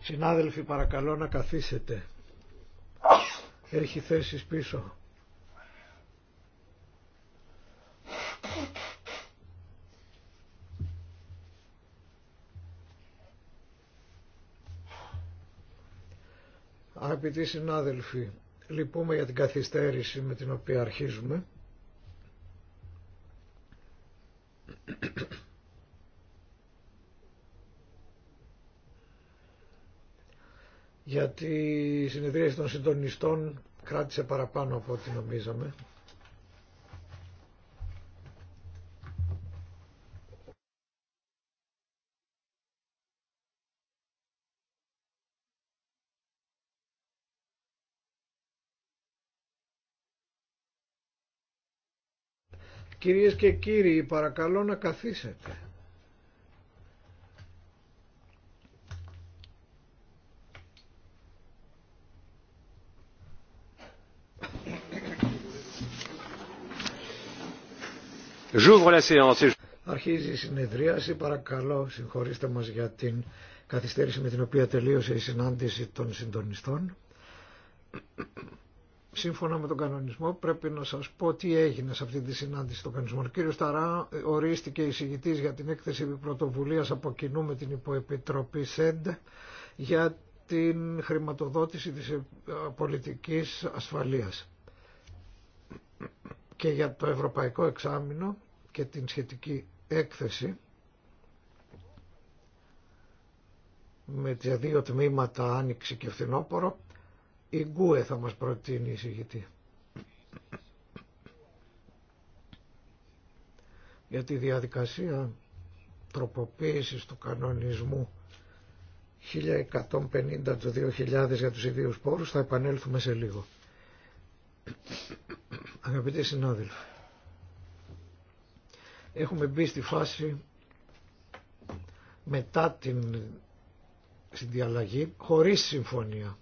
Συνάδελφοι, παρακαλώ να καθίσετε. Έχει θέσει πίσω. Αγαπητοί συνάδελφοι, λυπούμε για την καθυστέρηση με την οποία αρχίζουμε. γιατί η συνεδρίαση των συντονιστών κράτησε παραπάνω από ό,τι νομίζαμε. Κυρίες και κύριοι, παρακαλώ να καθίσετε. Αρχίζει η συνεδρίαση. Παρακαλώ, συγχωρήστε μα για την καθυστέρηση με την οποία τελείωσε η συνάντηση των συντονιστών. Σύμφωνα με τον κανονισμό πρέπει να σα πω τι έγινε σε αυτή τη συνάντηση των κανονισμών. Κύριο Σταρά ορίστηκε εισηγητή για την έκθεση πρωτοβουλία από κοινού με την υποεπιτροπή ΣΕΝΤ για την χρηματοδότηση της ε, πολιτικής ασφαλείας και για το ευρωπαϊκό εξάμεινο και την σχετική έκθεση με τα δύο τμήματα Άνοιξη και Φθινόπορο η Γκούε θα μας προτείνει η συγητή. Για τη διαδικασία τροποποίησης του κανονισμού 1150 του 2000 για τους ιδίους πόρους θα επανέλθουμε σε λίγο. Αγαπητοί συνάδελφοι, Έχουμε μπει στη φάση μετά την συνδιαλλαγή χωρίς συμφωνία.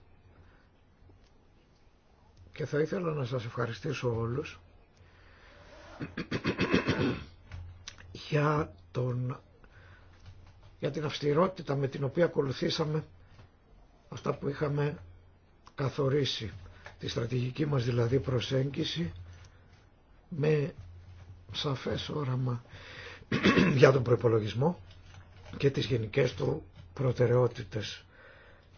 Και θα ήθελα να σας ευχαριστήσω όλους για, τον, για την αυστηρότητα με την οποία ακολουθήσαμε αυτά που είχαμε καθορίσει. Τη στρατηγική μας δηλαδή προσέγγιση με σαφές όραμα για τον προπολογισμό και τις γενικές του προτεραιότητες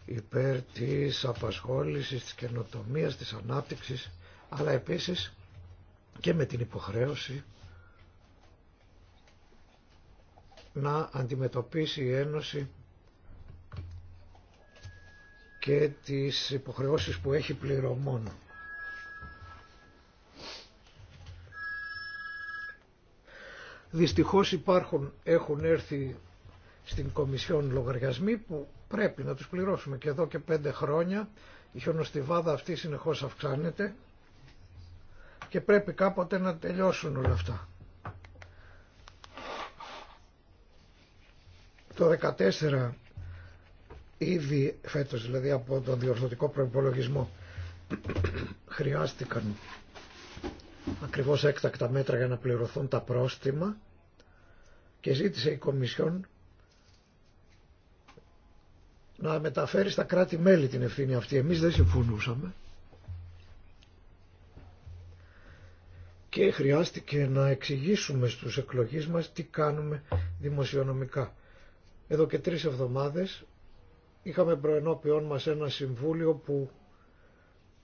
υπέρ της απασχόλησης, της καινοτομίας, της ανάπτυξης, αλλά επίσης και με την υποχρέωση να αντιμετωπίσει η Ένωση και τις υποχρεώσεις που έχει πληρωμών. Δυστυχώς υπάρχουν, έχουν έρθει στην Κομισιόν λογαριασμοί που πρέπει να τους πληρώσουμε και εδώ και πέντε χρόνια η χιονοστιβάδα αυτή συνεχώς αυξάνεται και πρέπει κάποτε να τελειώσουν όλα αυτά. Το 2014 ήδη φέτος δηλαδή από τον διορθωτικό προϋπολογισμό χρειάστηκαν ακριβώς έκτακτα μέτρα για να πληρωθούν τα πρόστιμα και ζήτησε η Κομισιόν να μεταφέρει στα κράτη-μέλη την ευθύνη αυτή. Εμείς δεν συμφωνούσαμε και χρειάστηκε να εξηγήσουμε στους εκλογείς μας τι κάνουμε δημοσιονομικά. Εδώ και τρεις εβδομάδες είχαμε προενώπιόν μας ένα συμβούλιο που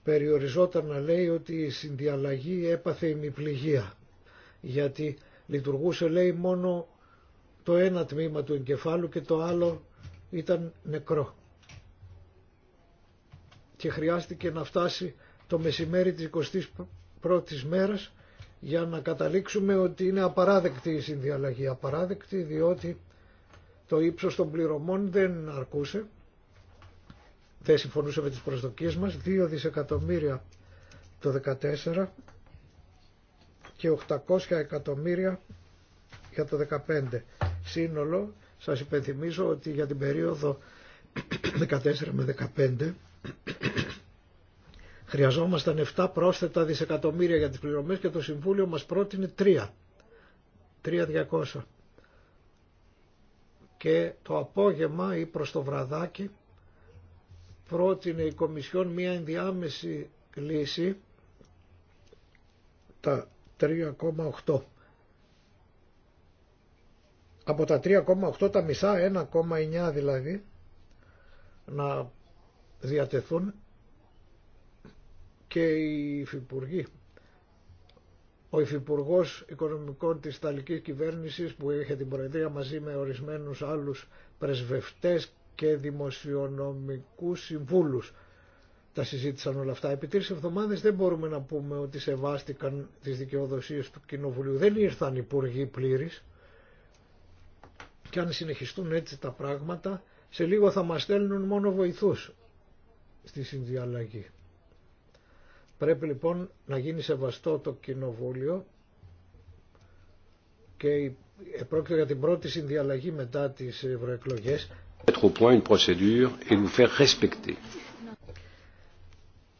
περιοριζόταν να λέει ότι η συνδιαλλαγή έπαθε ημιπληγία γιατί λειτουργούσε λέει μόνο το ένα τμήμα του εγκεφάλου και το άλλο ήταν νεκρό. Και χρειάστηκε να φτάσει το μεσημέρι της 21ης μέρας για να καταλήξουμε ότι είναι απαράδεκτη η συνδιαλλαγή. Απαράδεκτη διότι το ύψος των πληρωμών δεν αρκούσε, δεν συμφωνούσε με τις προσδοκίες μας, 2 δισεκατομμύρια το 14 και 800 εκατομμύρια για το 15 Σύνολο σας υπενθυμίζω ότι για την περίοδο 14 με 15 χρειαζόμασταν 7 πρόσθετα δισεκατομμύρια για τις πληρωμές και το Συμβούλιο μας πρότεινε 3. 3.200. Και το απόγευμα ή προς το βραδάκι πρότεινε η Κομισιόν μία ενδιάμεση λύση τα 3,8 από τα 3,8 τα μισά, 1,9 δηλαδή, να διατεθούν και οι υφυπουργοί. Ο υφυπουργό Οικονομικών της Ιταλικής Κυβέρνησης που είχε την Προεδρία μαζί με ορισμένους άλλους πρεσβευτές και δημοσιονομικούς συμβούλους τα συζήτησαν όλα αυτά. Επί τρεις εβδομάδες δεν μπορούμε να πούμε ότι σεβάστηκαν τις δικαιοδοσίες του Κοινοβουλίου. Δεν ήρθαν υπουργοί πλήρης και αν συνεχιστούν έτσι τα πράγματα, σε λίγο θα μας στέλνουν μόνο βοηθούς στη συνδιαλλαγή. Πρέπει λοιπόν να γίνει σεβαστό το κοινοβούλιο και πρόκειται για την πρώτη συνδιαλλαγή μετά τις ευρωεκλογέ.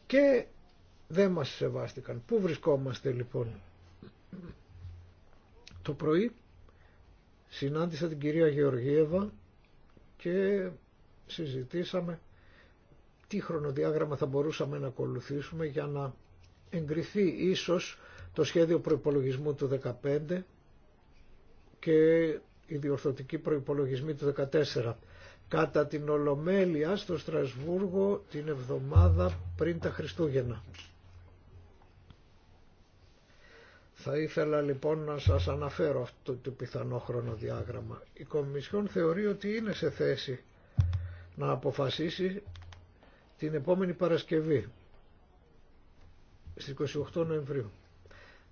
Και δεν μας σεβάστηκαν. Πού βρισκόμαστε λοιπόν. Το πρωί συνάντησα την κυρία Γεωργίεβα και συζητήσαμε τι χρονοδιάγραμμα θα μπορούσαμε να ακολουθήσουμε για να εγκριθεί ίσως το σχέδιο προϋπολογισμού του 2015 και η διορθωτική προϋπολογισμή του 2014 κατά την Ολομέλεια στο Στρασβούργο την εβδομάδα πριν τα Χριστούγεννα. Θα ήθελα λοιπόν να σας αναφέρω αυτό το πιθανό χρονοδιάγραμμα. Η Κομισιόν θεωρεί ότι είναι σε θέση να αποφασίσει την επόμενη Παρασκευή στις 28 Νοεμβρίου.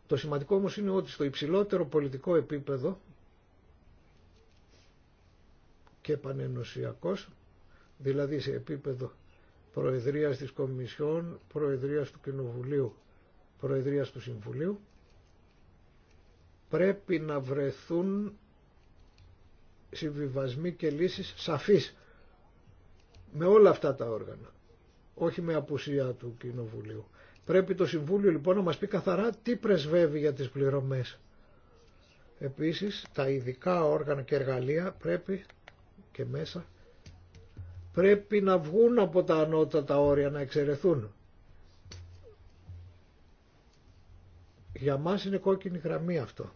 Το σημαντικό όμως είναι ότι στο υψηλότερο πολιτικό επίπεδο και πανενωσιακός, δηλαδή σε επίπεδο Προεδρίας της Κομισιόν, Προεδρίας του Κοινοβουλίου, Προεδρίας του Συμβουλίου, πρέπει να βρεθούν συμβιβασμοί και λύσεις σαφείς με όλα αυτά τα όργανα, όχι με απουσία του Κοινοβουλίου. Πρέπει το Συμβούλιο λοιπόν να μας πει καθαρά τι πρεσβεύει για τις πληρωμές. Επίσης τα ειδικά όργανα και εργαλεία πρέπει και μέσα πρέπει να βγουν από τα ανώτατα όρια να εξαιρεθούν. Για μας είναι κόκκινη γραμμή αυτό.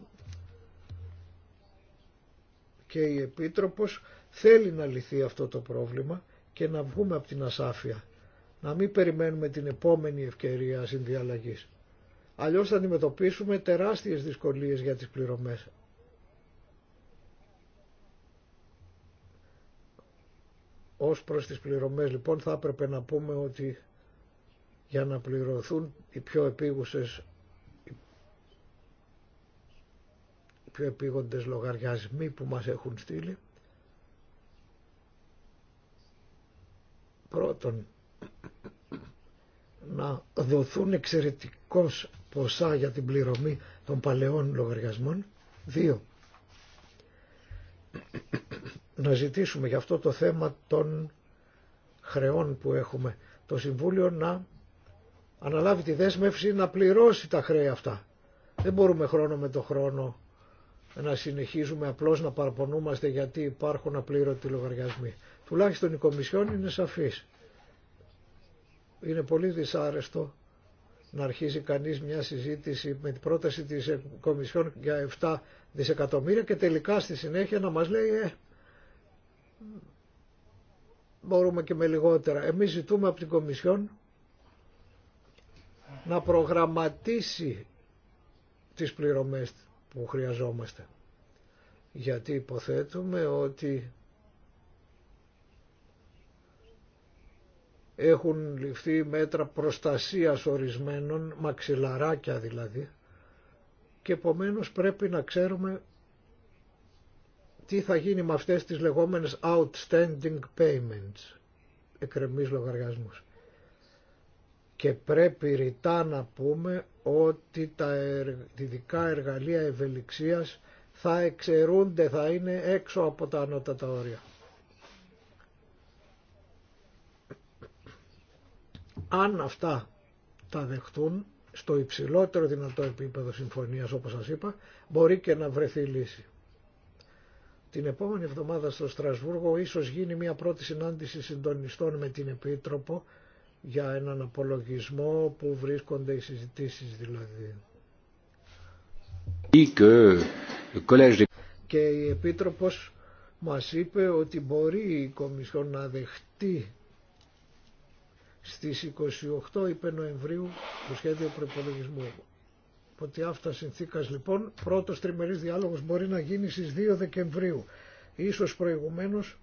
Και η Επίτροπος θέλει να λυθεί αυτό το πρόβλημα και να βγούμε από την ασάφεια. Να μην περιμένουμε την επόμενη ευκαιρία συνδιαλλαγής. Αλλιώς θα αντιμετωπίσουμε τεράστιες δυσκολίες για τις πληρωμές. Ως προς τις πληρωμές λοιπόν θα έπρεπε να πούμε ότι για να πληρωθούν οι πιο επίγουσες πιο επίγοντες λογαριασμοί που μας έχουν στείλει. Πρώτον, να δοθούν εξαιρετικώς ποσά για την πληρωμή των παλαιών λογαριασμών. Δύο, να ζητήσουμε για αυτό το θέμα των χρεών που έχουμε το Συμβούλιο να αναλάβει τη δέσμευση να πληρώσει τα χρέη αυτά. Δεν μπορούμε χρόνο με το χρόνο να συνεχίζουμε απλώς να παραπονούμαστε γιατί υπάρχουν απλήρωτοι λογαριασμοί. Τουλάχιστον η Κομισιόν είναι σαφής. Είναι πολύ δυσάρεστο να αρχίζει κανείς μια συζήτηση με την πρόταση της Κομισιόν για 7 δισεκατομμύρια και τελικά στη συνέχεια να μας λέει ε, μπορούμε και με λιγότερα. Εμείς ζητούμε από την Κομισιόν να προγραμματίσει τις πληρωμές που χρειαζόμαστε. Γιατί υποθέτουμε ότι έχουν ληφθεί μέτρα προστασίας ορισμένων, μαξιλαράκια δηλαδή, και επομένως πρέπει να ξέρουμε τι θα γίνει με αυτές τις λεγόμενες outstanding payments, εκρεμείς λογαριασμούς και πρέπει ρητά να πούμε ότι τα ειδικά εργαλεία ευελιξίας θα εξαιρούνται, θα είναι έξω από τα ανώτατα όρια. Αν αυτά τα δεχτούν στο υψηλότερο δυνατό επίπεδο συμφωνίας όπως σας είπα μπορεί και να βρεθεί λύση. Την επόμενη εβδομάδα στο Στρασβούργο ίσως γίνει μια πρώτη συνάντηση συντονιστών με την Επίτροπο για έναν απολογισμό που βρίσκονται οι συζητήσεις δηλαδή. Και η Επίτροπος μας είπε ότι μπορεί η Κομισιόν να δεχτεί στις 28 είπε Νοεμβρίου το σχέδιο προπολογισμού. Ότι αυτά συνθήκας λοιπόν πρώτος τριμερής διάλογος μπορεί να γίνει στις 2 Δεκεμβρίου. Ίσως προηγουμένως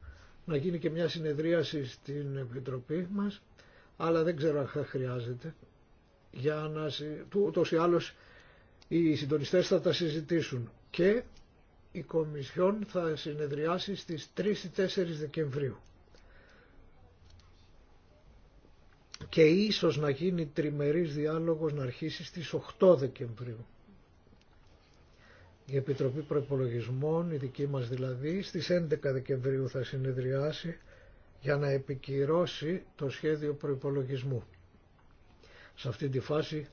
να γίνει και μια συνεδρίαση στην Επιτροπή μας αλλά δεν ξέρω αν θα χρειάζεται για να ούτως ή άλλως οι συντονιστές θα τα συζητήσουν και η Κομισιόν θα συνεδριάσει στις 3 4 Δεκεμβρίου και ίσως να γίνει τριμερής διάλογος να αρχίσει στις 8 Δεκεμβρίου η Επιτροπή Προϋπολογισμών, η δική μας δηλαδή, στις 11 Δεκεμβρίου θα συνεδριάσει για να επικυρώσει το σχέδιο προϋπολογισμού. Σε αυτή τη φάση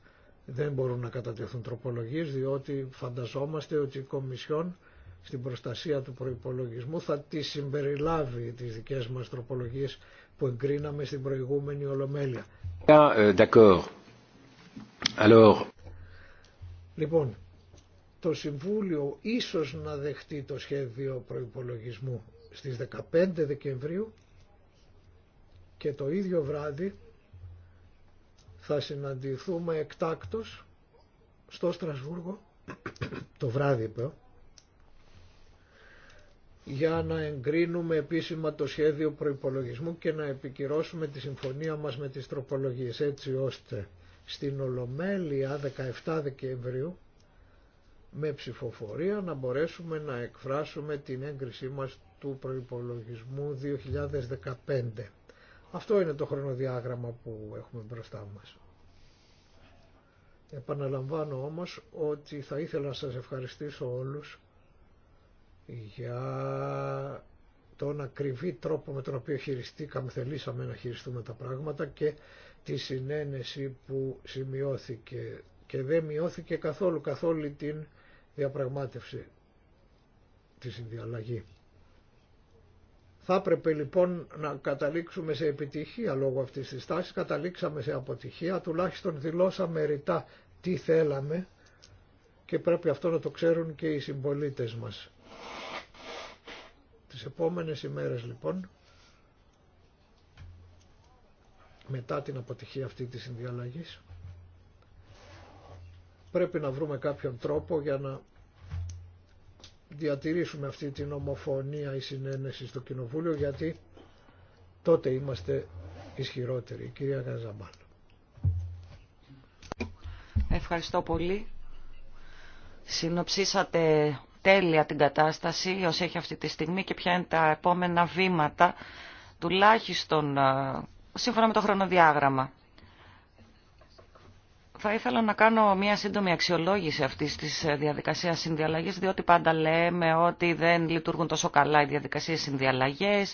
δεν μπορούν να κατατεθούν τροπολογίες διότι φανταζόμαστε ότι η Κομισιόν στην προστασία του προϋπολογισμού θα τη συμπεριλάβει τις δικές μας τροπολογίες που εγκρίναμε στην προηγούμενη Ολομέλεια. Ε, λοιπόν, το Συμβούλιο ίσως να δεχτεί το σχέδιο προϋπολογισμού στις 15 Δεκεμβρίου και το ίδιο βράδυ θα συναντηθούμε εκτάκτος στο Στρασβούργο το βράδυ είπε για να εγκρίνουμε επίσημα το σχέδιο προϋπολογισμού και να επικυρώσουμε τη συμφωνία μας με τις τροπολογίες έτσι ώστε στην Ολομέλεια 17 Δεκεμβρίου με ψηφοφορία να μπορέσουμε να εκφράσουμε την έγκρισή μας του προϋπολογισμού 2015. Αυτό είναι το χρονοδιάγραμμα που έχουμε μπροστά μας. Επαναλαμβάνω όμως ότι θα ήθελα να σας ευχαριστήσω όλους για τον ακριβή τρόπο με τον οποίο χειριστήκαμε, θελήσαμε να χειριστούμε τα πράγματα και τη συνένεση που σημειώθηκε και δεν μειώθηκε καθόλου καθόλου την διαπραγμάτευση, της συνδιαλλαγή. Θα έπρεπε λοιπόν να καταλήξουμε σε επιτυχία λόγω αυτής της τάσης, καταλήξαμε σε αποτυχία, τουλάχιστον δηλώσαμε ρητά τι θέλαμε και πρέπει αυτό να το ξέρουν και οι συμπολίτες μας. Τις επόμενες ημέρες λοιπόν, μετά την αποτυχία αυτή της συνδιαλλαγής, πρέπει να βρούμε κάποιον τρόπο για να διατηρήσουμε αυτή την ομοφωνία ή συνένεση στο Κοινοβούλιο γιατί τότε είμαστε ισχυρότεροι. Κυρία Καζαμπάν. Ευχαριστώ πολύ. Συνοψίσατε τέλεια την κατάσταση όσο έχει αυτή τη στιγμή και ποια είναι τα επόμενα βήματα τουλάχιστον ε, σύμφωνα με το χρονοδιάγραμμα. Θα ήθελα να κάνω μια σύντομη αξιολόγηση αυτή τη ε, διαδικασία συνδιαλλαγή, διότι πάντα λέμε ότι δεν λειτουργούν τόσο καλά οι διαδικασίε συνδιαλλαγέ.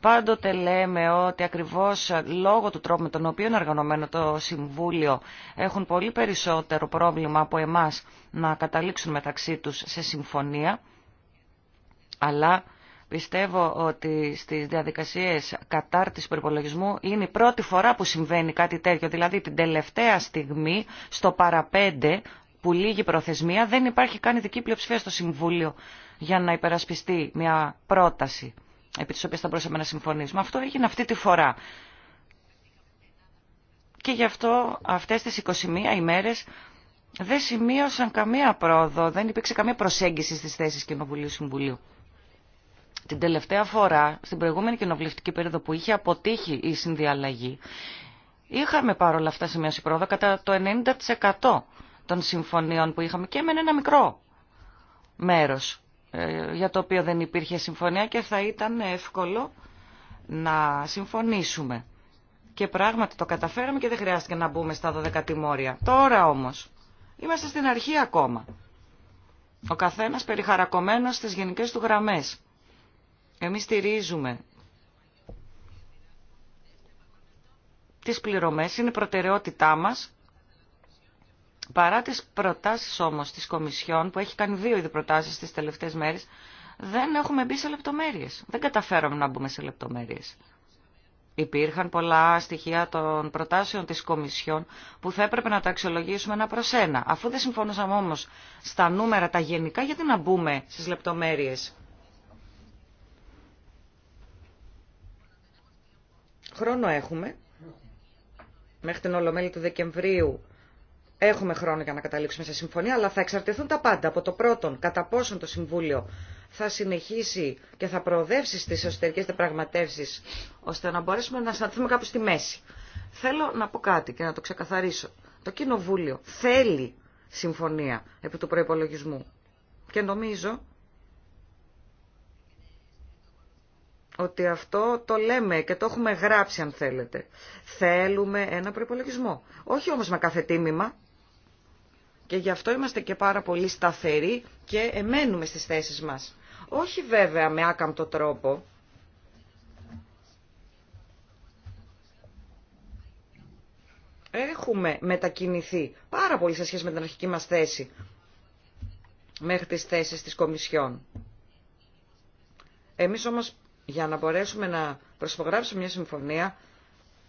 Πάντοτε λέμε ότι ακριβώς ε, λόγω του τρόπου με τον οποίο είναι οργανωμένο το Συμβούλιο έχουν πολύ περισσότερο πρόβλημα από εμάς να καταλήξουν μεταξύ τους σε συμφωνία. Αλλά Πιστεύω ότι στις διαδικασίες κατάρτισης προπολογισμού είναι η πρώτη φορά που συμβαίνει κάτι τέτοιο, δηλαδή την τελευταία στιγμή στο παραπέντε που λύγει προθεσμία δεν υπάρχει καν ειδική πλειοψηφία στο Συμβούλιο για να υπερασπιστεί μια πρόταση επί της οποίας θα μπορούσαμε να συμφωνήσουμε. Αυτό έγινε αυτή τη φορά. Και γι' αυτό αυτές τις 21 ημέρες δεν σημείωσαν καμία πρόοδο, δεν υπήρξε καμία προσέγγιση στις θέσεις Κοινοβουλίου Συμβουλίου την τελευταία φορά, στην προηγούμενη κοινοβουλευτική περίοδο που είχε αποτύχει η συνδιαλλαγή, είχαμε παρόλα αυτά σημειώσει πρόοδο κατά το 90% των συμφωνίων που είχαμε και έμενε ένα μικρό μέρος ε, για το οποίο δεν υπήρχε συμφωνία και θα ήταν εύκολο να συμφωνήσουμε. Και πράγματι το καταφέραμε και δεν χρειάστηκε να μπούμε στα 12 τιμόρια. Τώρα όμως είμαστε στην αρχή ακόμα. Ο καθένας περιχαρακωμένος στις γενικές του γραμμές. Εμείς στηρίζουμε τις πληρωμές, είναι προτεραιότητά μας, παρά τις προτάσεις όμως της Κομισιόν, που έχει κάνει δύο ήδη προτάσεις τις τελευταίες μέρες, δεν έχουμε μπει σε λεπτομέρειες. Δεν καταφέραμε να μπούμε σε λεπτομέρειες. Υπήρχαν πολλά στοιχεία των προτάσεων της Κομισιόν που θα έπρεπε να τα αξιολογήσουμε ένα προς ένα. Αφού δεν συμφωνούσαμε όμως στα νούμερα τα γενικά, γιατί να μπούμε στις λεπτομέρειες. Χρόνο έχουμε. Μέχρι την Ολομέλη του Δεκεμβρίου έχουμε χρόνο για να καταλήξουμε σε συμφωνία, αλλά θα εξαρτηθούν τα πάντα. Από το πρώτον, κατά πόσον το Συμβούλιο θα συνεχίσει και θα προοδεύσει στις εσωτερικές διαπραγματεύσει, ώστε να μπορέσουμε να σταθούμε κάπου στη μέση. Θέλω να πω κάτι και να το ξεκαθαρίσω. Το Κοινοβούλιο θέλει συμφωνία επί του προπολογισμού. Και νομίζω ότι αυτό το λέμε και το έχουμε γράψει αν θέλετε. Θέλουμε ένα προϋπολογισμό. Όχι όμως με κάθε τίμημα. Και γι' αυτό είμαστε και πάρα πολύ σταθεροί και εμένουμε στις θέσεις μας. Όχι βέβαια με άκαμπτο τρόπο. Έχουμε μετακινηθεί πάρα πολύ σε σχέση με την αρχική μας θέση μέχρι τις θέσεις της Κομισιόν. Εμείς όμως για να μπορέσουμε να προσυπογράψουμε μια συμφωνία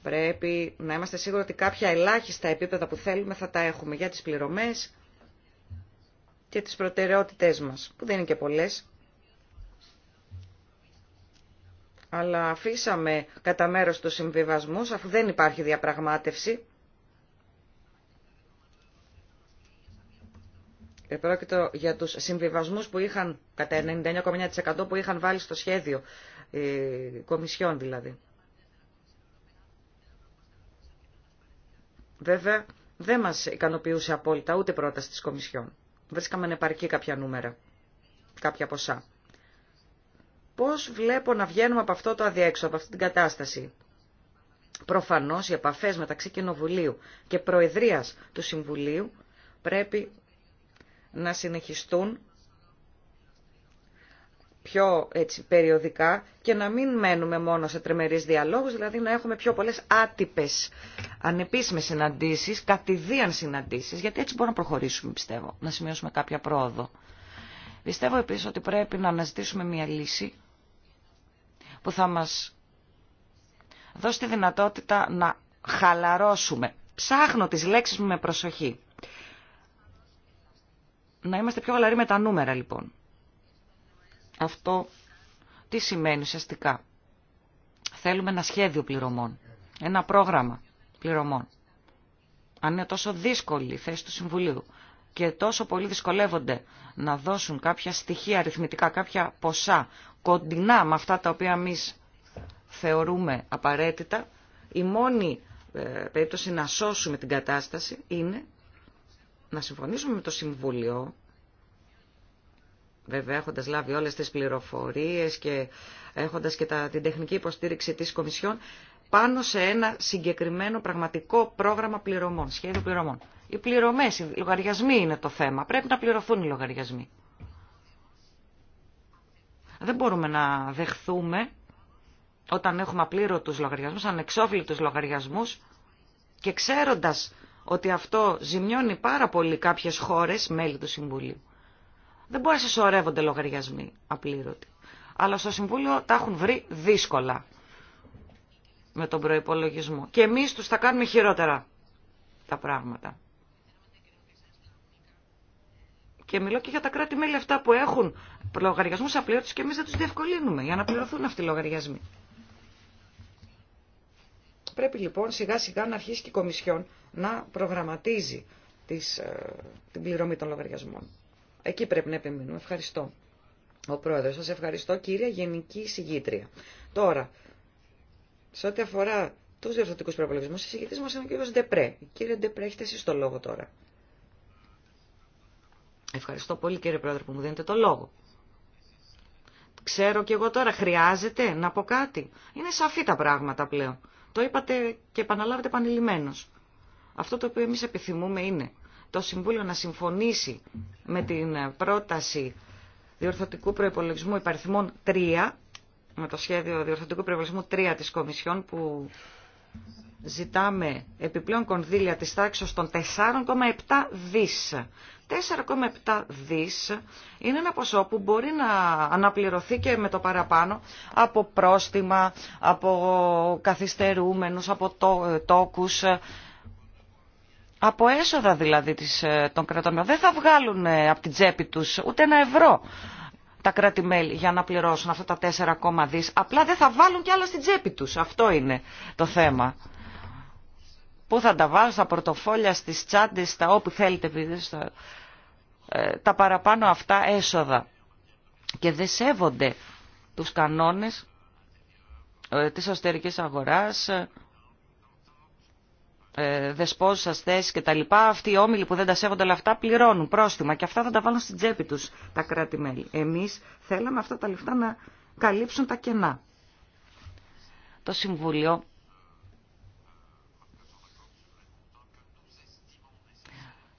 πρέπει να είμαστε σίγουροι ότι κάποια ελάχιστα επίπεδα που θέλουμε θα τα έχουμε για τις πληρωμές και τις προτεραιότητές μας, που δεν είναι και πολλές. Αλλά αφήσαμε κατά μέρος τους συμβιβασμούς, αφού δεν υπάρχει διαπραγμάτευση. Επρόκειτο για τους συμβιβασμούς που είχαν, κατά 99,9% που είχαν βάλει στο σχέδιο ε, κομισιόν δηλαδή. Βέβαια, δεν μας ικανοποιούσε απόλυτα ούτε πρόταση της Κομισιόν. Βρίσκαμε ανεπαρκή κάποια νούμερα, κάποια ποσά. Πώς βλέπω να βγαίνουμε από αυτό το αδιέξοδο, από αυτή την κατάσταση. Προφανώς οι επαφές μεταξύ Κοινοβουλίου και Προεδρίας του Συμβουλίου πρέπει να συνεχιστούν πιο έτσι, περιοδικά και να μην μένουμε μόνο σε τρεμερείς διαλόγους, δηλαδή να έχουμε πιο πολλές άτυπες ανεπίσημες συναντήσεις, κατηδίαν συναντήσεις, γιατί έτσι μπορούμε να προχωρήσουμε πιστεύω, να σημειώσουμε κάποια πρόοδο. Πιστεύω επίσης ότι πρέπει να αναζητήσουμε μια λύση που θα μας δώσει τη δυνατότητα να χαλαρώσουμε. Ψάχνω τις λέξεις μου με προσοχή. Να είμαστε πιο χαλαροί με τα νούμερα λοιπόν. Αυτό τι σημαίνει ουσιαστικά. Θέλουμε ένα σχέδιο πληρωμών, ένα πρόγραμμα πληρωμών. Αν είναι τόσο δύσκολη η θέση του Συμβουλίου και τόσο πολύ δυσκολεύονται να δώσουν κάποια στοιχεία αριθμητικά, κάποια ποσά κοντινά με αυτά τα οποία εμεί θεωρούμε απαραίτητα, η μόνη ε, περίπτωση να σώσουμε την κατάσταση είναι να συμφωνήσουμε με το Συμβούλιο Βέβαια έχοντας λάβει όλες τις πληροφορίες και έχοντας και τα, την τεχνική υποστήριξη της Κομισιόν πάνω σε ένα συγκεκριμένο πραγματικό πρόγραμμα πληρωμών, σχέδιο πληρωμών. Οι πληρωμές, οι λογαριασμοί είναι το θέμα. Πρέπει να πληρωθούν οι λογαριασμοί. Δεν μπορούμε να δεχθούμε όταν έχουμε απλήρωτους λογαριασμούς, ανεξόφλητους λογαριασμούς και ξέροντας ότι αυτό ζημιώνει πάρα πολύ κάποιες χώρες μέλη του Συμβουλίου. Δεν μπορεί να συσσωρεύονται λογαριασμοί απλήρωτοι. Αλλά στο Συμβούλιο τα έχουν βρει δύσκολα με τον προϋπολογισμό. Και εμείς τους θα κάνουμε χειρότερα τα πράγματα. Και μιλώ και για τα κράτη-μέλη αυτά που έχουν λογαριασμού απλήρωτου και εμεί δεν του διευκολύνουμε για να πληρωθούν αυτοί οι λογαριασμοί. Πρέπει λοιπόν σιγά σιγά να αρχίσει και η Κομισιόν να προγραμματίζει τις, ε, την πληρωμή των λογαριασμών. Εκεί πρέπει να επιμείνουμε. Ευχαριστώ. Ο πρόεδρο. Σα ευχαριστώ κυρία Γενική Συγγήτρια. Τώρα, σε ό,τι αφορά του διορθωτικού προπολογισμού, η συγγητή μας είναι ο κύριο Ντεπρέ. Κύριε Ντεπρέ, έχετε εσεί το λόγο τώρα. Ευχαριστώ πολύ κύριε πρόεδρε που μου δίνετε το λόγο. Ξέρω κι εγώ τώρα, χρειάζεται να πω κάτι. Είναι σαφή τα πράγματα πλέον. Το είπατε και επαναλάβετε επανειλημμένως. Αυτό το οποίο εμείς επιθυμούμε είναι το Συμβούλιο να συμφωνήσει με την πρόταση διορθωτικού προϋπολογισμού υπαριθμών 3, με το σχέδιο διορθωτικού προϋπολογισμού 3 της Κομισιόν που ζητάμε επιπλέον κονδύλια της τάξης των 4,7 δις. 4,7 δις είναι ένα ποσό που μπορεί να αναπληρωθεί και με το παραπάνω από πρόστιμα, από καθυστερούμενους, από τόκους, από έσοδα δηλαδή ε, των κρατών. Δεν θα βγάλουν ε, από την τσέπη του. ούτε ένα ευρώ τα κράτη-μέλη για να πληρώσουν αυτά τα 4,2 δις. Απλά δεν θα βάλουν κι άλλα στην τσέπη του. Αυτό είναι το θέμα. Πού θα τα βάλουν, στα πορτοφόλια, στις τσάντες, στα όπου θέλετε, δηλαδή, στα, ε, τα παραπάνω αυτά έσοδα. Και δεν σέβονται τους κανόνες της αστερικής αγοράς, ε, δεσπόζουσα θέση και τα λοιπά, αυτοί οι όμιλοι που δεν τα σέβονται όλα αυτά πληρώνουν πρόστιμα και αυτά θα τα βάλουν στην τσέπη τους τα κράτη-μέλη. Εμείς θέλαμε αυτά τα λεφτά να καλύψουν τα κενά. Το Συμβούλιο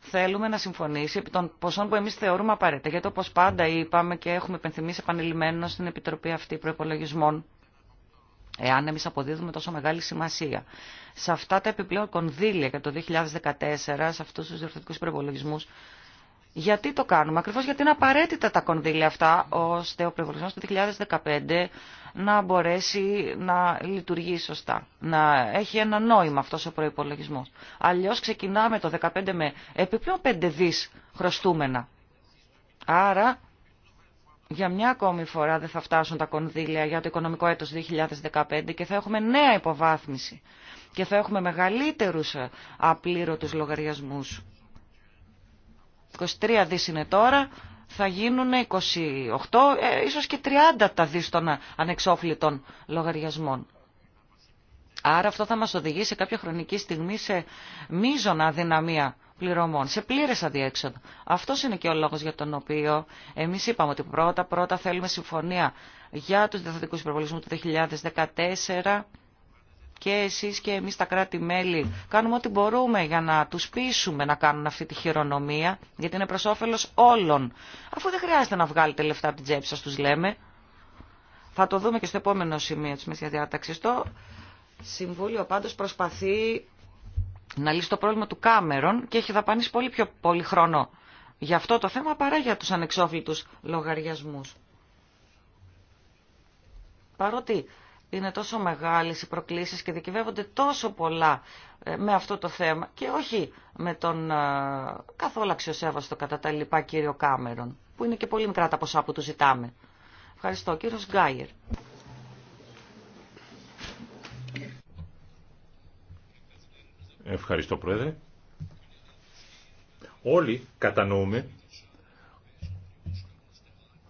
θέλουμε να συμφωνήσει επί των ποσών που εμείς θεωρούμε απαραίτητα. Γιατί όπως πάντα είπαμε και έχουμε επενθυμίσει επανειλημμένο στην Επιτροπή αυτή Προπολογισμών, εάν εμείς αποδίδουμε τόσο μεγάλη σημασία. Σε αυτά τα επιπλέον κονδύλια για το 2014, σε αυτούς τους διορθωτικούς προπολογισμού. Γιατί το κάνουμε, ακριβώς γιατί είναι απαραίτητα τα κονδύλια αυτά, ώστε ο προπολογισμό του 2015 να μπορέσει να λειτουργεί σωστά, να έχει ένα νόημα αυτός ο προϋπολογισμός. Αλλιώς ξεκινάμε το 2015 με επιπλέον 5 δις χρωστούμενα. Άρα για μια ακόμη φορά δεν θα φτάσουν τα κονδύλια για το οικονομικό έτος 2015 και θα έχουμε νέα υποβάθμιση και θα έχουμε μεγαλύτερους ε, απλήρωτους λογαριασμούς. 23 δις είναι τώρα, θα γίνουν 28, ε, ίσως και 30 τα δις των ε, ανεξόφλητων λογαριασμών. Άρα αυτό θα μας οδηγήσει κάποια χρονική στιγμή σε μείζωνα αδυναμία πληρωμών, σε πλήρες αντιέξοδο. Αυτός είναι και ο λόγος για τον οποίο εμείς είπαμε ότι πρώτα-πρώτα θέλουμε συμφωνία για τους διαθετικούς υπερβολισμούς του 2014 και εσείς και εμείς τα κράτη-μέλη κάνουμε ό,τι μπορούμε για να τους πείσουμε να κάνουν αυτή τη χειρονομία, γιατί είναι προς όφελος όλων. Αφού δεν χρειάζεται να βγάλετε λεφτά από την τσέπη σας, τους λέμε. Θα το δούμε και στο επόμενο σημείο της Μεσιαδιάταξης. Το Συμβούλιο πάντως προσπαθεί να λύσει το πρόβλημα του Κάμερον και έχει δαπανίσει πολύ πιο πολύ χρόνο για αυτό το θέμα παρά για τους ανεξόφλητους λογαριασμούς. Παρότι είναι τόσο μεγάλες οι προκλήσεις και δικηβεύονται τόσο πολλά ε, με αυτό το θέμα και όχι με τον ε, καθόλου αξιοσέβαστο κατά τα λοιπά κύριο Κάμερον, που είναι και πολύ μικρά τα ποσά που του ζητάμε. Ευχαριστώ. Κύριος Γκάιερ. Ευχαριστώ Πρόεδρε. Όλοι κατανοούμε,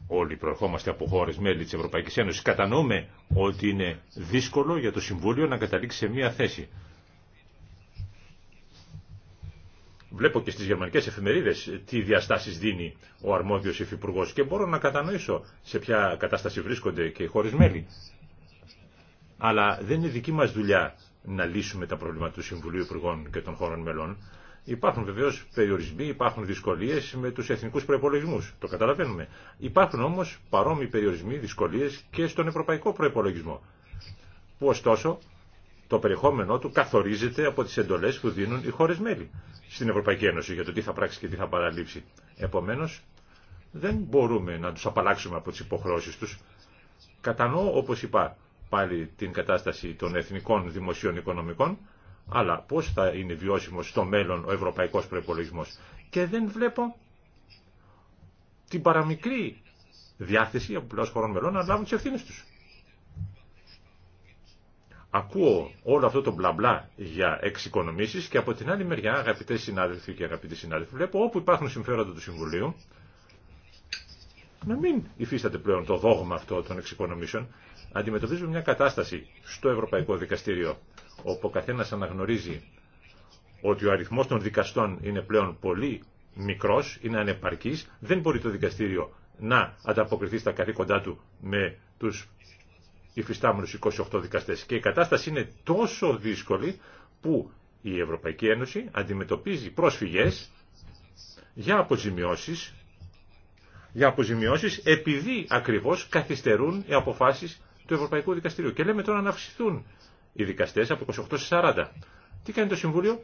όλοι προερχόμαστε από χώρες μέλη της Ευρωπαϊκής Ένωσης, κατανοούμε ότι είναι δύσκολο για το Συμβούλιο να καταλήξει σε μία θέση. Βλέπω και στις γερμανικές εφημερίδες τι διαστάσεις δίνει ο αρμόδιος υφυπουργός και μπορώ να κατανοήσω σε ποια κατάσταση βρίσκονται και οι χώρες μέλη. Αλλά δεν είναι δική μας δουλειά να λύσουμε τα προβλήματα του Συμβουλίου Υπουργών και των χώρων μελών. Υπάρχουν βεβαίω περιορισμοί, υπάρχουν δυσκολίε με του εθνικού προπολογισμού. Το καταλαβαίνουμε. Υπάρχουν όμω παρόμοιοι περιορισμοί, δυσκολίε και στον ευρωπαϊκό προπολογισμό. Που ωστόσο το περιεχόμενό του καθορίζεται από τι εντολέ που δίνουν οι χώρε μέλη στην Ευρωπαϊκή Ένωση για το τι θα πράξει και τι θα παραλείψει. Επομένω, δεν μπορούμε να του απαλλάξουμε από τι υποχρεώσει του. Κατανοώ, όπω είπα, πάλι την κατάσταση των εθνικών δημοσίων οικονομικών, αλλά πώς θα είναι βιώσιμος στο μέλλον ο ευρωπαϊκός Προπολογισμό Και δεν βλέπω την παραμικρή διάθεση από πλευρά χωρών μελών να λάβουν τι ευθύνε του. Ακούω όλο αυτό το μπλα μπλα για εξοικονομήσει και από την άλλη μεριά, αγαπητέ συνάδελφοι και αγαπητοί συνάδελφοι, βλέπω όπου υπάρχουν συμφέροντα του Συμβουλίου να μην υφίσταται πλέον το δόγμα αυτό των εξοικονομήσεων, αντιμετωπίζουμε μια κατάσταση στο Ευρωπαϊκό Δικαστήριο όπου ο καθένας αναγνωρίζει ότι ο αριθμός των δικαστών είναι πλέον πολύ μικρός, είναι ανεπαρκής, δεν μπορεί το δικαστήριο να ανταποκριθεί στα καθήκοντά του με τους υφιστάμενους 28 δικαστές. Και η κατάσταση είναι τόσο δύσκολη που η Ευρωπαϊκή Ένωση αντιμετωπίζει πρόσφυγες για αποζημιώσεις για αποζημιώσεις επειδή ακριβώς καθυστερούν οι αποφάσεις του Ευρωπαϊκού Δικαστηρίου. Και λέμε τώρα να αυξηθούν οι δικαστέ από 28 σε 40. Τι κάνει το Συμβούλιο,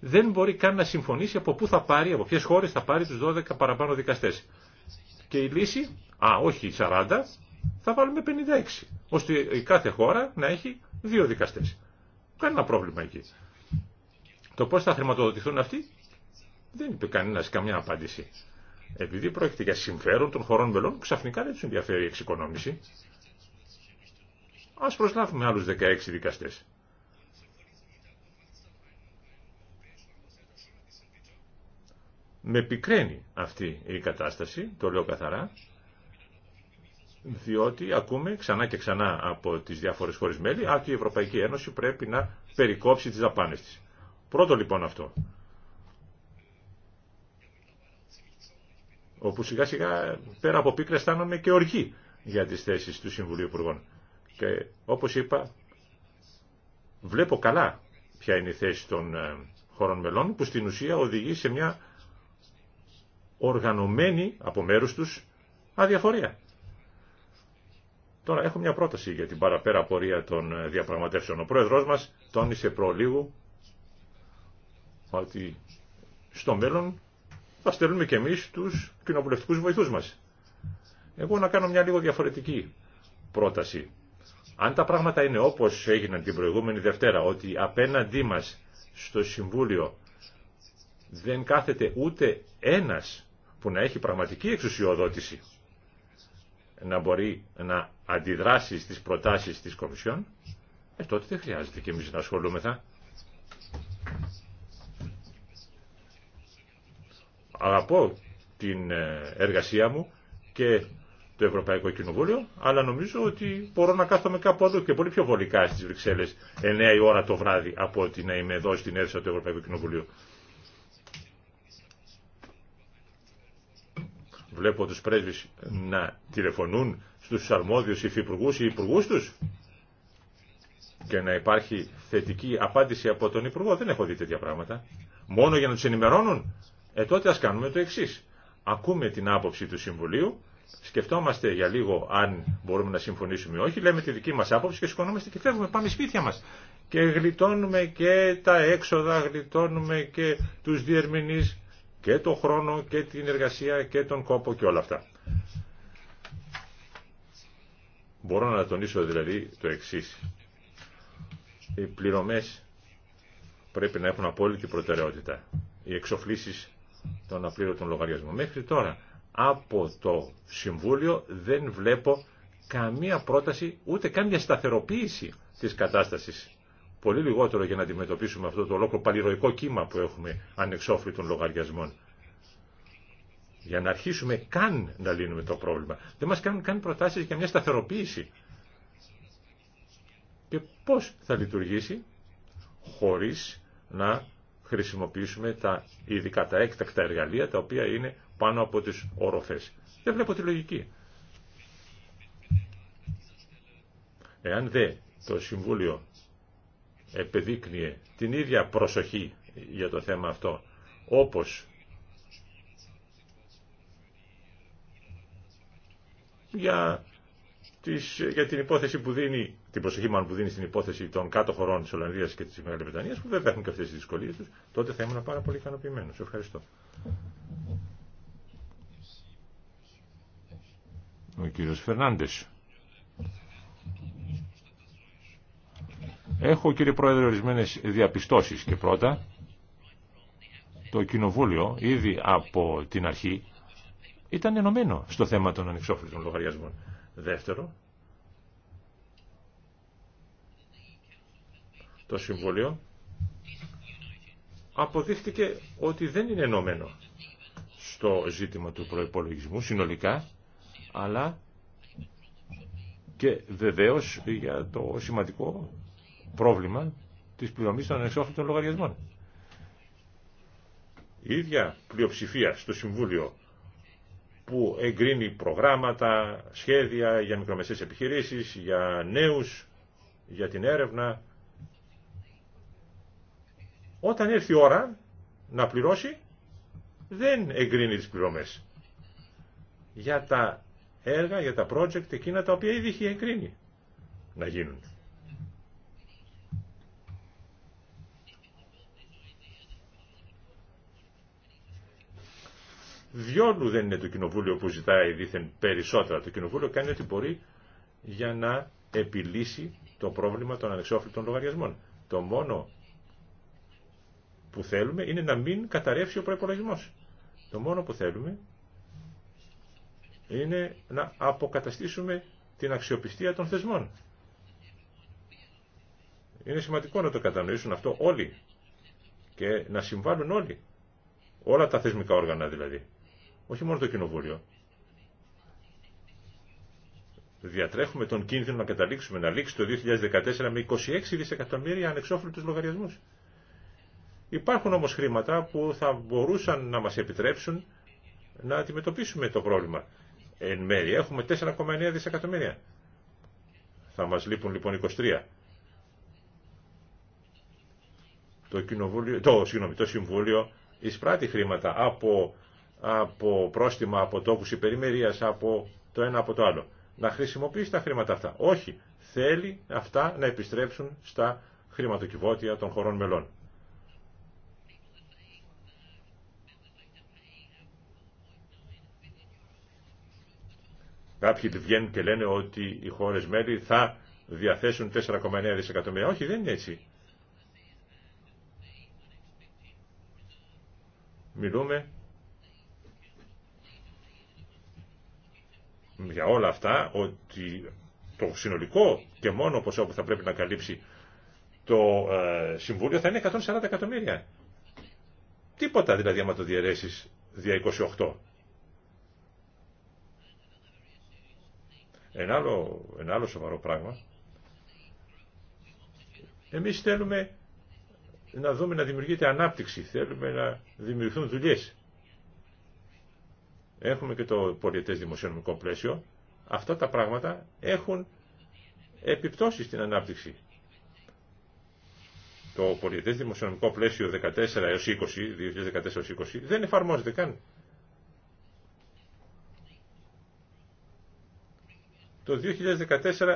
δεν μπορεί καν να συμφωνήσει από πού θα πάρει, από ποιε χώρε θα πάρει του 12 παραπάνω δικαστέ. Και η λύση, α, όχι 40, θα βάλουμε 56, ώστε η κάθε χώρα να έχει δύο δικαστέ. Κανένα πρόβλημα εκεί. Το πώ θα χρηματοδοτηθούν αυτοί, δεν είπε κανένα καμιά απάντηση. Επειδή πρόκειται για συμφέρον των χωρών μελών, ξαφνικά δεν του ενδιαφέρει η εξοικονόμηση. Ας προσλάβουμε άλλους 16 δικαστές. Με πικραίνει αυτή η κατάσταση, το λέω καθαρά, διότι ακούμε ξανά και ξανά από τις διάφορες χώρες μέλη ότι η Ευρωπαϊκή Ένωση πρέπει να περικόψει τις δαπάνες της. Πρώτο λοιπόν αυτό. Όπου σιγά σιγά πέρα από πίκρα αισθάνομαι και οργή για τις θέσεις του Συμβουλίου Υπουργών. Και όπως είπα, βλέπω καλά ποια είναι η θέση των ε, χωρών μελών που στην ουσία οδηγεί σε μια οργανωμένη από μέρους τους αδιαφορία. Τώρα έχω μια πρόταση για την παραπέρα πορεία των ε, διαπραγματεύσεων. Ο πρόεδρός μας τόνισε προλίγου ότι στο μέλλον θα στέλνουμε και εμείς τους κοινοβουλευτικούς βοηθούς μας. Εγώ να κάνω μια λίγο διαφορετική πρόταση. Αν τα πράγματα είναι όπως έγιναν την προηγούμενη Δευτέρα, ότι απέναντί μας στο Συμβούλιο δεν κάθεται ούτε ένας που να έχει πραγματική εξουσιοδότηση να μπορεί να αντιδράσει στις προτάσεις της Κομισιόν, ε, τότε δεν χρειάζεται και εμείς να ασχολούμεθα. Αγαπώ την ε, εργασία μου και το Ευρωπαϊκό Κοινοβούλιο, αλλά νομίζω ότι μπορώ να κάθομαι κάπου εδώ και πολύ πιο βολικά στις Βρυξέλλες 9 η ώρα το βράδυ από ότι να είμαι εδώ στην αίθουσα του Ευρωπαϊκού Κοινοβουλίου. Βλέπω τους πρέσβεις να τηλεφωνούν στους αρμόδιους υφυπουργούς ή υπουργού του. και να υπάρχει θετική απάντηση από τον Υπουργό. Δεν έχω δει τέτοια πράγματα. Μόνο για να τους ενημερώνουν. Ε τότε ας κάνουμε το εξή. Ακούμε την άποψη του Συμβουλίου σκεφτόμαστε για λίγο αν μπορούμε να συμφωνήσουμε ή όχι, λέμε τη δική μας άποψη και σηκωνόμαστε και φεύγουμε, πάμε σπίτια μας. Και γλιτώνουμε και τα έξοδα, γλιτώνουμε και τους διερμηνείς και το χρόνο και την εργασία και τον κόπο και όλα αυτά. Μπορώ να τονίσω δηλαδή το εξή. Οι πληρωμές πρέπει να έχουν απόλυτη προτεραιότητα. Οι εξοφλήσεις των απλήρωτων λογαριασμών. Μέχρι τώρα από το Συμβούλιο δεν βλέπω καμία πρόταση, ούτε καμία σταθεροποίηση της κατάστασης. Πολύ λιγότερο για να αντιμετωπίσουμε αυτό το ολόκληρο παλιροϊκό κύμα που έχουμε ανεξόφλητων λογαριασμών. Για να αρχίσουμε καν να λύνουμε το πρόβλημα. Δεν μας κάνουν καν προτάσεις για μια σταθεροποίηση. Και πώς θα λειτουργήσει χωρίς να χρησιμοποιήσουμε τα ειδικά τα έκτακτα εργαλεία τα οποία είναι πάνω από τις όροφες. Δεν βλέπω τη λογική. Εάν δε το Συμβούλιο επεδείκνυε την ίδια προσοχή για το θέμα αυτό, όπως για, τις, για την υπόθεση που δίνει, την προσοχή μάλλον που δίνει στην υπόθεση των κάτω χωρών της Ολλανδίας και της Μεγάλης Βρετανίας, που βέβαια έχουν και αυτές τις δυσκολίες τους, τότε θα ήμουν πάρα πολύ ικανοποιημένος. Ευχαριστώ. ο κύριο Φερνάντες. Έχω κύριε Πρόεδρε ορισμένε διαπιστώσεις και πρώτα το Κοινοβούλιο ήδη από την αρχή ήταν ενωμένο στο θέμα των ανεξόφλητων λογαριασμών. Δεύτερο, το Συμβούλιο αποδείχτηκε ότι δεν είναι ενωμένο στο ζήτημα του προϋπολογισμού συνολικά αλλά και βεβαίως για το σημαντικό πρόβλημα της πληρωμής των ανεξόφλητων λογαριασμών. Η ίδια πλειοψηφία στο Συμβούλιο που εγκρίνει προγράμματα, σχέδια για μικρομεσαίες επιχειρήσεις, για νέους, για την έρευνα. Όταν έρθει η ώρα να πληρώσει, δεν εγκρίνει τις πληρωμές. Για τα έργα, για τα project εκείνα τα οποία ήδη είχε εγκρίνει να γίνουν. Διόλου δεν είναι το κοινοβούλιο που ζητάει δήθεν περισσότερα. Το κοινοβούλιο κάνει ό,τι μπορεί για να επιλύσει το πρόβλημα των ανεξόφλητων λογαριασμών. Το μόνο που θέλουμε είναι να μην καταρρεύσει ο προπολογισμό. Το μόνο που θέλουμε είναι να αποκαταστήσουμε την αξιοπιστία των θεσμών. Είναι σημαντικό να το κατανοήσουν αυτό όλοι και να συμβάλλουν όλοι. Όλα τα θεσμικά όργανα δηλαδή. Όχι μόνο το κοινοβούλιο. Διατρέχουμε τον κίνδυνο να καταλήξουμε να λήξει το 2014 με 26 δισεκατομμύρια ανεξόφλητους λογαριασμούς. Υπάρχουν όμως χρήματα που θα μπορούσαν να μας επιτρέψουν να αντιμετωπίσουμε το πρόβλημα εν μέρη. Έχουμε 4,9 δισεκατομμύρια. Θα μας λείπουν λοιπόν 23. Το, κοινοβούλιο, το, Συμβούλιο εισπράττει χρήματα από, από πρόστιμα, από τόπους υπερημερίας, από το ένα από το άλλο. Να χρησιμοποιήσει τα χρήματα αυτά. Όχι. Θέλει αυτά να επιστρέψουν στα χρηματοκιβώτια των χωρών μελών. Κάποιοι βγαίνουν και λένε ότι οι χώρες μέλη θα διαθέσουν 4,9 δισεκατομμύρια. Όχι, δεν είναι έτσι. Μιλούμε για όλα αυτά ότι το συνολικό και μόνο ποσό που θα πρέπει να καλύψει το ε, Συμβούλιο θα είναι 140 εκατομμύρια. Τίποτα δηλαδή άμα το διαιρέσεις δια 28. Ένα άλλο, σοβαρό πράγμα. Εμείς θέλουμε να δούμε να δημιουργείται ανάπτυξη, θέλουμε να δημιουργηθούν δουλειές. Έχουμε και το πολιετές δημοσιονομικό πλαίσιο. Αυτά τα πράγματα έχουν επιπτώσεις στην ανάπτυξη. Το πολιετές δημοσιονομικό πλαίσιο 14 έως 20, 2014 έως 20, δεν εφαρμόζεται καν. το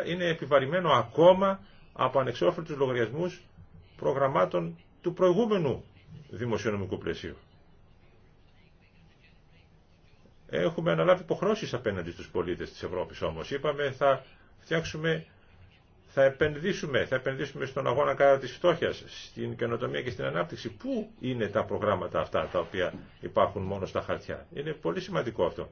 2014 είναι επιβαρημένο ακόμα από ανεξόφλητους λογαριασμούς προγραμμάτων του προηγούμενου δημοσιονομικού πλαισίου. Έχουμε αναλάβει υποχρώσεις απέναντι στους πολίτες της Ευρώπης όμως. Είπαμε θα φτιάξουμε, θα επενδύσουμε, θα επενδύσουμε στον αγώνα κατά της φτώχειας, στην καινοτομία και στην ανάπτυξη. Πού είναι τα προγράμματα αυτά τα οποία υπάρχουν μόνο στα χαρτιά. Είναι πολύ σημαντικό αυτό.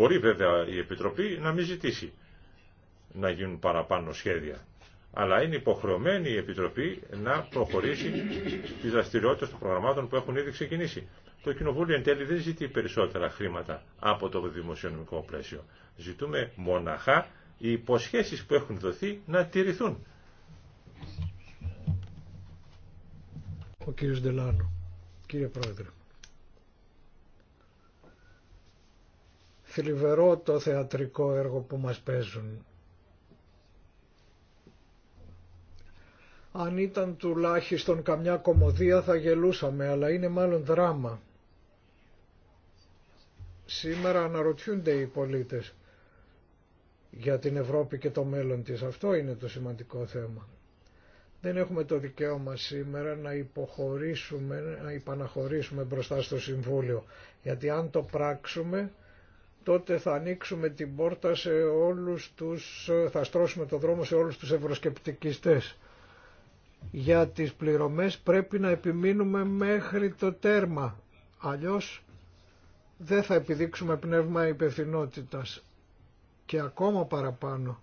Μπορεί βέβαια η Επιτροπή να μην ζητήσει να γίνουν παραπάνω σχέδια. Αλλά είναι υποχρεωμένη η Επιτροπή να προχωρήσει τι δραστηριότητε των προγραμμάτων που έχουν ήδη ξεκινήσει. Το Κοινοβούλιο εν τέλει δεν ζητεί περισσότερα χρήματα από το δημοσιονομικό πλαίσιο. Ζητούμε μοναχά οι υποσχέσει που έχουν δοθεί να τηρηθούν. Ο κύριος κύριε Πρόεδρε. θλιβερό το θεατρικό έργο που μας παίζουν. Αν ήταν τουλάχιστον καμιά κομμωδία θα γελούσαμε, αλλά είναι μάλλον δράμα. Σήμερα αναρωτιούνται οι πολίτες για την Ευρώπη και το μέλλον της. Αυτό είναι το σημαντικό θέμα. Δεν έχουμε το δικαίωμα σήμερα να υποχωρήσουμε, να υπαναχωρήσουμε μπροστά στο Συμβούλιο. Γιατί αν το πράξουμε τότε θα ανοίξουμε την πόρτα σε όλους τους, θα στρώσουμε το δρόμο σε όλους τους ευρωσκεπτικιστές. Για τις πληρωμές πρέπει να επιμείνουμε μέχρι το τέρμα, αλλιώς δεν θα επιδείξουμε πνεύμα υπευθυνότητας και ακόμα παραπάνω.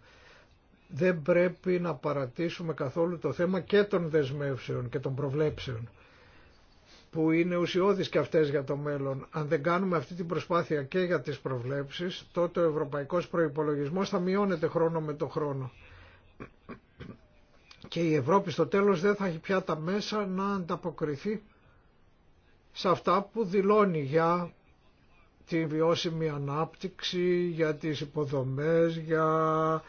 Δεν πρέπει να παρατήσουμε καθόλου το θέμα και των δεσμεύσεων και των προβλέψεων που είναι ουσιώδεις και αυτές για το μέλλον. Αν δεν κάνουμε αυτή την προσπάθεια και για τις προβλέψεις, τότε ο ευρωπαϊκός προϋπολογισμός θα μειώνεται χρόνο με το χρόνο. Και η Ευρώπη στο τέλος δεν θα έχει πια τα μέσα να ανταποκριθεί σε αυτά που δηλώνει για τη βιώσιμη ανάπτυξη, για τις υποδομές, για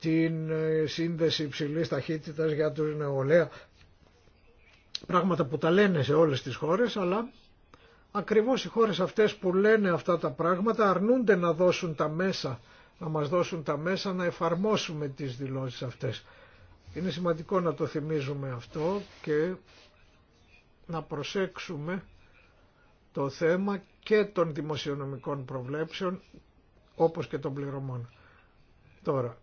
την ε, σύνδεση υψηλής ταχύτητας για τους νεολαία Πράγματα που τα λένε σε όλες τις χώρες, αλλά ακριβώς οι χώρες αυτές που λένε αυτά τα πράγματα αρνούνται να δώσουν τα μέσα, να μας δώσουν τα μέσα να εφαρμόσουμε τις δηλώσεις αυτές. Είναι σημαντικό να το θυμίζουμε αυτό και να προσέξουμε το θέμα και των δημοσιονομικών προβλέψεων όπως και των πληρωμών. Τώρα,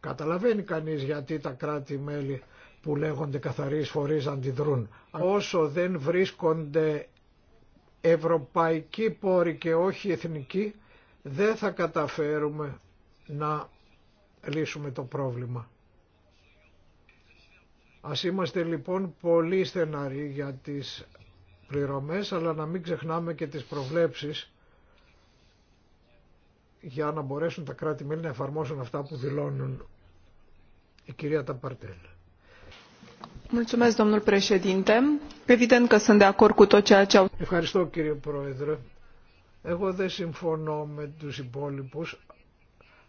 καταλαβαίνει κανείς γιατί τα κράτη-μέλη που λέγονται καθαροί εισφορείς αντιδρούν. Όσο δεν βρίσκονται ευρωπαϊκοί πόροι και όχι εθνικοί, δεν θα καταφέρουμε να λύσουμε το πρόβλημα. Ας είμαστε λοιπόν πολύ στεναροί για τις πληρωμές, αλλά να μην ξεχνάμε και τις προβλέψεις για να μπορέσουν τα κράτη-μέλη να εφαρμόσουν αυτά που δηλώνουν η κυρία Ταπαρτέλα. Ευχαριστώ κύριε Πρόεδρε. Εγώ δεν συμφωνώ με τους υπόλοιπους,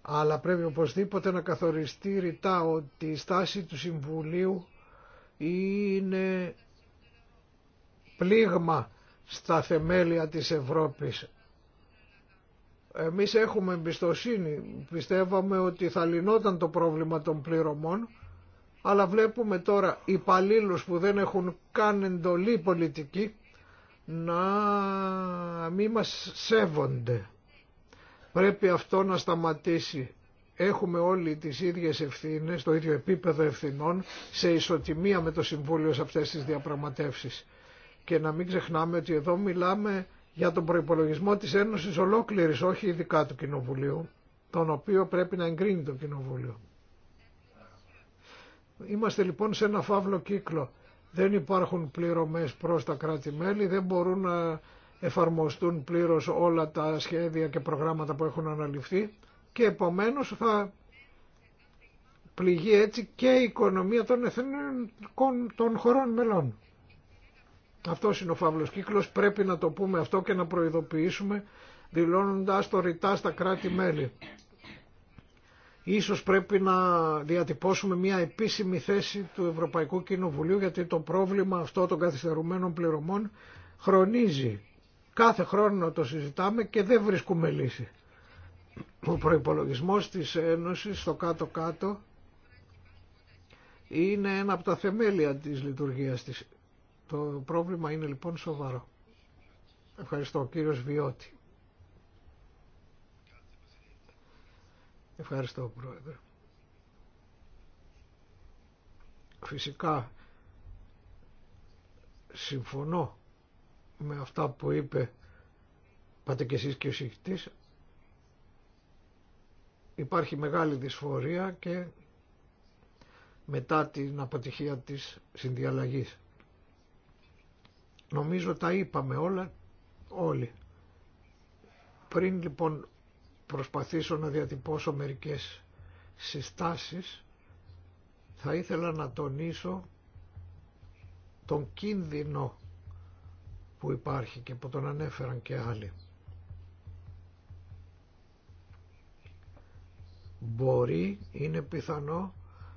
αλλά πρέπει οπωσδήποτε να καθοριστεί ρητά ότι η στάση του Συμβουλίου είναι πλήγμα στα θεμέλια της Ευρώπης. Εμείς έχουμε εμπιστοσύνη, πιστεύαμε ότι θα λυνόταν το πρόβλημα των πληρωμών αλλά βλέπουμε τώρα υπαλλήλους που δεν έχουν καν εντολή πολιτική να μη μας σέβονται. Πρέπει αυτό να σταματήσει. Έχουμε όλοι τις ίδιες ευθύνες, το ίδιο επίπεδο ευθυνών, σε ισοτιμία με το Συμβούλιο σε αυτές τις διαπραγματεύσεις. Και να μην ξεχνάμε ότι εδώ μιλάμε για τον προϋπολογισμό της Ένωσης ολόκληρης, όχι ειδικά του Κοινοβουλίου, τον οποίο πρέπει να εγκρίνει το Κοινοβούλιο. Είμαστε λοιπόν σε ένα φαύλο κύκλο. Δεν υπάρχουν πληρωμές προς τα κράτη-μέλη, δεν μπορούν να εφαρμοστούν πλήρως όλα τα σχέδια και προγράμματα που έχουν αναλυφθεί και επομένως θα πληγεί έτσι και η οικονομία των εθνικών των χωρών μελών. Αυτό είναι ο φαύλος κύκλος, πρέπει να το πούμε αυτό και να προειδοποιήσουμε δηλώνοντας το ρητά στα κράτη-μέλη. Ίσως πρέπει να διατυπώσουμε μια επίσημη θέση του Ευρωπαϊκού Κοινοβουλίου γιατί το πρόβλημα αυτό των καθυστερουμένων πληρωμών χρονίζει. Κάθε χρόνο το συζητάμε και δεν βρίσκουμε λύση. Ο προϋπολογισμός της Ένωσης στο κάτω-κάτω είναι ένα από τα θεμέλια της λειτουργίας της. Το πρόβλημα είναι λοιπόν σοβαρό. Ευχαριστώ κύριος Βιώτη. Ευχαριστώ Πρόεδρε. Φυσικά συμφωνώ με αυτά που είπε πάτε και εσείς και ο συγχτής. Υπάρχει μεγάλη δυσφορία και μετά την αποτυχία της συνδιαλλαγής. Νομίζω τα είπαμε όλα, όλοι. Πριν λοιπόν προσπαθήσω να διατυπώσω μερικές συστάσεις, θα ήθελα να τονίσω τον κίνδυνο που υπάρχει και που τον ανέφεραν και άλλοι. Μπορεί, είναι πιθανό,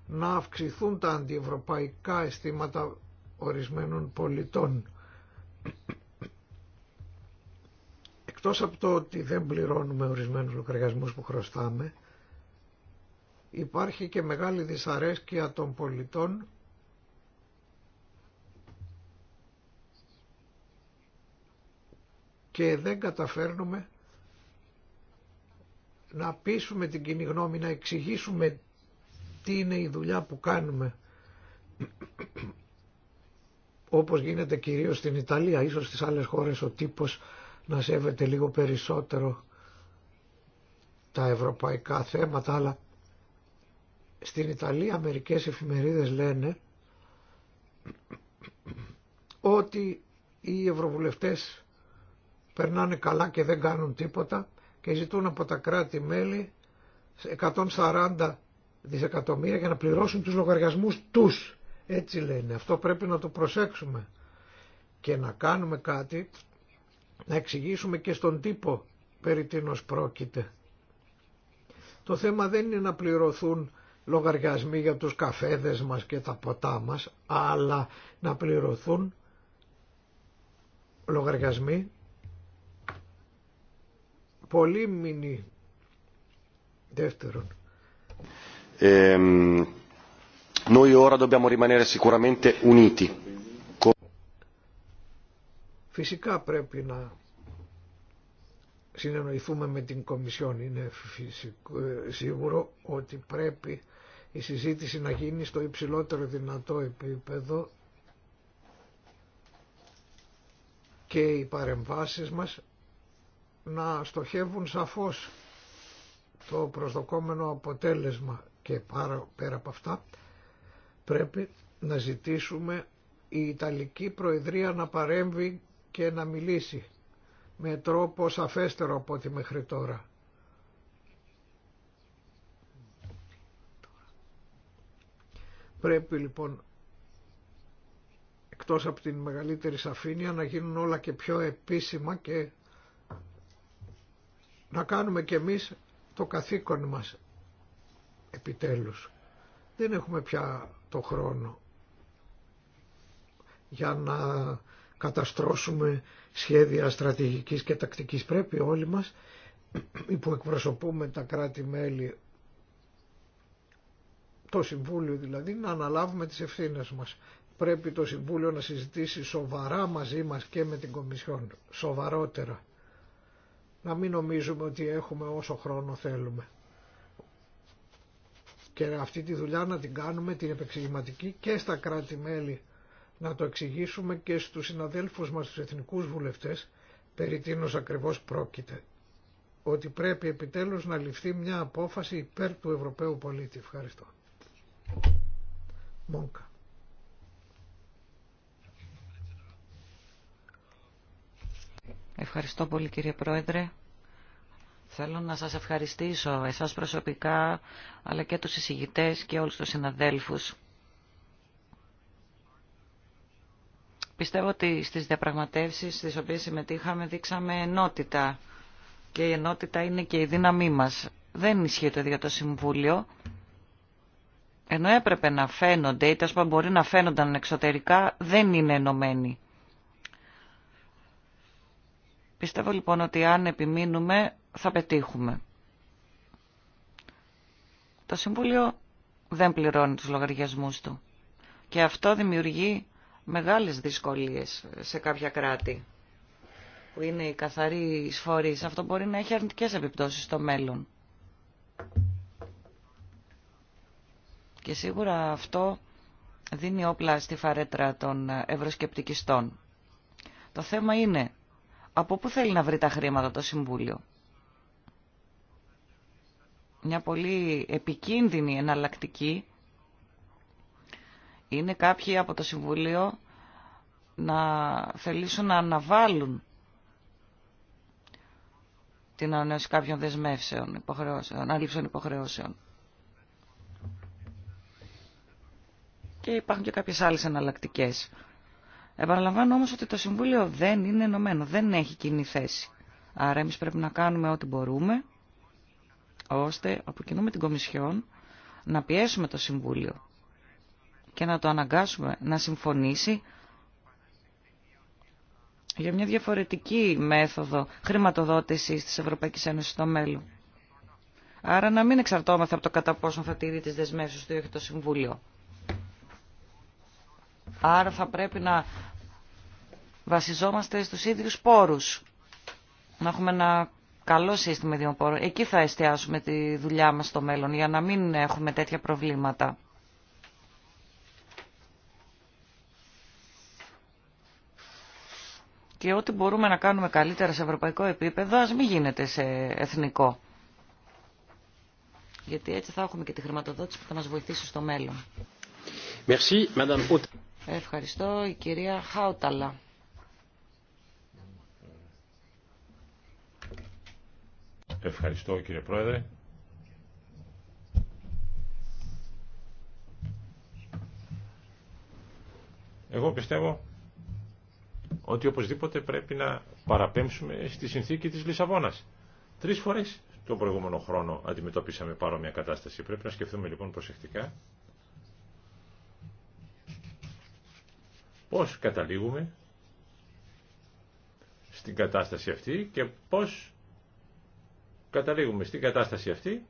να αυξηθούν τα αντιευρωπαϊκά αισθήματα ορισμένων πολιτών Εκτός από το ότι δεν πληρώνουμε ορισμένους λογαριασμούς που χρωστάμε, υπάρχει και μεγάλη δυσαρέσκεια των πολιτών και δεν καταφέρνουμε να πείσουμε την κοινή γνώμη, να εξηγήσουμε τι είναι η δουλειά που κάνουμε όπως γίνεται κυρίως στην Ιταλία, ίσως στις άλλες χώρες ο τύπος να σέβεται λίγο περισσότερο τα ευρωπαϊκά θέματα, αλλά στην Ιταλία μερικές εφημερίδες λένε ότι οι ευρωβουλευτές περνάνε καλά και δεν κάνουν τίποτα και ζητούν από τα κράτη-μέλη 140 δισεκατομμύρια για να πληρώσουν τους λογαριασμούς τους. Έτσι λένε. Αυτό πρέπει να το προσέξουμε και να κάνουμε κάτι να εξηγήσουμε και στον τύπο περί τίνος πρόκειται. Το θέμα δεν είναι να πληρωθούν λογαριασμοί για τους καφέδες μας και τα ποτά μας, αλλά να πληρωθούν λογαριασμοί πολύ μηνύ. Δεύτερον. Ε, noi ora dobbiamo rimanere sicuramente uniti. Φυσικά πρέπει να συνεννοηθούμε με την Κομισιόν. Είναι φυσικό, ε, σίγουρο ότι πρέπει η συζήτηση να γίνει στο υψηλότερο δυνατό επίπεδο και οι παρεμβάσεις μας να στοχεύουν σαφώς το προσδοκόμενο αποτέλεσμα και πέρα από αυτά πρέπει να ζητήσουμε η Ιταλική Προεδρία να παρέμβει και να μιλήσει με τρόπο σαφέστερο από ό,τι μέχρι τώρα. Πρέπει λοιπόν εκτός από την μεγαλύτερη σαφήνεια να γίνουν όλα και πιο επίσημα και να κάνουμε και εμείς το καθήκον μας επιτέλους. Δεν έχουμε πια το χρόνο για να καταστρώσουμε σχέδια στρατηγικής και τακτικής. Πρέπει όλοι μας που εκπροσωπούμε τα κράτη-μέλη, το Συμβούλιο δηλαδή, να αναλάβουμε τις ευθύνες μας. Πρέπει το Συμβούλιο να συζητήσει σοβαρά μαζί μας και με την Κομισιόν, σοβαρότερα. Να μην νομίζουμε ότι έχουμε όσο χρόνο θέλουμε. Και αυτή τη δουλειά να την κάνουμε την επεξηγηματική και στα κράτη-μέλη να το εξηγήσουμε και στους συναδέλφους μας, τους εθνικούς βουλευτές, περί τίνος ακριβώς πρόκειται. Ότι πρέπει επιτέλους να ληφθεί μια απόφαση υπέρ του Ευρωπαίου πολίτη. Ευχαριστώ. Μόνκα. Ευχαριστώ πολύ κύριε Πρόεδρε. Θέλω να σας ευχαριστήσω εσάς προσωπικά, αλλά και τους εισηγητές και όλους τους συναδέλφους Πιστεύω ότι στις διαπραγματεύσεις στις οποίες συμμετείχαμε δείξαμε ενότητα και η ενότητα είναι και η δύναμή μας. Δεν ισχύει το ίδιο το Συμβούλιο, ενώ έπρεπε να φαίνονται ή τα μπορεί να φαίνονταν εξωτερικά, δεν είναι ενωμένοι. Πιστεύω λοιπόν ότι αν επιμείνουμε θα πετύχουμε. Το Συμβούλιο δεν πληρώνει τους λογαριασμούς του και αυτό δημιουργεί μεγάλες δυσκολίες σε κάποια κράτη που είναι οι καθαροί εισφορείς. Αυτό μπορεί να έχει αρνητικές επιπτώσεις στο μέλλον. Και σίγουρα αυτό δίνει όπλα στη φαρέτρα των ευρωσκεπτικιστών. Το θέμα είναι από πού θέλει να βρει τα χρήματα το Συμβούλιο. Μια πολύ επικίνδυνη εναλλακτική είναι κάποιοι από το Συμβούλιο να θελήσουν να αναβάλουν την ανανέωση κάποιων δεσμεύσεων, υποχρεώσεων, ανάληψεων υποχρεώσεων. Και υπάρχουν και κάποιες άλλες εναλλακτικέ. Επαναλαμβάνω όμως ότι το Συμβούλιο δεν είναι ενωμένο, δεν έχει κοινή θέση. Άρα εμείς πρέπει να κάνουμε ό,τι μπορούμε, ώστε από κοινού με την Κομισιόν να πιέσουμε το Συμβούλιο και να το αναγκάσουμε να συμφωνήσει για μια διαφορετική μέθοδο χρηματοδότησης της Ευρωπαϊκής Ένωσης στο μέλλον. Άρα να μην εξαρτώμεθα από το κατά πόσο θα τηρεί τις δεσμεύσεις του ή το Συμβούλιο. Άρα θα πρέπει να βασιζόμαστε στους ίδιους πόρους. Να έχουμε ένα καλό σύστημα ιδιών Εκεί θα εστιάσουμε τη δουλειά μας στο μέλλον για να μην έχουμε τέτοια προβλήματα. και ό,τι μπορούμε να κάνουμε καλύτερα σε ευρωπαϊκό επίπεδο ας μην γίνεται σε εθνικό. Γιατί έτσι θα έχουμε και τη χρηματοδότηση που θα μας βοηθήσει στο μέλλον. Merci, Madame. Ευχαριστώ η κυρία Χάουταλα. Ευχαριστώ κύριε Πρόεδρε. Εγώ πιστεύω ότι οπωσδήποτε πρέπει να παραπέμψουμε στη συνθήκη της Λισαβόνας. Τρεις φορές τον προηγούμενο χρόνο αντιμετωπίσαμε παρόμοια κατάσταση. Πρέπει να σκεφτούμε λοιπόν προσεκτικά πώς καταλήγουμε στην κατάσταση αυτή και πώς καταλήγουμε στην κατάσταση αυτή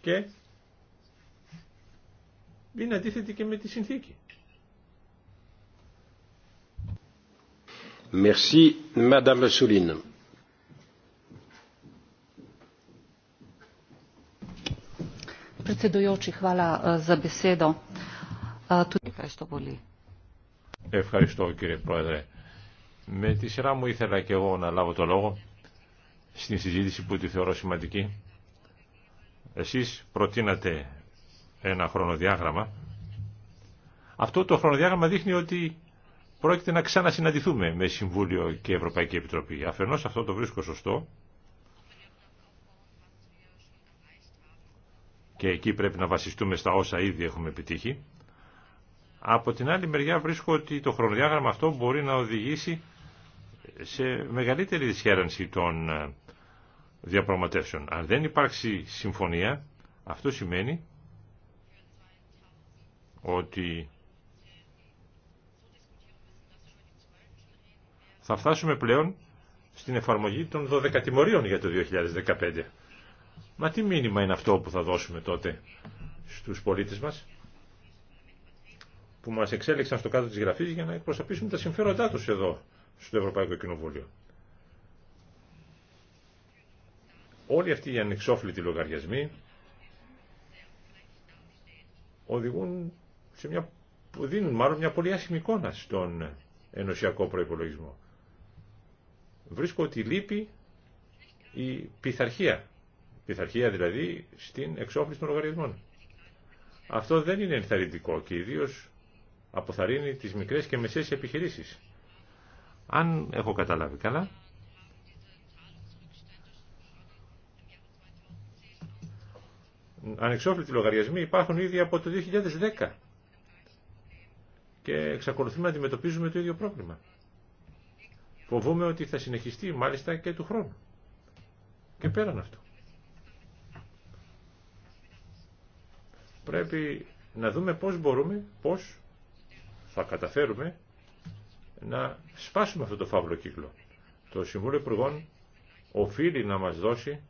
και είναι αντίθετη και με τη συνθήκη. Predsedujoči, hvala eh, eh, Ευχαριστώ Ευχαριστώ κύριε Πρόεδρε. Με τη σειρά μου ήθελα και εγώ να λάβω το λόγο στην συζήτηση που τη θεωρώ σημαντική. Εσείς προτείνατε ένα χρονοδιάγραμμα. Αυτό το χρονοδιάγραμμα δείχνει ότι πρόκειται να ξανασυναντηθούμε με Συμβούλιο και Ευρωπαϊκή Επιτροπή. Αφενός αυτό το βρίσκω σωστό και εκεί πρέπει να βασιστούμε στα όσα ήδη έχουμε επιτύχει. Από την άλλη μεριά βρίσκω ότι το χρονοδιάγραμμα αυτό μπορεί να οδηγήσει σε μεγαλύτερη δυσχέρανση των ε, διαπραγματεύσεων. Αν δεν υπάρξει συμφωνία, αυτό σημαίνει ότι θα φτάσουμε πλέον στην εφαρμογή των 12 τιμωρίων για το 2015. Μα τι μήνυμα είναι αυτό που θα δώσουμε τότε στους πολίτες μας που μας εξέλεξαν στο κάτω της γραφής για να εκπροσωπήσουν τα συμφέροντά τους εδώ στο Ευρωπαϊκό Κοινοβούλιο. Όλοι αυτοί οι ανεξόφλητοι λογαριασμοί οδηγούν σε μια, δίνουν μάλλον μια πολύ άσχημη εικόνα στον ενωσιακό προϋπολογισμό βρίσκω ότι λείπει η πειθαρχία. Πειθαρχία δηλαδή στην εξόφληση των λογαριασμών. Αυτό δεν είναι ενθαρρυντικό και ιδίω αποθαρρύνει τις μικρές και μεσαίες επιχειρήσεις. Αν έχω καταλάβει καλά, ανεξόφλητοι λογαριασμοί υπάρχουν ήδη από το 2010 και εξακολουθούμε να αντιμετωπίζουμε το ίδιο πρόβλημα. Φοβούμαι ότι θα συνεχιστεί μάλιστα και του χρόνου. Και πέραν αυτό. Πρέπει να δούμε πώς μπορούμε, πώς θα καταφέρουμε να σπάσουμε αυτό το φαύλο κύκλο. Το Συμβούλιο Υπουργών οφείλει να μας δώσει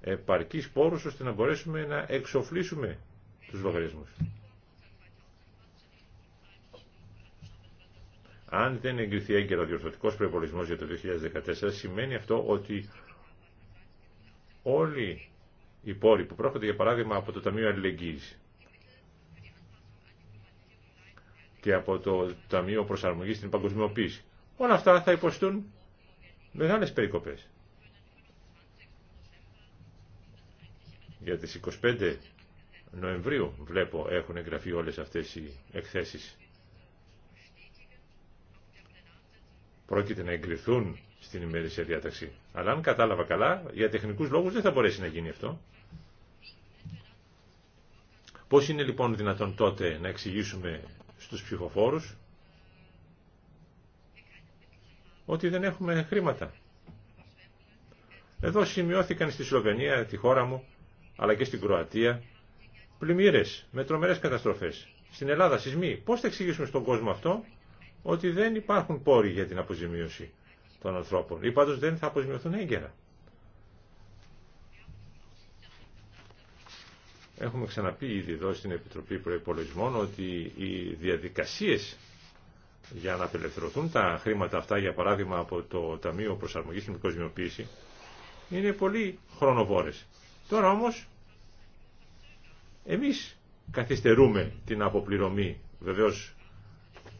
επαρκείς πόρους ώστε να μπορέσουμε να εξοφλήσουμε τους λογαριασμούς. Αν δεν εγκριθεί έγκαιρα ο διορθωτικός προϋπολογισμός για το 2014, σημαίνει αυτό ότι όλοι οι πόροι που πρόκειται για παράδειγμα από το Ταμείο Αλληλεγγύης και από το Ταμείο Προσαρμογής στην Παγκοσμιοποίηση, όλα αυτά θα υποστούν μεγάλες περικοπές. Για τις 25 Νοεμβρίου βλέπω έχουν εγγραφεί όλες αυτές οι εκθέσεις. πρόκειται να εγκριθούν στην ημερήσια διάταξη. Αλλά αν κατάλαβα καλά, για τεχνικούς λόγους δεν θα μπορέσει να γίνει αυτό. Πώς είναι λοιπόν δυνατόν τότε να εξηγήσουμε στους ψυχοφόρους ότι δεν έχουμε χρήματα. Εδώ σημειώθηκαν στη Σλοβενία, τη χώρα μου, αλλά και στην Κροατία, πλημμύρες με τρομερές καταστροφές. Στην Ελλάδα σεισμοί. Πώς θα εξηγήσουμε στον κόσμο αυτό ότι δεν υπάρχουν πόροι για την αποζημίωση των ανθρώπων ή πάντως δεν θα αποζημιωθούν έγκαιρα. Έχουμε ξαναπεί ήδη εδώ στην Επιτροπή Προϋπολογισμών ότι οι διαδικασίες για να απελευθερωθούν τα χρήματα αυτά, για παράδειγμα από το Ταμείο Προσαρμογής και Κοσμιοποίηση, είναι πολύ χρονοβόρες. Τώρα όμως, εμείς καθυστερούμε την αποπληρωμή, βεβαίως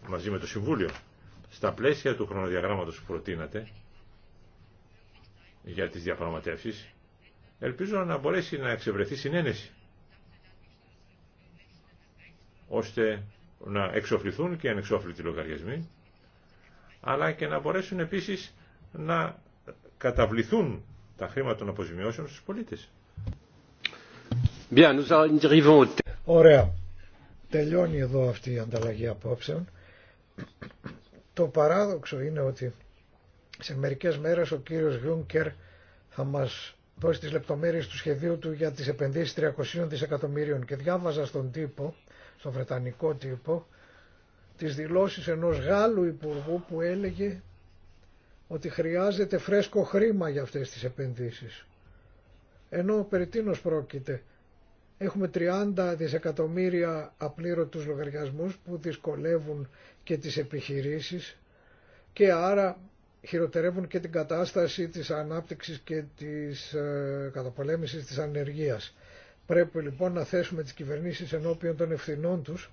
μαζί με το Συμβούλιο. Στα πλαίσια του χρονοδιαγράμματος που προτείνατε για τις διαπραγματεύσεις, ελπίζω να μπορέσει να εξευρεθεί συνένεση, ώστε να εξοφληθούν και ανεξόφλητοι λογαριασμοί, αλλά και να μπορέσουν επίσης να καταβληθούν τα χρήματα των αποζημιώσεων στους πολίτες. Ωραία. Τελειώνει εδώ αυτή η ανταλλαγή απόψεων. Το παράδοξο είναι ότι σε μερικές μέρες ο κύριος Γιούνκερ θα μας δώσει τις λεπτομέρειες του σχεδίου του για τις επενδύσεις 300 δισεκατομμύριων και διάβαζα στον τύπο, στον Βρετανικό τύπο, τις δηλώσεις ενός Γάλλου Υπουργού που έλεγε ότι χρειάζεται φρέσκο χρήμα για αυτές τις επενδύσεις. Ενώ περί τίνος πρόκειται Έχουμε 30 δισεκατομμύρια απλήρωτους λογαριασμούς που δυσκολεύουν και τις επιχειρήσεις και άρα χειροτερεύουν και την κατάσταση της ανάπτυξης και της ε, καταπολέμησης της ανεργίας. Πρέπει λοιπόν να θέσουμε τις κυβερνήσεις ενώπιον των ευθυνών τους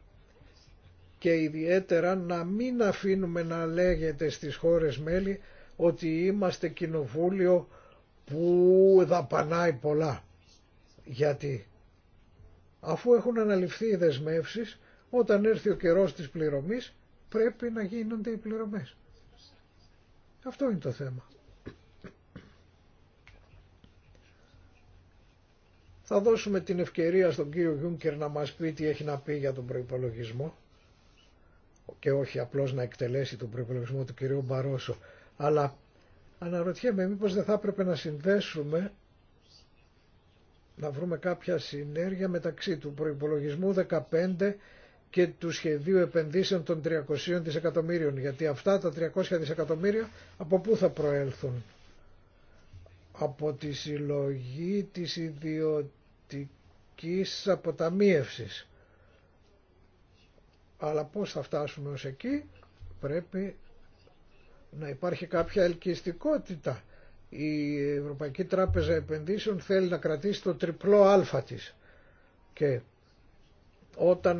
και ιδιαίτερα να μην αφήνουμε να λέγεται στις χώρες μέλη ότι είμαστε κοινοβούλιο που δαπανάει πολλά. Γιατί αφού έχουν αναλυφθεί οι δεσμεύσεις, όταν έρθει ο καιρός της πληρωμής πρέπει να γίνονται οι πληρωμές. Αυτό είναι το θέμα. Θα δώσουμε την ευκαιρία στον κύριο Γιούνκερ να μας πει τι έχει να πει για τον προϋπολογισμό και όχι απλώς να εκτελέσει τον προϋπολογισμό του κυρίου Μπαρόσο. Αλλά αναρωτιέμαι μήπως δεν θα έπρεπε να συνδέσουμε να βρούμε κάποια συνέργεια μεταξύ του προϋπολογισμού 15 και του σχεδίου επενδύσεων των 300 δισεκατομμύριων, γιατί αυτά τα 300 δισεκατομμύρια από πού θα προέλθουν. Από τη συλλογή της ιδιωτικής αποταμίευσης. Αλλά πώς θα φτάσουμε ως εκεί πρέπει να υπάρχει κάποια ελκυστικότητα η Ευρωπαϊκή Τράπεζα Επενδύσεων θέλει να κρατήσει το τριπλό αλφα της και όταν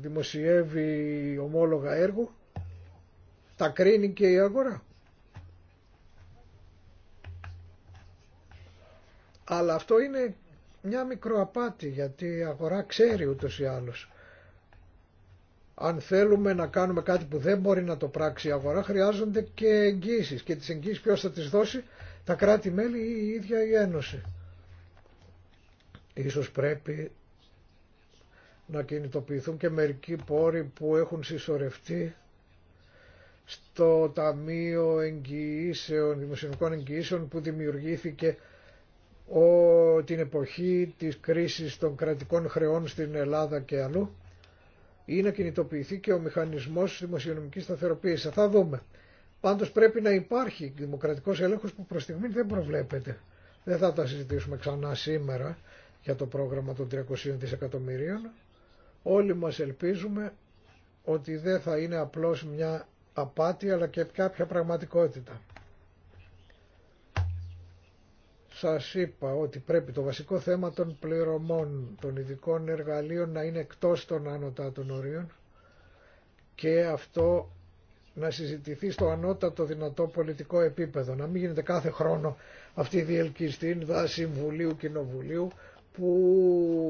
δημοσιεύει ομόλογα έργο τα κρίνει και η αγορά. Αλλά αυτό είναι μια μικροαπάτη γιατί η αγορά ξέρει ούτως ή άλλως αν θέλουμε να κάνουμε κάτι που δεν μπορεί να το πράξει η αγορά, χρειάζονται και εγγύησεις. Και τις εγγύησεις ποιος θα τις δώσει, τα κράτη-μέλη ή η ίδια η Ένωση. Ίσως πρέπει να κινητοποιηθούν και μερικοί πόροι που έχουν συσσωρευτεί στο Ταμείο Εγγυήσεων, Δημοσιονομικών Εγγυήσεων που δημιουργήθηκε ο, την εποχή της κρίσης των κρατικών χρεών στην Ελλάδα και αλλού ή να κινητοποιηθεί και ο μηχανισμός δημοσιονομικής σταθεροποίησης. Θα δούμε. Πάντως πρέπει να υπάρχει δημοκρατικός έλεγχος που προ στιγμή δεν προβλέπεται. Δεν θα τα συζητήσουμε ξανά σήμερα για το πρόγραμμα των 300 δισεκατομμυρίων. Όλοι μας ελπίζουμε ότι δεν θα είναι απλώς μια απάτη αλλά και κάποια πραγματικότητα σας είπα ότι πρέπει το βασικό θέμα των πληρωμών των ειδικών εργαλείων να είναι εκτός των ανωτάτων ορίων και αυτό να συζητηθεί στο ανώτατο δυνατό πολιτικό επίπεδο. Να μην γίνεται κάθε χρόνο αυτή η διελκυστίνδα Συμβουλίου Κοινοβουλίου που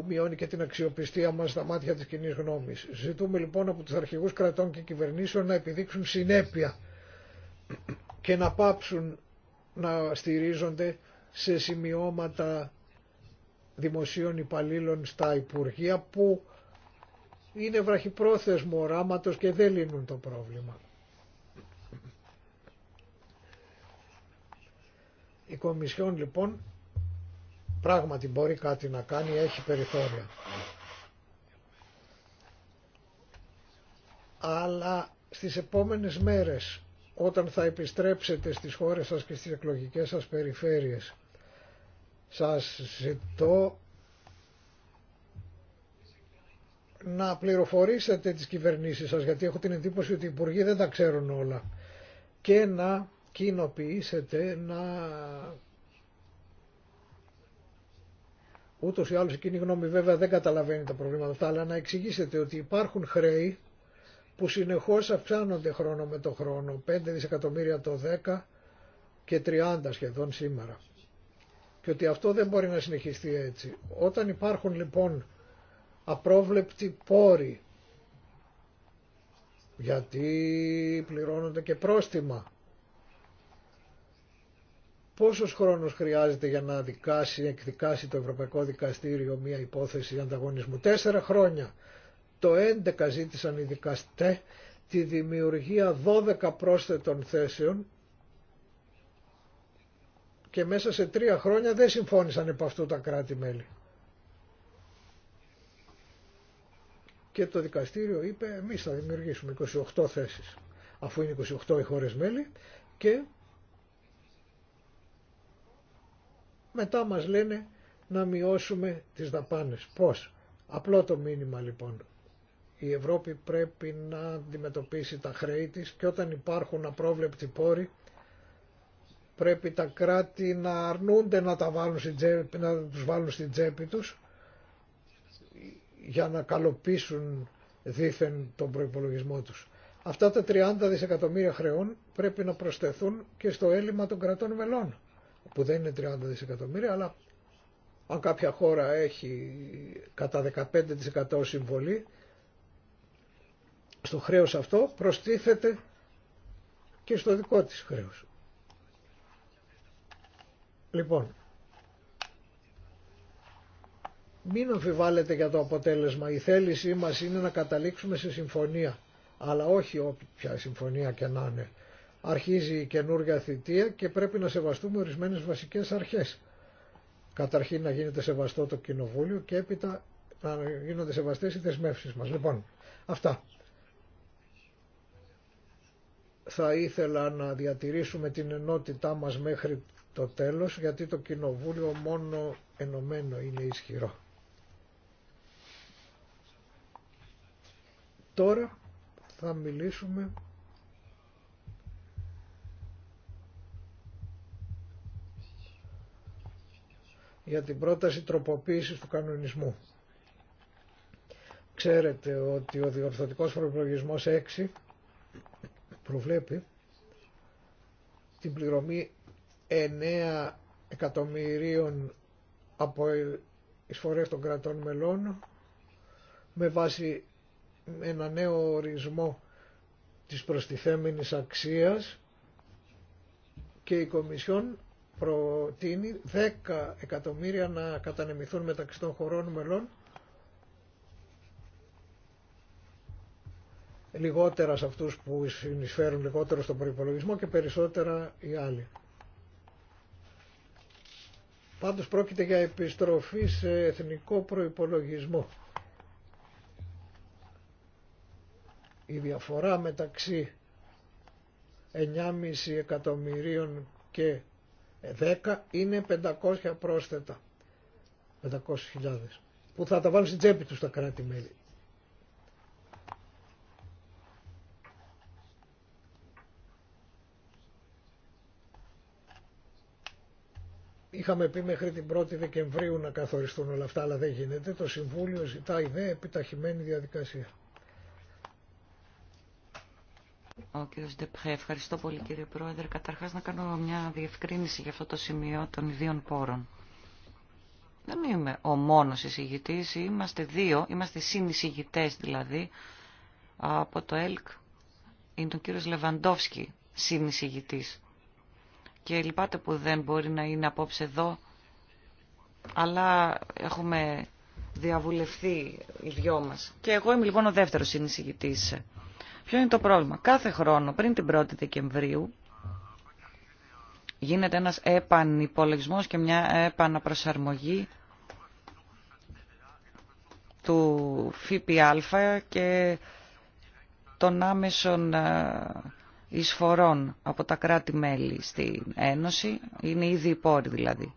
μειώνει και την αξιοπιστία μας στα μάτια της κοινή γνώμης. Ζητούμε λοιπόν από τους αρχηγούς κρατών και κυβερνήσεων να επιδείξουν συνέπεια και να πάψουν να στηρίζονται σε σημειώματα δημοσίων υπαλλήλων στα Υπουργεία που είναι βραχυπρόθεσμο οράματος και δεν λύνουν το πρόβλημα. Η Κομισιόν λοιπόν πράγματι μπορεί κάτι να κάνει, έχει περιθώρια. Αλλά στις επόμενες μέρες όταν θα επιστρέψετε στις χώρες σας και στις εκλογικές σας περιφέρειες. Σας ζητώ να πληροφορήσετε τις κυβερνήσεις σας, γιατί έχω την εντύπωση ότι οι υπουργοί δεν τα ξέρουν όλα, και να κοινοποιήσετε, να... Ούτως ή άλλως εκείνη η γνώμη βέβαια δεν καταλαβαίνει τα προβλήματα αυτά, αλλά να εξηγήσετε ότι υπάρχουν χρέη που συνεχώς αυξάνονται χρόνο με το χρόνο, 5 δισεκατομμύρια το 10 και 30 σχεδόν σήμερα. Και ότι αυτό δεν μπορεί να συνεχιστεί έτσι. Όταν υπάρχουν λοιπόν απρόβλεπτοι πόροι, γιατί πληρώνονται και πρόστιμα, πόσος χρόνος χρειάζεται για να δικάσει, εκδικάσει το Ευρωπαϊκό Δικαστήριο μία υπόθεση ανταγωνισμού. Τέσσερα χρόνια. Το 11 ζήτησαν οι δικαστέ τη δημιουργία 12 πρόσθετων θέσεων και μέσα σε τρία χρόνια δεν συμφώνησαν επ' αυτού τα κράτη-μέλη. Και το δικαστήριο είπε εμείς θα δημιουργήσουμε 28 θέσεις αφού είναι 28 οι χώρες μέλη και μετά μας λένε να μειώσουμε τις δαπάνες. Πώς. Απλό το μήνυμα λοιπόν. Η Ευρώπη πρέπει να αντιμετωπίσει τα χρέη της και όταν υπάρχουν απρόβλεπτοι πόροι πρέπει τα κράτη να αρνούνται να, τα βάλουν στην τσέπη, να τους βάλουν στην τσέπη τους για να καλοποιήσουν δήθεν τον προϋπολογισμό τους. Αυτά τα 30 δισεκατομμύρια χρεών πρέπει να προσθεθούν και στο έλλειμμα των κρατών μελών, που δεν είναι 30 δισεκατομμύρια, αλλά αν κάποια χώρα έχει κατά 15% συμβολή, στο χρέος αυτό προστίθεται και στο δικό της χρέος. Λοιπόν, μην αμφιβάλλετε για το αποτέλεσμα. Η θέλησή μας είναι να καταλήξουμε σε συμφωνία. Αλλά όχι όποια συμφωνία και να είναι. Αρχίζει η καινούργια θητεία και πρέπει να σεβαστούμε ορισμένες βασικές αρχές. Καταρχήν να γίνεται σεβαστό το κοινοβούλιο και έπειτα να γίνονται σεβαστές οι δεσμεύσεις μας. Λοιπόν, αυτά θα ήθελα να διατηρήσουμε την ενότητά μας μέχρι το τέλος γιατί το κοινοβούλιο μόνο ενωμένο είναι ισχυρό. Τώρα θα μιλήσουμε για την πρόταση τροποποίησης του κανονισμού. Ξέρετε ότι ο διορθωτικός προϋπολογισμός 6 προβλέπει την πληρωμή 9 εκατομμυρίων από εισφορές των κρατών μελών με βάση ένα νέο ορισμό της προστιθέμενης αξίας και η Κομισιόν προτείνει 10 εκατομμύρια να κατανεμηθούν μεταξύ των χωρών μελών λιγότερα σε αυτούς που συνεισφέρουν λιγότερο στον προϋπολογισμό και περισσότερα οι άλλοι. Πάντως πρόκειται για επιστροφή σε εθνικό προϋπολογισμό. Η διαφορά μεταξύ 9,5 εκατομμυρίων και 10 είναι 500 πρόσθετα. 500.000 που θα τα βάλουν στην τσέπη τους τα κράτη-μέλη. Είχαμε πει μέχρι την 1η Δεκεμβρίου να καθοριστούν όλα αυτά, αλλά δεν γίνεται. Το Συμβούλιο ζητάει δε επιταχυμένη διαδικασία. Ο κύριος Ντεπχέ, ευχαριστώ πολύ κύριε Πρόεδρε. Καταρχάς να κάνω μια διευκρίνηση για αυτό το σημείο των ιδίων πόρων. Δεν είμαι ο μόνος εισηγητή, είμαστε δύο, είμαστε συνεισηγητέ δηλαδή. Από το ΕΛΚ είναι ο κύριο Λεβαντόφσκι συνεισηγητή και λυπάται που δεν μπορεί να είναι απόψε εδώ, αλλά έχουμε διαβουλευθεί οι δυο μας. Και εγώ είμαι λοιπόν ο δεύτερος συνεισηγητής. Ποιο είναι το πρόβλημα. Κάθε χρόνο πριν την 1η Δεκεμβρίου γίνεται ένας επανυπολογισμός και μια επαναπροσαρμογή του ΦΠΑ και των άμεσων ε, εισφορών από τα κράτη-μέλη στην Ένωση, είναι ήδη οι δηλαδή.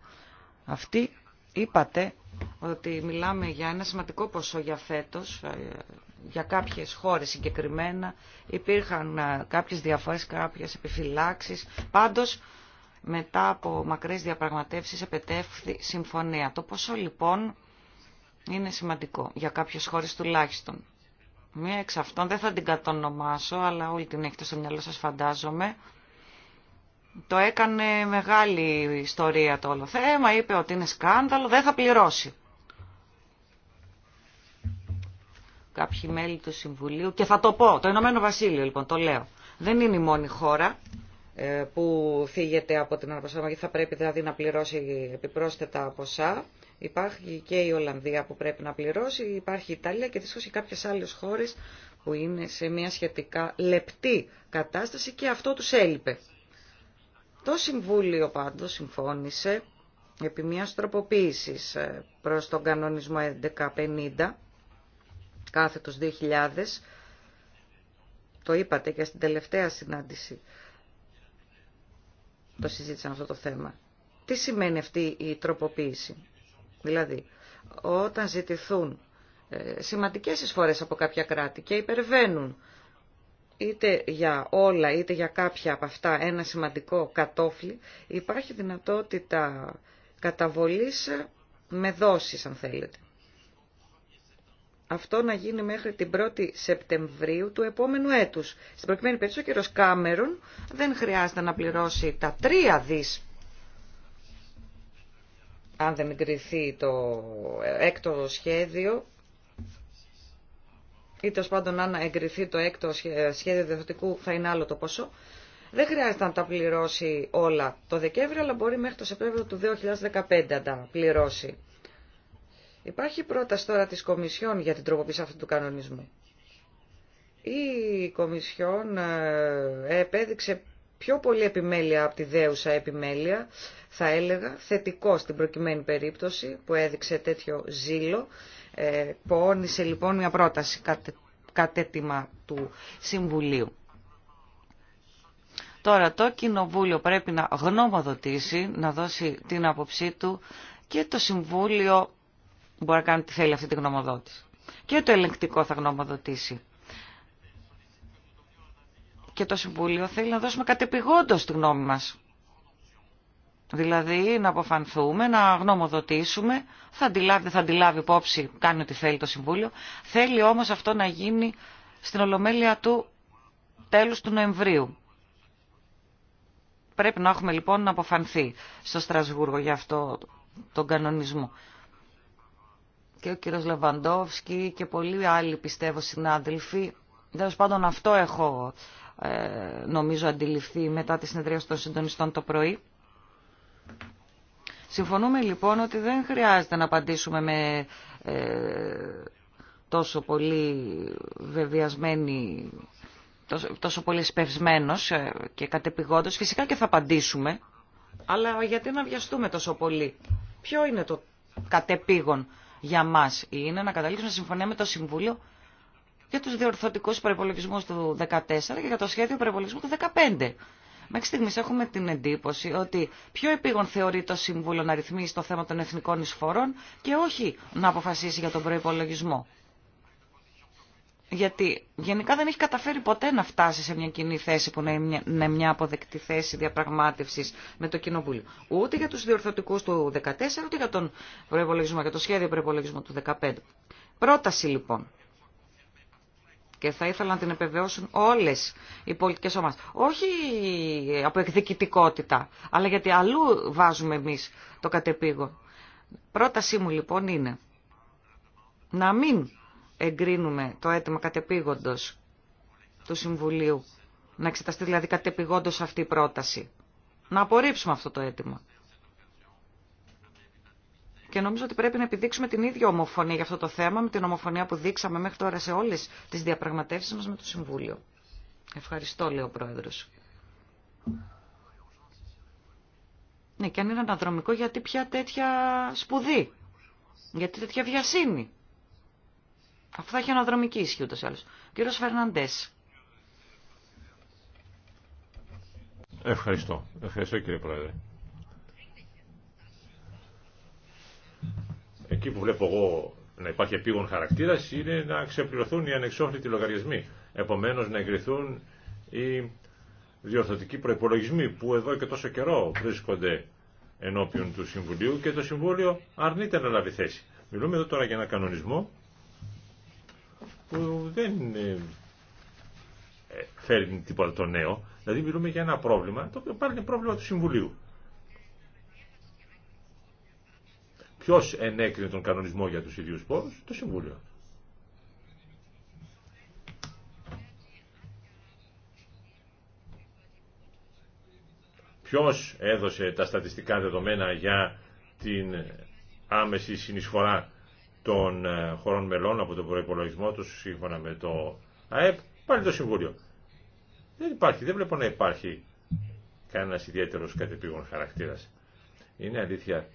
Αυτή είπατε ότι μιλάμε για ένα σημαντικό ποσό για φέτος, ε, για κάποιες χώρες συγκεκριμένα, υπήρχαν ε, κάποιες διαφορές, κάποιες επιφυλάξεις, πάντως μετά από μακρές διαπραγματεύσεις επετεύχθη συμφωνία. Το ποσό λοιπόν είναι σημαντικό για κάποιες χώρες τουλάχιστον. Μία εξ αυτών δεν θα την κατονομάσω, αλλά όλη την έχετε στο μυαλό σας φαντάζομαι. Το έκανε μεγάλη ιστορία το όλο θέμα, είπε ότι είναι σκάνδαλο, δεν θα πληρώσει. Κάποιοι μέλη του Συμβουλίου, και θα το πω, το Ηνωμένο Βασίλειο λοιπόν, το λέω. Δεν είναι η μόνη χώρα ε, που φύγεται από την αναπροσαρμογή, θα πρέπει δηλαδή να πληρώσει επιπρόσθετα ποσά. Υπάρχει και η Ολλανδία που πρέπει να πληρώσει, υπάρχει η Ιταλία και δυστυχώς και κάποιες άλλες χώρες που είναι σε μια σχετικά λεπτή κατάσταση και αυτό τους έλειπε. Το Συμβούλιο πάντως συμφώνησε επί μία τροποποίησης ε, προς τον κανονισμό 1150 κάθετος 2000 το είπατε και στην τελευταία συνάντηση το συζήτησαν αυτό το θέμα. Τι σημαίνει αυτή η τροποποίηση. Δηλαδή, όταν ζητηθούν ε, σημαντικές εισφορές από κάποια κράτη και υπερβαίνουν είτε για όλα είτε για κάποια από αυτά ένα σημαντικό κατόφλι, υπάρχει δυνατότητα καταβολής ε, με δόσεις αν θέλετε. Αυτό να γίνει μέχρι την 1η Σεπτεμβρίου του επόμενου έτους. Στην προκειμένη περίπτωση ο κύριος Κάμερον δεν χρειάζεται να πληρώσει τα τρία δις αν δεν εγκριθεί το ε, έκτο σχέδιο ή τέλο πάντων αν εγκριθεί το έκτο ε, σχέδιο διευθυντικού θα είναι άλλο το ποσό. Δεν χρειάζεται να τα πληρώσει όλα το Δεκέμβριο, αλλά μπορεί μέχρι το Σεπτέμβριο του 2015 να τα πληρώσει. Υπάρχει πρόταση τώρα της Κομισιόν για την τροποποίηση αυτού του κανονισμού. Η Κομισιόν ε, επέδειξε πιο πολύ επιμέλεια από τη δέουσα επιμέλεια, θα έλεγα, θετικό στην προκειμένη περίπτωση που έδειξε τέτοιο ζήλο. που ε, πόνισε λοιπόν μια πρόταση κατε, κατέτοιμα του Συμβουλίου. Τώρα το Κοινοβούλιο πρέπει να γνωμοδοτήσει, να δώσει την άποψή του και το Συμβούλιο μπορεί να κάνει τι θέλει αυτή τη γνωμοδότηση. Και το ελεγκτικό θα γνωμοδοτήσει και το Συμβούλιο θέλει να δώσουμε κατεπηγόντως τη γνώμη μας. Δηλαδή να αποφανθούμε, να γνωμοδοτήσουμε, θα αντιλάβει, θα αντιλάβει υπόψη, κάνει ό,τι θέλει το Συμβούλιο. Θέλει όμως αυτό να γίνει στην Ολομέλεια του τέλους του Νοεμβρίου. Πρέπει να έχουμε λοιπόν να αποφανθεί στο Στρασβούργο για αυτό τον κανονισμό. Και ο κύριος Λεβαντόφσκι και πολλοί άλλοι πιστεύω συνάδελφοι. Τέλο πάντων αυτό έχω ε, νομίζω αντιληφθεί μετά τη συνεδρία των συντονιστών το πρωί. Συμφωνούμε λοιπόν ότι δεν χρειάζεται να απαντήσουμε με ε, τόσο πολύ βεβαιασμένη, τόσο, πολύ σπευσμένος ε, και κατεπηγόντος. Φυσικά και θα απαντήσουμε, αλλά γιατί να βιαστούμε τόσο πολύ. Ποιο είναι το κατεπήγον για μας είναι να καταλήξουμε συμφωνία με το Συμβούλιο για τους διορθωτικούς προϋπολογισμούς του 2014 και για το σχέδιο προϋπολογισμού του 2015. Μέχρι στιγμής έχουμε την εντύπωση ότι πιο επίγον θεωρεί το Σύμβουλο να ρυθμίσει το θέμα των εθνικών εισφορών και όχι να αποφασίσει για τον προϋπολογισμό. Γιατί γενικά δεν έχει καταφέρει ποτέ να φτάσει σε μια κοινή θέση που να είναι μια αποδεκτή θέση διαπραγμάτευσης με το Κοινοβούλιο. Ούτε για τους διορθωτικούς του 2014, ούτε για τον προϋπολογισμό, για το σχέδιο προϋπολογισμού του 2015. Πρόταση λοιπόν και θα ήθελα να την επιβεβαιώσουν όλες οι πολιτικές ομάδες. Όχι από εκδικητικότητα, αλλά γιατί αλλού βάζουμε εμείς το κατεπήγον. Πρότασή μου λοιπόν είναι να μην εγκρίνουμε το αίτημα κατεπήγοντος του Συμβουλίου, να εξεταστεί δηλαδή κατεπηγόντως αυτή η πρόταση. Να απορρίψουμε αυτό το αίτημα. Και νομίζω ότι πρέπει να επιδείξουμε την ίδια ομοφωνία για αυτό το θέμα, με την ομοφωνία που δείξαμε μέχρι τώρα σε όλε τι διαπραγματεύσει μα με το Συμβούλιο. Ευχαριστώ, λέει ο Πρόεδρο. Ναι, και αν είναι αναδρομικό, γιατί πια τέτοια σπουδή. Γιατί τέτοια βιασύνη. Αυτό θα έχει αναδρομική ισχύ ούτως ή άλλως. Κύριος Φερναντές. Ευχαριστώ. Ευχαριστώ κύριε Πρόεδρε. εκεί που βλέπω εγώ να υπάρχει επίγον χαρακτήρα είναι να ξεπληρωθούν οι ανεξόφλητοι λογαριασμοί. Επομένω να εγκριθούν οι διορθωτικοί προπολογισμοί που εδώ και τόσο καιρό βρίσκονται ενώπιον του Συμβουλίου και το Συμβούλιο αρνείται να λάβει θέση. Μιλούμε εδώ τώρα για ένα κανονισμό που δεν ε, ε, φέρνει τίποτα το νέο. Δηλαδή μιλούμε για ένα πρόβλημα το οποίο πάλι είναι πρόβλημα του Συμβουλίου. Ποιο ενέκρινε τον κανονισμό για τους ίδιου πόρους, το Συμβούλιο. Ποιο έδωσε τα στατιστικά δεδομένα για την άμεση συνεισφορά των ε, χωρών μελών από τον προπολογισμό του σύμφωνα με το ΑΕΠ, πάλι το Συμβούλιο. Δεν υπάρχει, δεν βλέπω να υπάρχει κανένας ιδιαίτερος κατεπήγον χαρακτήρας. Είναι αλήθεια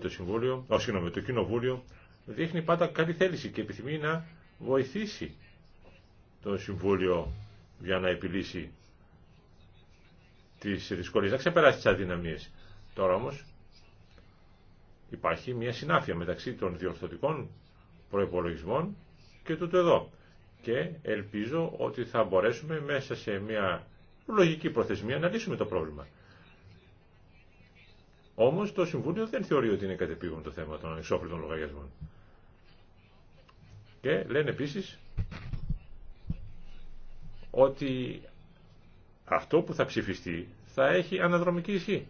το, συμβούλιο, ο, συγγνώμη, το Κοινοβούλιο δείχνει πάντα καλή θέληση και επιθυμεί να βοηθήσει το Συμβούλιο για να επιλύσει τις δυσκολίες, να ξεπεράσει τις αδυναμίες. Τώρα όμως υπάρχει μια συνάφεια μεταξύ των διορθωτικών προϋπολογισμών και τούτο εδώ. Και ελπίζω ότι θα μπορέσουμε μέσα σε μια λογική προθεσμία να λύσουμε το πρόβλημα. Όμω το Συμβούλιο δεν θεωρεί ότι είναι κατεπήγον το θέμα των ανεξόφλητων λογαριασμών. Και λένε επίσης ότι αυτό που θα ψηφιστεί θα έχει αναδρομική ισχύ.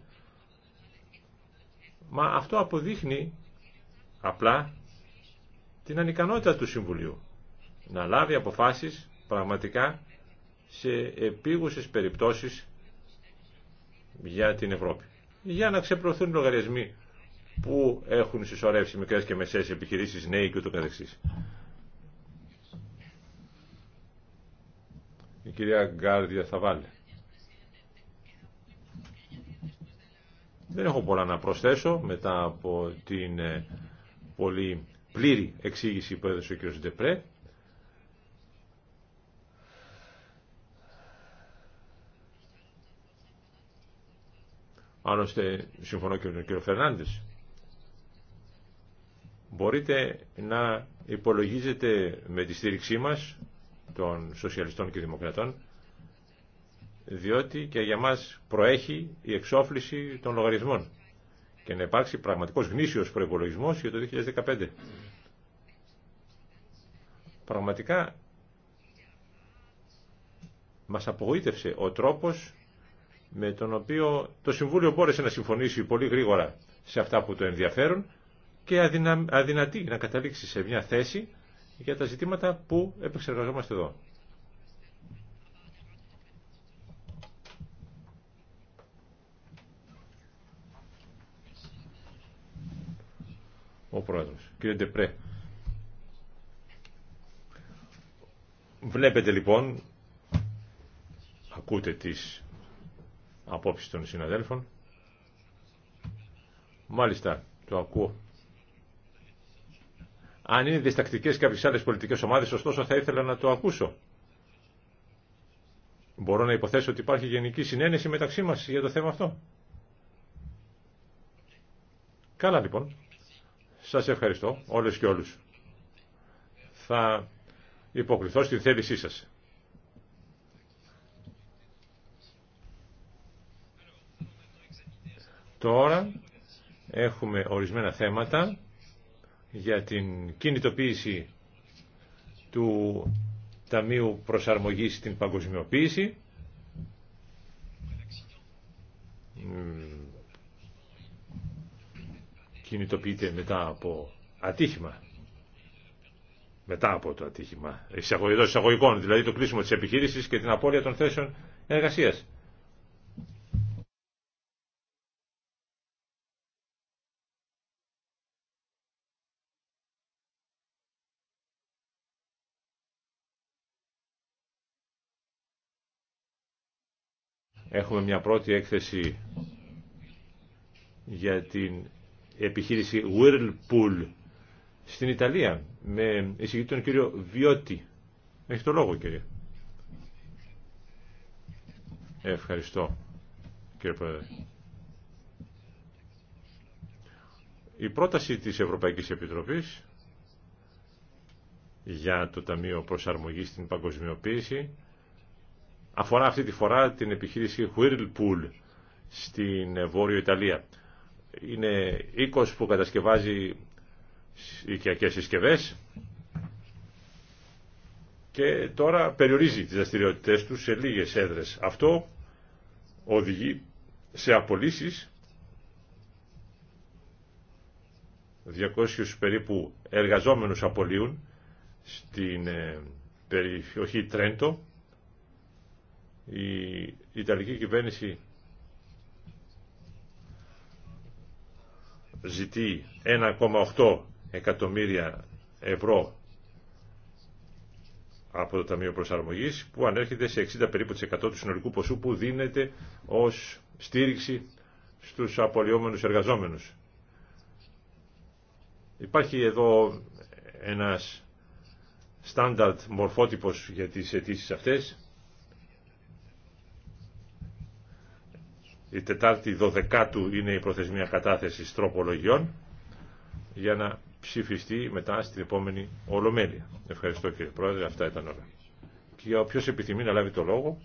Μα αυτό αποδείχνει απλά την ανικανότητα του Συμβουλίου να λάβει αποφάσεις πραγματικά σε επίγουσες περιπτώσεις για την Ευρώπη για να ξεπλωθούν λογαριασμοί που έχουν συσσωρεύσει μικρέ και μεσαίε επιχειρήσει νέοι και ούτω καθεξής. Η κυρία Γκάρδια θα βάλει. Δεν έχω πολλά να προσθέσω μετά από την ε, πολύ πλήρη εξήγηση που έδωσε ο κ. Ντεπρέ. Άλλωστε, συμφωνώ και με τον κύριο Φερνάντες, μπορείτε να υπολογίζετε με τη στήριξή μας των σοσιαλιστών και δημοκρατών διότι και για μας προέχει η εξόφληση των λογαριασμών και να υπάρξει πραγματικός γνήσιος προϋπολογισμός για το 2015. Πραγματικά μας απογοήτευσε ο τρόπος με τον οποίο το Συμβούλιο μπόρεσε να συμφωνήσει πολύ γρήγορα σε αυτά που το ενδιαφέρουν και αδυνα... αδυνατεί να καταλήξει σε μια θέση για τα ζητήματα που επεξεργαζόμαστε εδώ. Ο Πρόεδρος, κύριε Ντεπρέ. Βλέπετε λοιπόν, ακούτε τις απόψεις των συναδέλφων. Μάλιστα, το ακούω. Αν είναι διστακτικέ κάποιε άλλε πολιτικέ ομάδε, ωστόσο θα ήθελα να το ακούσω. Μπορώ να υποθέσω ότι υπάρχει γενική συνένεση μεταξύ μας για το θέμα αυτό. Καλά λοιπόν. Σας ευχαριστώ όλε και όλους. Θα υποκριθώ στην θέλησή σας. Τώρα έχουμε ορισμένα θέματα για την κινητοποίηση του Ταμείου Προσαρμογής στην Παγκοσμιοποίηση. Κινητοποιείται μετά από ατύχημα. Μετά από το ατύχημα. εισαγωγικών, δηλαδή το κλείσιμο της επιχείρησης και την απώλεια των θέσεων εργασίας. Έχουμε μια πρώτη έκθεση για την επιχείρηση Whirlpool στην Ιταλία με εισηγητή τον κύριο Βιώτη. Έχει το λόγο κύριε. Ευχαριστώ κύριε Πρόεδρε. Η πρόταση της Ευρωπαϊκής Επιτροπής για το Ταμείο Προσαρμογής στην Παγκοσμιοποίηση Αφορά αυτή τη φορά την επιχείρηση Whirlpool στην Βόρειο Ιταλία. Είναι οίκος που κατασκευάζει οικιακές συσκευές και τώρα περιορίζει τις δραστηριότητε του σε λίγες έδρες. Αυτό οδηγεί σε απολύσεις 200 περίπου εργαζόμενους απολύουν στην ε, περιοχή Τρέντο η Ιταλική κυβέρνηση ζητεί 1,8 εκατομμύρια ευρώ από το Ταμείο Προσαρμογής που ανέρχεται σε 60 περίπου του συνολικού ποσού που δίνεται ως στήριξη στους απολυόμενους εργαζόμενους. Υπάρχει εδώ ένας στάνταρτ μορφότυπος για τις αιτήσει αυτές Η Τετάρτη 12 η είναι η προθεσμία κατάθεση τροπολογιών για να ψηφιστεί μετά στην επόμενη Ολομέλεια. Ευχαριστώ κύριε Πρόεδρε, αυτά ήταν όλα. Και όποιο επιθυμεί να λάβει το λόγο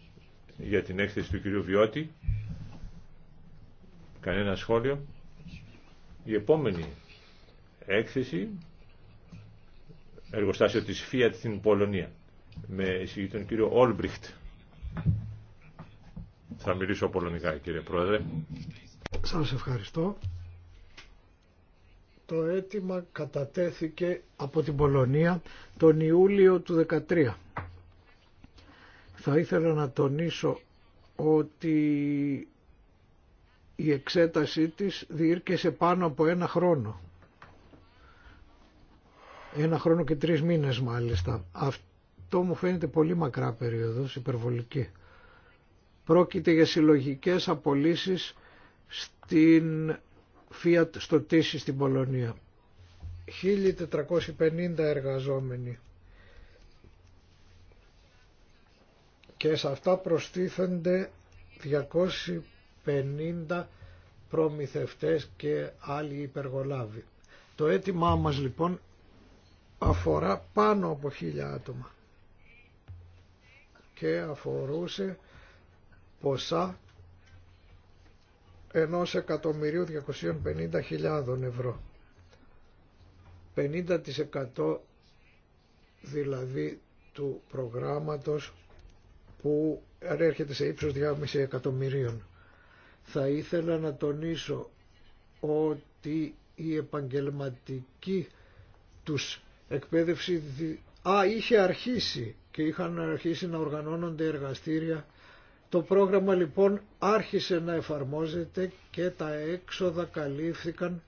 για την έκθεση του κυρίου Βιώτη, κανένα σχόλιο. Η επόμενη έκθεση, εργοστάσιο της Fiat στην Πολωνία, με εισηγητή τον κύριο Όλμπριχτ. Θα μιλήσω πολωνικά κύριε Πρόεδρε. Σας ευχαριστώ. Το αίτημα κατατέθηκε από την Πολωνία τον Ιούλιο του 2013. Θα ήθελα να τονίσω ότι η εξέτασή της διήρκεσε πάνω από ένα χρόνο. Ένα χρόνο και τρεις μήνες μάλιστα. Αυτό μου φαίνεται πολύ μακρά περίοδος, υπερβολική. Πρόκειται για συλλογικές απολύσεις στην Fiat στο Τίσι στην Πολωνία. 1450 εργαζόμενοι. Και σε αυτά προστίθενται 250 προμηθευτές και άλλοι υπεργολάβοι. Το αίτημά μας λοιπόν αφορά πάνω από χίλια άτομα και αφορούσε ποσά χιλιάδων ευρώ. 50% δηλαδή του προγράμματος που έρχεται σε ύψος 2,5 εκατομμυρίων. Θα ήθελα να τονίσω ότι η επαγγελματική τους εκπαίδευση α, είχε αρχίσει και είχαν αρχίσει να οργανώνονται εργαστήρια το πρόγραμμα λοιπόν άρχισε να εφαρμόζεται και τα έξοδα καλύφθηκαν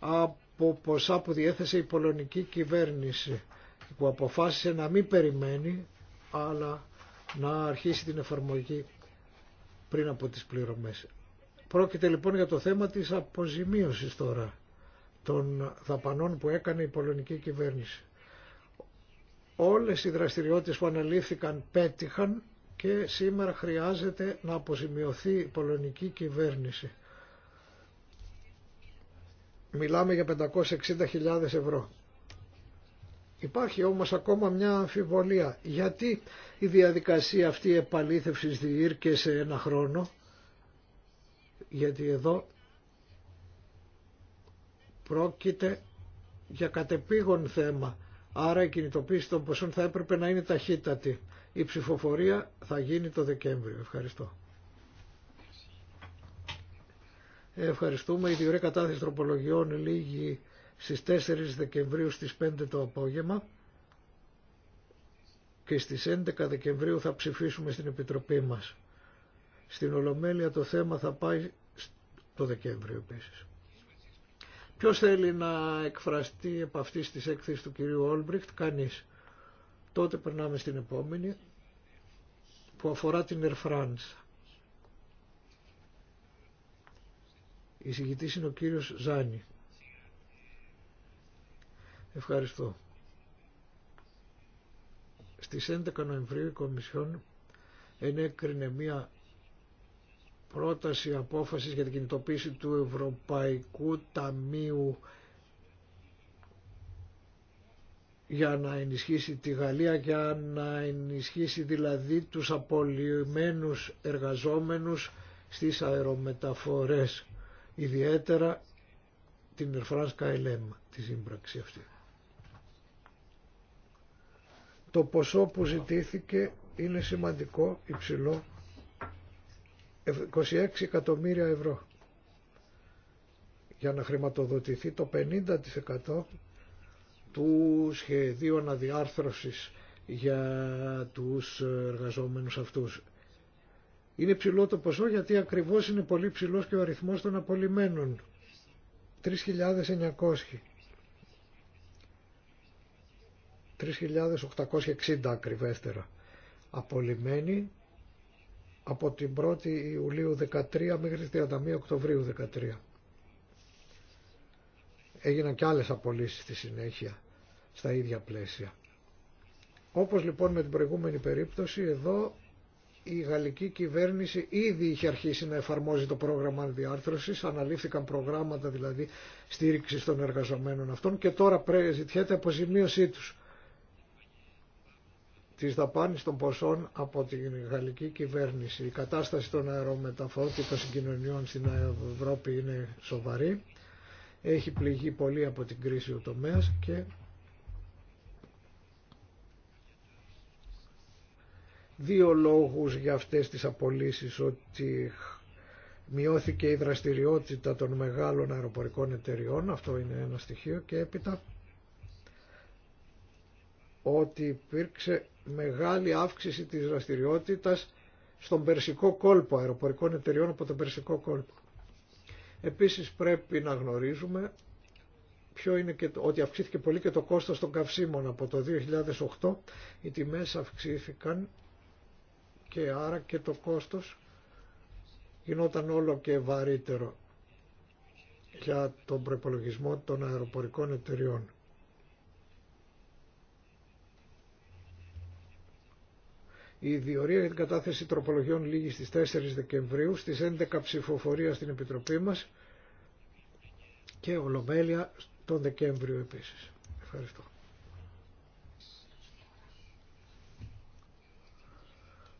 από ποσά που διέθεσε η πολωνική κυβέρνηση που αποφάσισε να μην περιμένει αλλά να αρχίσει την εφαρμογή πριν από τις πληρωμές. Πρόκειται λοιπόν για το θέμα της αποζημίωσης τώρα των δαπανών που έκανε η πολωνική κυβέρνηση. Όλες οι δραστηριότητες που αναλήφθηκαν πέτυχαν και σήμερα χρειάζεται να αποζημιωθεί η πολωνική κυβέρνηση. Μιλάμε για 560.000 ευρώ. Υπάρχει όμως ακόμα μια αμφιβολία. Γιατί η διαδικασία αυτή επαλήθευσης διήρκεσε ένα χρόνο. Γιατί εδώ πρόκειται για κατεπήγον θέμα. Άρα η κινητοποίηση των ποσών θα έπρεπε να είναι ταχύτατη. Η ψηφοφορία θα γίνει το Δεκέμβριο. Ευχαριστώ. Ευχαριστούμε. Η διορία κατάθεση τροπολογιών λίγη στις 4 Δεκεμβρίου στις 5 το απόγευμα και στις 11 Δεκεμβρίου θα ψηφίσουμε στην Επιτροπή μας. Στην Ολομέλεια το θέμα θα πάει το Δεκέμβριο επίσης. Ποιος θέλει να εκφραστεί επ' αυτής της έκθεσης του κυρίου Όλμπριχτ, κανείς. Τότε περνάμε στην επόμενη που αφορά την Air Η συγητής είναι ο κύριος Ζάνη. Ευχαριστώ. Στις 11 Νοεμβρίου η Κομισιόν ενέκρινε μία πρόταση απόφασης για την κινητοποίηση του Ευρωπαϊκού Ταμείου για να ενισχύσει τη Γαλλία, για να ενισχύσει δηλαδή τους απολυμένους εργαζόμενους στις αερομεταφορές, ιδιαίτερα την Ερφράνς ΚΑΕΛΕΜ, τη σύμπραξη αυτή. Το ποσό που ζητήθηκε είναι σημαντικό, υψηλό, 26 εκατομμύρια ευρώ για να χρηματοδοτηθεί το 50% του σχεδίου αναδιάρθρωσης για τους εργαζόμενους αυτούς. Είναι ψηλό το ποσό γιατί ακριβώς είναι πολύ ψηλός και ο αριθμός των απολυμένων. 3.900. 3.860 ακριβέστερα. Απολυμένοι από την 1η Ιουλίου 13 μέχρι 31 Οκτωβρίου 13 έγιναν και άλλες απολύσεις στη συνέχεια στα ίδια πλαίσια. Όπως λοιπόν με την προηγούμενη περίπτωση εδώ η γαλλική κυβέρνηση ήδη είχε αρχίσει να εφαρμόζει το πρόγραμμα διάρθρωσης, αναλήφθηκαν προγράμματα δηλαδή στήριξης των εργαζομένων αυτών και τώρα ζητιέται αποζημίωσή τους της δαπάνης των ποσών από την γαλλική κυβέρνηση. Η κατάσταση των αερομεταφορών και των συγκοινωνιών στην Ευρώπη είναι σοβαρή έχει πληγεί πολύ από την κρίση ο τομέας και δύο λόγους για αυτές τις απολύσεις ότι μειώθηκε η δραστηριότητα των μεγάλων αεροπορικών εταιριών αυτό είναι ένα στοιχείο και έπειτα ότι υπήρξε μεγάλη αύξηση της δραστηριότητας στον Περσικό κόλπο αεροπορικών εταιριών από τον Περσικό κόλπο Επίσης πρέπει να γνωρίζουμε ποιο είναι και, ότι αυξήθηκε πολύ και το κόστος των καυσίμων. Από το 2008 οι τιμές αυξήθηκαν και άρα και το κόστος γινόταν όλο και βαρύτερο για τον προπολογισμό των αεροπορικών εταιριών. Η διορία για την κατάθεση τροπολογιών λήγει στις 4 Δεκεμβρίου, στις 11 ψηφοφορία στην Επιτροπή μας και ολομέλεια τον Δεκέμβριο επίσης. Ευχαριστώ.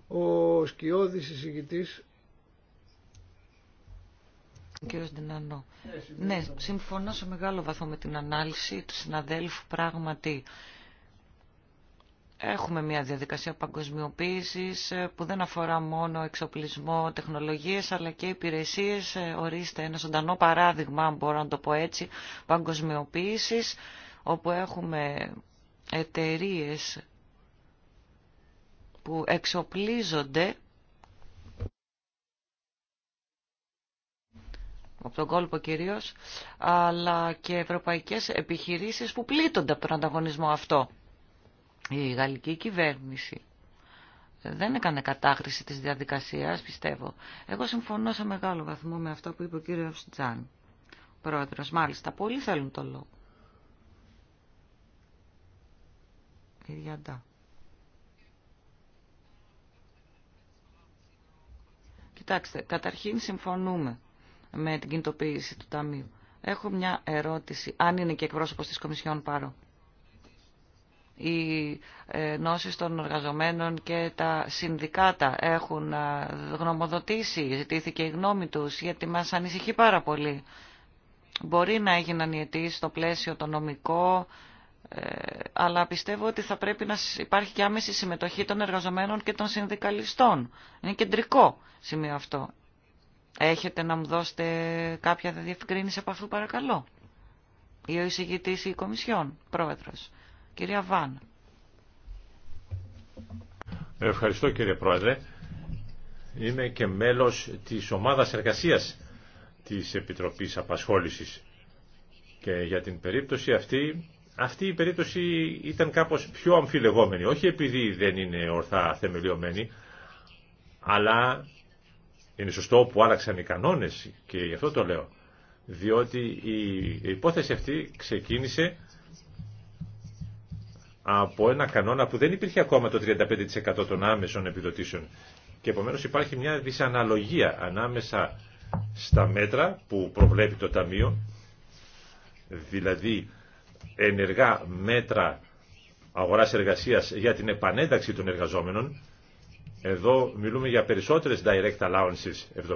Ο σκιώδης εισηγητής Κύριος Ντινανό. Ναι, συμφωνώ σε μεγάλο βαθμό με την ανάλυση του συναδέλφου πράγματι Έχουμε μια διαδικασία παγκοσμιοποίησης ε, που δεν αφορά μόνο εξοπλισμό, τεχνολογίες αλλά και υπηρεσίες. Ε, ορίστε ένα σοτανό παράδειγμα, αν μπορώ να το πω έτσι, παγκοσμιοποίησης όπου έχουμε εταιρείε που εξοπλίζονται από τον κόλπο κυρίως, αλλά και ευρωπαϊκές επιχειρήσεις που πλήττονται από τον ανταγωνισμό αυτό η γαλλική κυβέρνηση δεν έκανε κατάχρηση της διαδικασίας, πιστεύω. Εγώ συμφωνώ σε μεγάλο βαθμό με αυτό που είπε ο κύριος Τζάν, πρόεδρος. Μάλιστα, πολλοί θέλουν το λόγο. Κοιτάξτε, καταρχήν συμφωνούμε με την κινητοποίηση του Ταμείου. Έχω μια ερώτηση, αν είναι και εκπρόσωπος της Κομισιόν πάρω οι ε, νόσεις των εργαζομένων και τα συνδικάτα έχουν ε, γνωμοδοτήσει, ζητήθηκε η γνώμη τους, γιατί μας ανησυχεί πάρα πολύ. Μπορεί να έγιναν οι αιτήσεις στο πλαίσιο το νομικό, ε, αλλά πιστεύω ότι θα πρέπει να υπάρχει και άμεση συμμετοχή των εργαζομένων και των συνδικαλιστών. Είναι κεντρικό σημείο αυτό. Έχετε να μου δώσετε κάποια διευκρίνηση από αυτού παρακαλώ. Ή ο εισηγητής ή η Κομισιόν, πρόεδρος. Κυρία Βάν. Ευχαριστώ κύριε Πρόεδρε. Είμαι και μέλος της ομάδας εργασίας της Επιτροπής Απασχόλησης. Και για την περίπτωση αυτή, αυτή η περίπτωση ήταν κάπως πιο αμφιλεγόμενη. Όχι επειδή δεν είναι ορθά θεμελιωμένη, αλλά είναι σωστό που άλλαξαν οι κανόνες και γι' αυτό το λέω. Διότι η υπόθεση αυτή ξεκίνησε από ένα κανόνα που δεν υπήρχε ακόμα το 35% των άμεσων επιδοτήσεων. Και επομένω υπάρχει μια δυσαναλογία ανάμεσα στα μέτρα που προβλέπει το Ταμείο, δηλαδή ενεργά μέτρα αγοράς εργασίας για την επανένταξη των εργαζόμενων. Εδώ μιλούμε για περισσότερες direct allowances,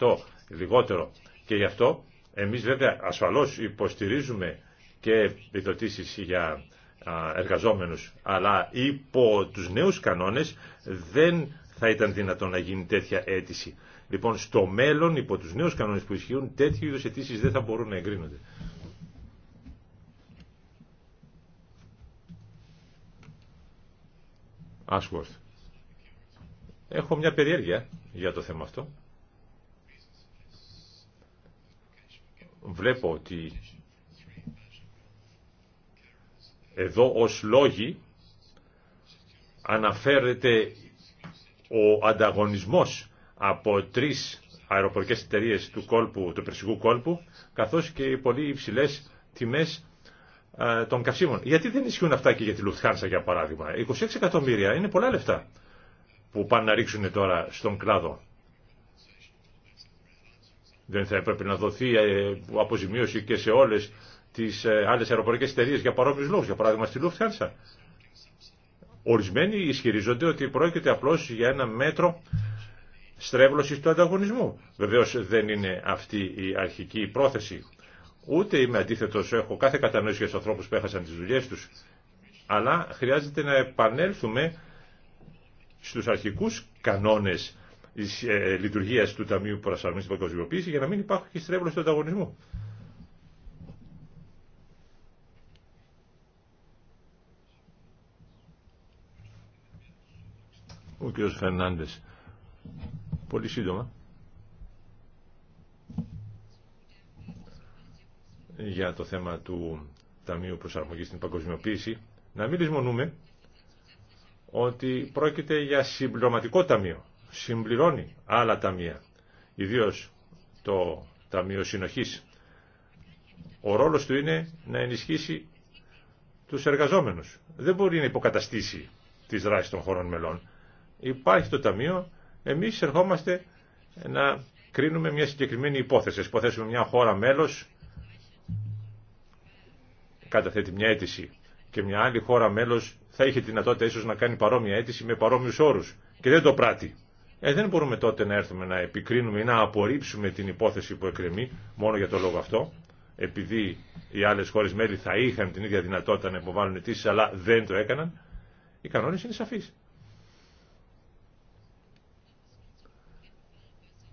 70% λιγότερο. Και γι' αυτό εμείς βέβαια ασφαλώς υποστηρίζουμε και επιδοτήσεις για εργαζόμενους, αλλά υπό τους νέους κανόνες δεν θα ήταν δυνατόν να γίνει τέτοια αίτηση. Λοιπόν, στο μέλλον, υπό τους νέους κανόνες που ισχύουν, τέτοιου είδους αιτήσει δεν θα μπορούν να εγκρίνονται. Ashworth. Έχω μια περιέργεια για το θέμα αυτό. Βλέπω ότι εδώ ως λόγοι αναφέρεται ο ανταγωνισμός από τρεις αεροπορικές εταιρείε του, κόλπου, του περσικού κόλπου, καθώς και οι πολύ υψηλές τιμές ε, των καυσίμων. Γιατί δεν ισχύουν αυτά και για τη Λουφτχάνσα, για παράδειγμα. 26 εκατομμύρια είναι πολλά λεφτά που πάνε να ρίξουν τώρα στον κλάδο. Δεν θα έπρεπε να δοθεί ε, αποζημίωση και σε όλες τις ε, άλλε αεροπορικέ εταιρείε για παρόμοιους λόγου, για παράδειγμα στη Λουφθάνσα Ορισμένοι ισχυρίζονται ότι πρόκειται απλώ για ένα μέτρο στρέβλωσης του ανταγωνισμού. Βεβαίω, δεν είναι αυτή η αρχική πρόθεση. Ούτε είμαι αντίθετο, έχω κάθε κατανόηση για του ανθρώπου που έχασαν τις δουλειέ τους. Αλλά χρειάζεται να επανέλθουμε στους αρχικούς κανόνες της ε, λειτουργία του Ταμείου Προσαρμογή και Παγκοσμιοποίηση για να μην υπάρχει και στρέβλωση του ανταγωνισμού. Ο κ. Φερνάντες. Πολύ σύντομα. Για το θέμα του Ταμείου Προσαρμογής στην Παγκοσμιοποίηση, να μην λησμονούμε ότι πρόκειται για συμπληρωματικό ταμείο. Συμπληρώνει άλλα ταμεία, ιδίως το Ταμείο Συνοχής. Ο ρόλος του είναι να ενισχύσει τους εργαζόμενους. Δεν μπορεί να υποκαταστήσει τις δράσεις των χωρών μελών υπάρχει το Ταμείο, εμείς ερχόμαστε να κρίνουμε μια συγκεκριμένη υπόθεση. Υποθέσουμε μια χώρα μέλος, καταθέτει μια αίτηση και μια άλλη χώρα μέλος θα είχε δυνατότητα ίσως να κάνει παρόμοια αίτηση με παρόμοιους όρους και δεν το πράττει. Ε, δεν μπορούμε τότε να έρθουμε να επικρίνουμε ή να απορρίψουμε την υπόθεση που εκκρεμεί μόνο για το λόγο αυτό, επειδή οι άλλες χώρες μέλη θα είχαν την ίδια δυνατότητα να υποβάλουν αιτήσεις αλλά δεν το έκαναν. Οι κανόνες είναι σαφείς.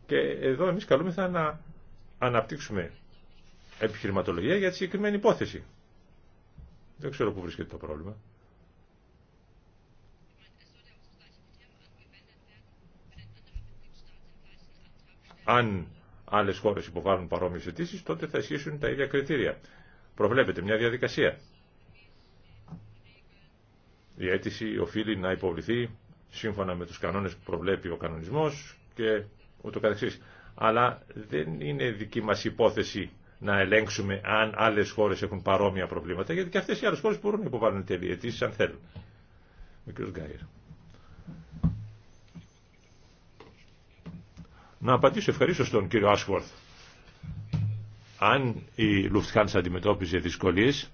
Και εδώ εμεί καλούμεθα να αναπτύξουμε επιχειρηματολογία για τη συγκεκριμένη υπόθεση. Δεν ξέρω πού βρίσκεται το πρόβλημα. Αν άλλε χώρε υποβάλλουν παρόμοιε αιτήσει, τότε θα ισχύσουν τα ίδια κριτήρια. Προβλέπεται μια διαδικασία. Η αίτηση οφείλει να υποβληθεί σύμφωνα με τους κανόνες που προβλέπει ο κανονισμός και ούτω Αλλά δεν είναι δική μας υπόθεση να ελέγξουμε αν άλλες χώρες έχουν παρόμοια προβλήματα, γιατί και αυτές οι άλλες χώρες μπορούν να υποβάλουν τελειετήσεις αν θέλουν. Ο κ. Να απαντήσω ευχαρίστω στον κύριο Άσχουαρθ. Αν η Λουφτχάνς αντιμετώπιζε δυσκολίες,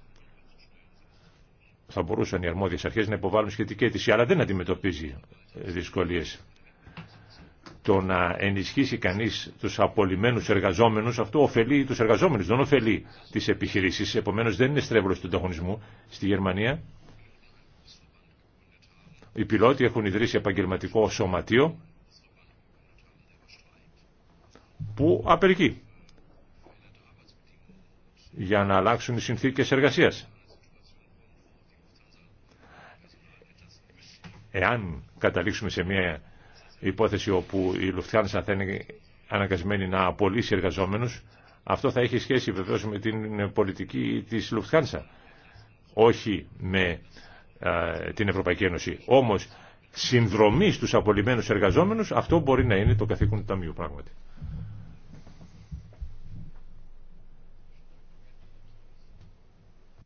θα μπορούσαν οι αρμόδιες αρχές να υποβάλουν σχετική αίτηση, αλλά δεν αντιμετωπίζει δυσκολίες το να ενισχύσει κανείς τους απολυμμένους εργαζόμενους, αυτό ωφελεί τους εργαζόμενους, δεν ωφελεί τις επιχειρήσεις, επομένως δεν είναι στρέβλος του ανταγωνισμού στη Γερμανία. Οι πιλότοι έχουν ιδρύσει επαγγελματικό σωματείο που απεργεί για να αλλάξουν οι συνθήκες εργασίας. Εάν καταλήξουμε σε μια υπόθεση όπου η Λουφθάνσα θα είναι αναγκασμένη να απολύσει εργαζόμενους, αυτό θα έχει σχέση βεβαίως με την πολιτική της Λουφθάνσα, όχι με την Ευρωπαϊκή Ένωση. Όμως, συνδρομή στου απολυμμένου εργαζόμενου, αυτό μπορεί να είναι το καθήκον του Ταμείου πράγματι.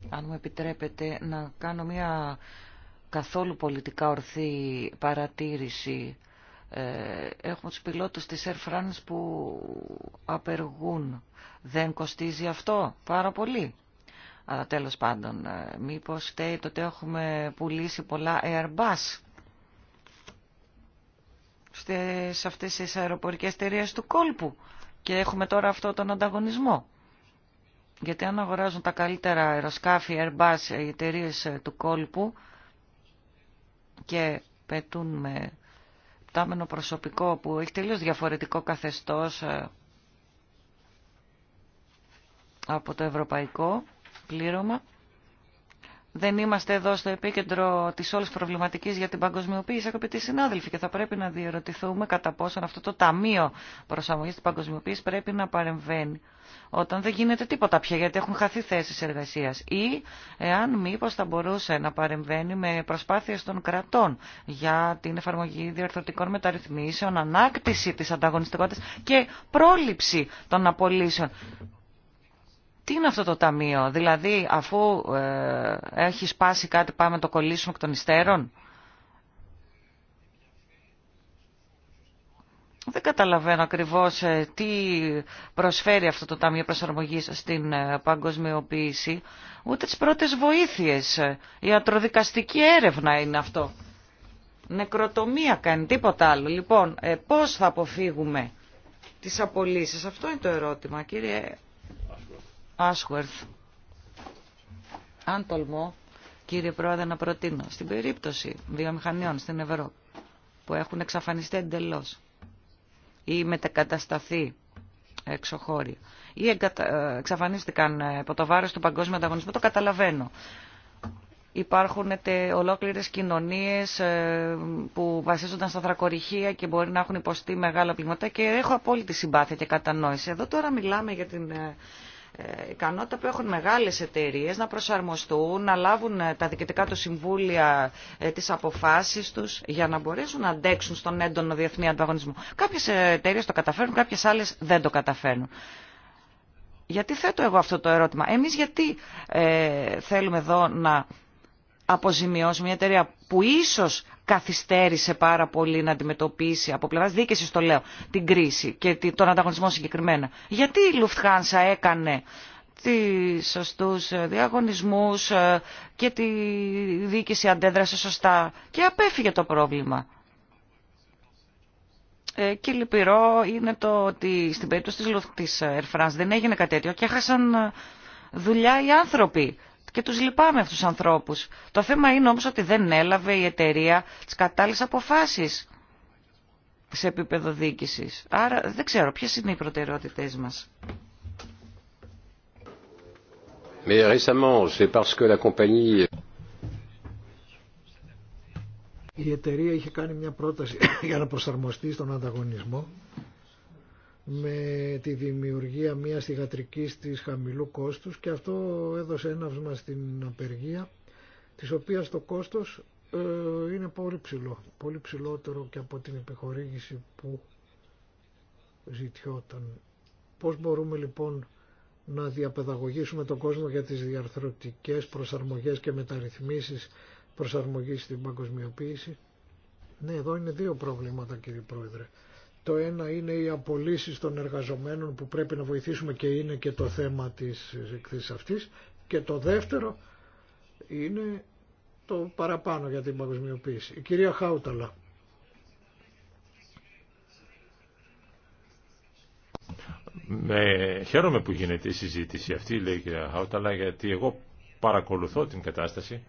Αν μου επιτρέπετε να κάνω μια καθόλου πολιτικά ορθή παρατήρηση ε, έχουμε τους πιλότους της Air France που απεργούν. Δεν κοστίζει αυτό πάρα πολύ. Αλλά τέλος πάντων, ε, μήπως φταίει το έχουμε πουλήσει πολλά Airbus σε αυτές τις αεροπορικές εταιρείε του κόλπου και έχουμε τώρα αυτό τον ανταγωνισμό. Γιατί αν αγοράζουν τα καλύτερα αεροσκάφη Airbus οι εταιρείε ε, του κόλπου και πετούν με υφιστάμενο προσωπικό που έχει τελείως διαφορετικό καθεστώς ε, από το ευρωπαϊκό πλήρωμα δεν είμαστε εδώ στο επίκεντρο τη όλη προβληματική για την παγκοσμιοποίηση, αγαπητοί συνάδελφοι, και θα πρέπει να διερωτηθούμε κατά πόσον αυτό το Ταμείο Προσαρμογή στην Παγκοσμιοποίηση πρέπει να παρεμβαίνει όταν δεν γίνεται τίποτα πια, γιατί έχουν χαθεί θέσει εργασία. Ή εάν μήπω θα μπορούσε να παρεμβαίνει με προσπάθειε των κρατών για την εφαρμογή διορθωτικών μεταρρυθμίσεων, ανάκτηση τη ανταγωνιστικότητα και πρόληψη των απολύσεων. Τι είναι αυτό το ταμείο, δηλαδή αφού ε, έχει σπάσει κάτι πάμε να το κολλήσουμε εκ των υστέρων. Δεν καταλαβαίνω ακριβώς ε, τι προσφέρει αυτό το Ταμείο Προσαρμογής στην ε, παγκοσμιοποίηση. Ούτε τις πρώτες βοήθειες. Η ατροδικαστική έρευνα είναι αυτό. Νεκροτομία κάνει, τίποτα άλλο. Λοιπόν, πώς θα αποφύγουμε τις απολύσεις. Αυτό είναι το ερώτημα, κύριε Άσχουερθ. Αν τολμώ, κύριε Πρόεδρε, να προτείνω, στην περίπτωση βιομηχανιών στην Ευρώπη που έχουν εξαφανιστεί εντελώ ή μετακατασταθεί εξωχώρη ή ε, εξαφανίστηκαν από ε, το βάρος του παγκόσμιου ανταγωνισμού, το καταλαβαίνω. Υπάρχουν ολόκληρες κοινωνίες ε, που βασίζονταν στα θρακοριχεία και μπορεί να έχουν υποστεί μεγάλα πληγματά και έχω απόλυτη συμπάθεια και κατανόηση. Εδώ τώρα μιλάμε για την ε, ικανότητα που έχουν μεγάλες εταιρείες να προσαρμοστούν, να λάβουν ε, τα διοικητικά του συμβούλια ε, τις αποφάσεις τους για να μπορέσουν να αντέξουν στον έντονο διεθνή ανταγωνισμό. Κάποιες ε, εταιρείες το καταφέρνουν, κάποιες άλλες δεν το καταφέρνουν. Γιατί θέτω εγώ αυτό το ερώτημα. Εμείς γιατί θέλουμε εδώ να αποζημιώσουμε μια εταιρεία που ίσως καθυστέρησε πάρα πολύ να αντιμετωπίσει από πλευράς δίκαισης το λέω την κρίση και τον ανταγωνισμό συγκεκριμένα. Γιατί η Λουφτχάνσα έκανε τις σωστούς ε, διαγωνισμούς ε, και τη δίκηση αντέδρασε σωστά και απέφυγε το πρόβλημα. Ε, και λυπηρό είναι το ότι στην περίπτωση της Air France δεν έγινε κάτι τέτοιο και έχασαν δουλειά οι άνθρωποι και τους λυπάμαι αυτούς τους ανθρώπους. Το θέμα είναι όμως ότι δεν έλαβε η εταιρεία τις κατάλληλες αποφάσεις σε επίπεδο διοίκησης. Άρα δεν ξέρω ποιες είναι οι προτεραιότητές μας. Mais récemment, c'est parce que la compagnie... Η εταιρεία είχε κάνει μια πρόταση για να προσαρμοστεί στον ανταγωνισμό με τη δημιουργία μιας θηγατρικής της χαμηλού κόστους και αυτό έδωσε έναυσμα στην απεργία της οποίας το κόστος ε, είναι πολύ ψηλό, πολύ ψηλότερο και από την επιχορήγηση που ζητιόταν. Πώς μπορούμε λοιπόν να διαπαιδαγωγήσουμε τον κόσμο για τις διαρθρωτικές προσαρμογές και μεταρρυθμίσεις προσαρμογής στην παγκοσμιοποίηση. Ναι, εδώ είναι δύο προβλήματα κύριε Πρόεδρε. Το ένα είναι οι απολύσει των εργαζομένων που πρέπει να βοηθήσουμε και είναι και το θέμα της εκθέσης αυτής. Και το δεύτερο είναι το παραπάνω για την παγκοσμιοποίηση. Η κυρία Χάουταλα. Με χαίρομαι που γίνεται η συζήτηση αυτή, λέει η κυρία Χάουταλα, γιατί εγώ παρακολουθώ την κατάσταση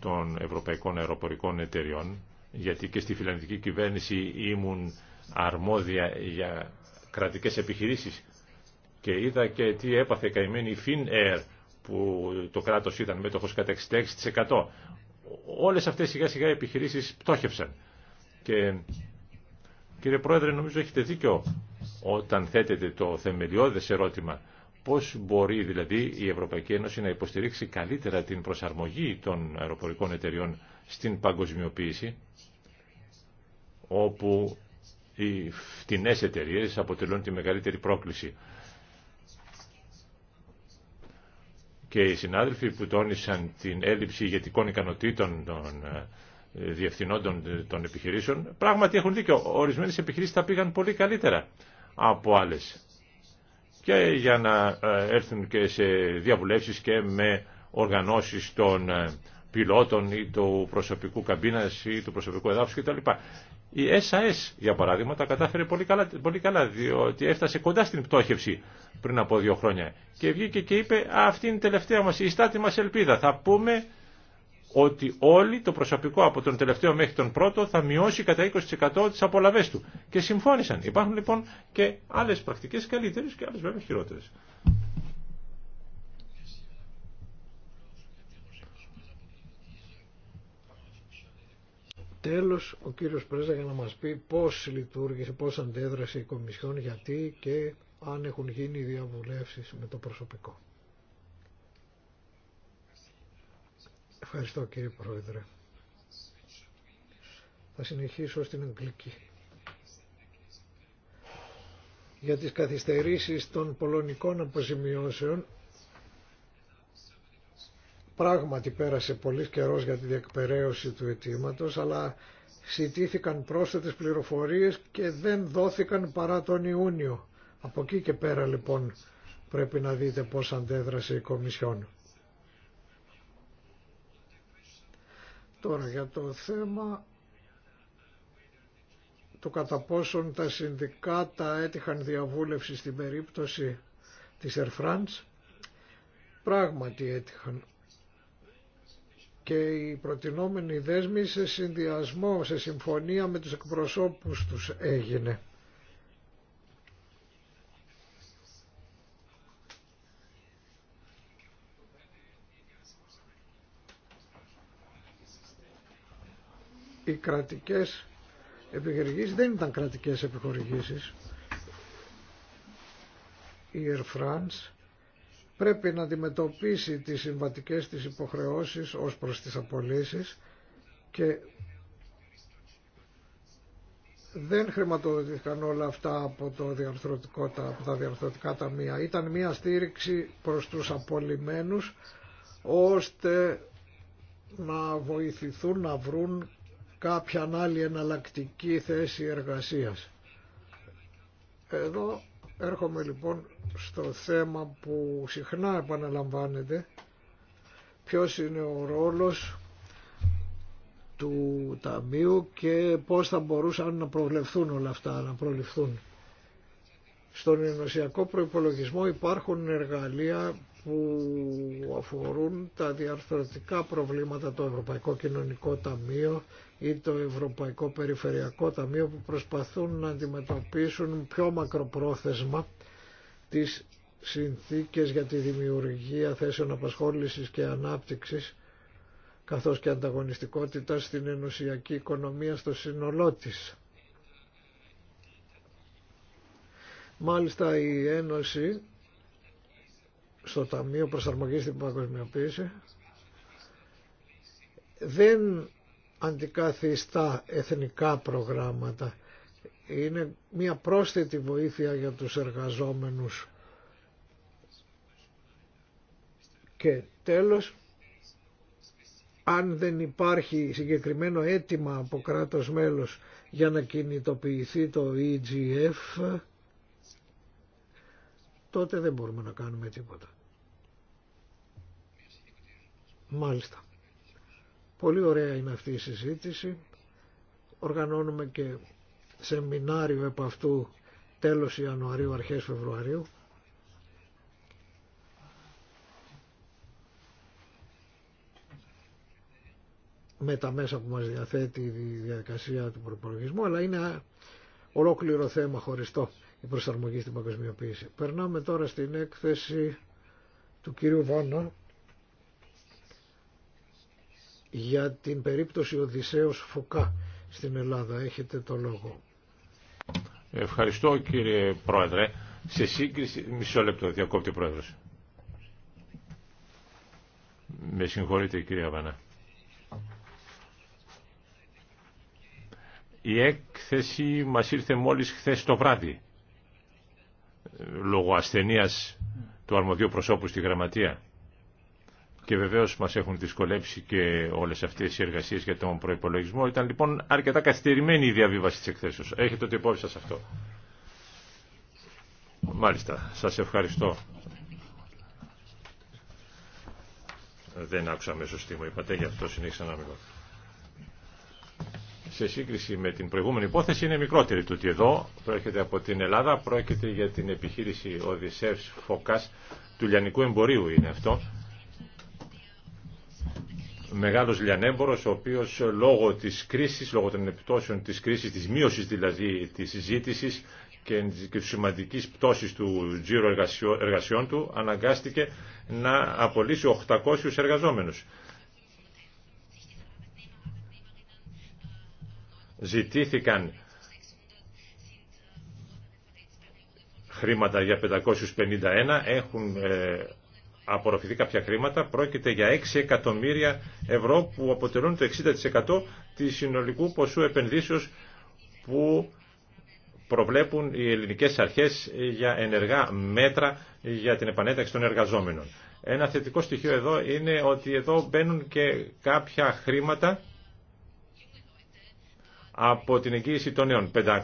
των ευρωπαϊκών αεροπορικών εταιριών γιατί και στη φιλανδική κυβέρνηση ήμουν αρμόδια για κρατικές επιχειρήσεις και είδα και τι έπαθε καημένη η Finnair που το κράτος ήταν μέτοχος κατά 66%. Όλες αυτές σιγά σιγά οι επιχειρήσεις πτώχευσαν. Και κύριε Πρόεδρε νομίζω έχετε δίκιο όταν θέτετε το θεμελιώδες ερώτημα πώς μπορεί δηλαδή η Ευρωπαϊκή Ένωση να υποστηρίξει καλύτερα την προσαρμογή των αεροπορικών εταιριών στην παγκοσμιοποίηση όπου οι φτηνές εταιρείε αποτελούν τη μεγαλύτερη πρόκληση. Και οι συνάδελφοι που τόνισαν την έλλειψη ηγετικών ικανοτήτων των ε, διευθυνόντων ε, των, επιχειρήσεων, πράγματι έχουν δίκιο. Ορισμένες επιχειρήσεις τα πήγαν πολύ καλύτερα από άλλες. Και για να ε, έρθουν και σε διαβουλεύσεις και με οργανώσεις των πιλότων ή του προσωπικού καμπίνας ή του προσωπικού εδάφους κτλ. Η SAS για παράδειγμα τα κατάφερε πολύ καλά, πολύ καλά διότι έφτασε κοντά στην πτώχευση πριν από δύο χρόνια και βγήκε και είπε αυτή είναι η τελευταία μας, η στάτη μας ελπίδα θα πούμε ότι όλοι το προσωπικό από τον τελευταίο μέχρι τον πρώτο θα μειώσει κατά 20% τις απολαβές του. Και συμφώνησαν. Υπάρχουν λοιπόν και άλλες πρακτικές καλύτερες και άλλες βέβαια χειρότερες. Τέλος, ο κύριος Πρέζα για να μας πει πώς λειτουργήσε, πώς αντέδρασε η Κομισιόν, γιατί και αν έχουν γίνει διαβουλεύσεις με το προσωπικό. Ευχαριστώ κύριε Πρόεδρε. Θα συνεχίσω στην Αγγλική. Για τις καθυστερήσεις των πολωνικών αποζημιώσεων Πράγματι πέρασε πολύ καιρό για τη διεκπαιρέωση του αιτήματο, αλλά ζητήθηκαν πρόσθετες πληροφορίες και δεν δόθηκαν παρά τον Ιούνιο. Από εκεί και πέρα λοιπόν πρέπει να δείτε πώς αντέδρασε η Κομισιόν. Τώρα για το θέμα του κατά πόσον τα συνδικάτα έτυχαν διαβούλευση στην περίπτωση της Air France. Πράγματι έτυχαν και οι προτινόμενοι δέσμοι σε συνδυασμό, σε συμφωνία με τους εκπροσώπους τους έγινε. Οι κρατικές επιχορηγήσεις δεν ήταν κρατικές επιχορηγήσεις. Η Air πρέπει να αντιμετωπίσει τις συμβατικές της υποχρεώσεις ως προς τις απολύσεις και δεν χρηματοδοτήθηκαν όλα αυτά από, το διαρθρωτικό, από τα διαρθρωτικά ταμεία. Ήταν μια στήριξη προς τους απολυμένους ώστε να βοηθηθούν να βρουν κάποια άλλη εναλλακτική θέση εργασίας. Εδώ Έρχομαι λοιπόν στο θέμα που συχνά επαναλαμβάνεται. Ποιος είναι ο ρόλος του Ταμείου και πώς θα μπορούσαν να προβλεφθούν όλα αυτά, να προληφθούν. Στον ενωσιακό προϋπολογισμό υπάρχουν εργαλεία που αφορούν τα διαρθρωτικά προβλήματα, το Ευρωπαϊκό Κοινωνικό Ταμείο ή το Ευρωπαϊκό Περιφερειακό Ταμείο που προσπαθούν να αντιμετωπίσουν πιο μακροπρόθεσμα τις συνθήκες για τη δημιουργία θέσεων απασχόλησης και ανάπτυξης καθώς και ανταγωνιστικότητα στην ενωσιακή οικονομία στο σύνολό της. Μάλιστα η Ένωση στο Ταμείο Προσαρμογής στην Παγκοσμιοποίηση δεν αντικαθιστά εθνικά προγράμματα. Είναι μια πρόσθετη βοήθεια για τους εργαζόμενους. Και τέλος, αν δεν υπάρχει συγκεκριμένο αίτημα από κράτος μέλος για να κινητοποιηθεί το EGF, τότε δεν μπορούμε να κάνουμε τίποτα. Μάλιστα. Πολύ ωραία είναι αυτή η συζήτηση. Οργανώνουμε και σεμινάριο επ' αυτού τέλος Ιανουαρίου, αρχές Φεβρουαρίου. με τα μέσα που μας διαθέτει η διαδικασία του προπολογισμού, αλλά είναι ολόκληρο θέμα χωριστό η προσαρμογή στην παγκοσμιοποίηση. Περνάμε τώρα στην έκθεση του κυρίου Βάνα για την περίπτωση Οδυσσέως Φωκά στην Ελλάδα. Έχετε το λόγο. Ευχαριστώ κύριε Πρόεδρε. Σε σύγκριση... Μισό λεπτό διακόπτη Πρόεδρος. Με συγχωρείτε κύριε Βάνα. Η έκθεση μας ήρθε μόλις χθες το βράδυ λόγω ασθενείας του αρμοδίου προσώπου στη γραμματεία. Και βεβαίω μα έχουν δυσκολέψει και όλε αυτέ οι εργασίε για τον προπολογισμό. Ήταν λοιπόν αρκετά καθυστερημένη η διαβίβαση τη εκθέσεως. Έχετε το υπόψη σα αυτό. Μάλιστα, σα ευχαριστώ. Δεν άκουσα μέσω τι μου είπατε, γι' αυτό συνέχισα να μιλώ σε σύγκριση με την προηγούμενη υπόθεση είναι μικρότερη τούτη εδώ. Πρόκειται από την Ελλάδα, πρόκειται για την επιχείρηση Οδυσσεύς Φωκάς του λιανικού εμπορίου είναι αυτό. Μεγάλος λιανέμπορος, ο οποίος λόγω της κρίσης, λόγω των επιπτώσεων της κρίσης, της μείωσης δηλαδή της συζήτηση και της σημαντικής πτώσης του τζίρου εργασιών του, αναγκάστηκε να απολύσει 800 εργαζόμενους. ζητήθηκαν χρήματα για 551, έχουν ε, απορροφηθεί κάποια χρήματα, πρόκειται για 6 εκατομμύρια ευρώ που αποτελούν το 60% της συνολικού ποσού επενδύσεως που προβλέπουν οι ελληνικές αρχές για ενεργά μέτρα για την επανένταξη των εργαζόμενων. Ένα θετικό στοιχείο εδώ είναι ότι εδώ μπαίνουν και κάποια χρήματα από την εγγύηση των νέων. 500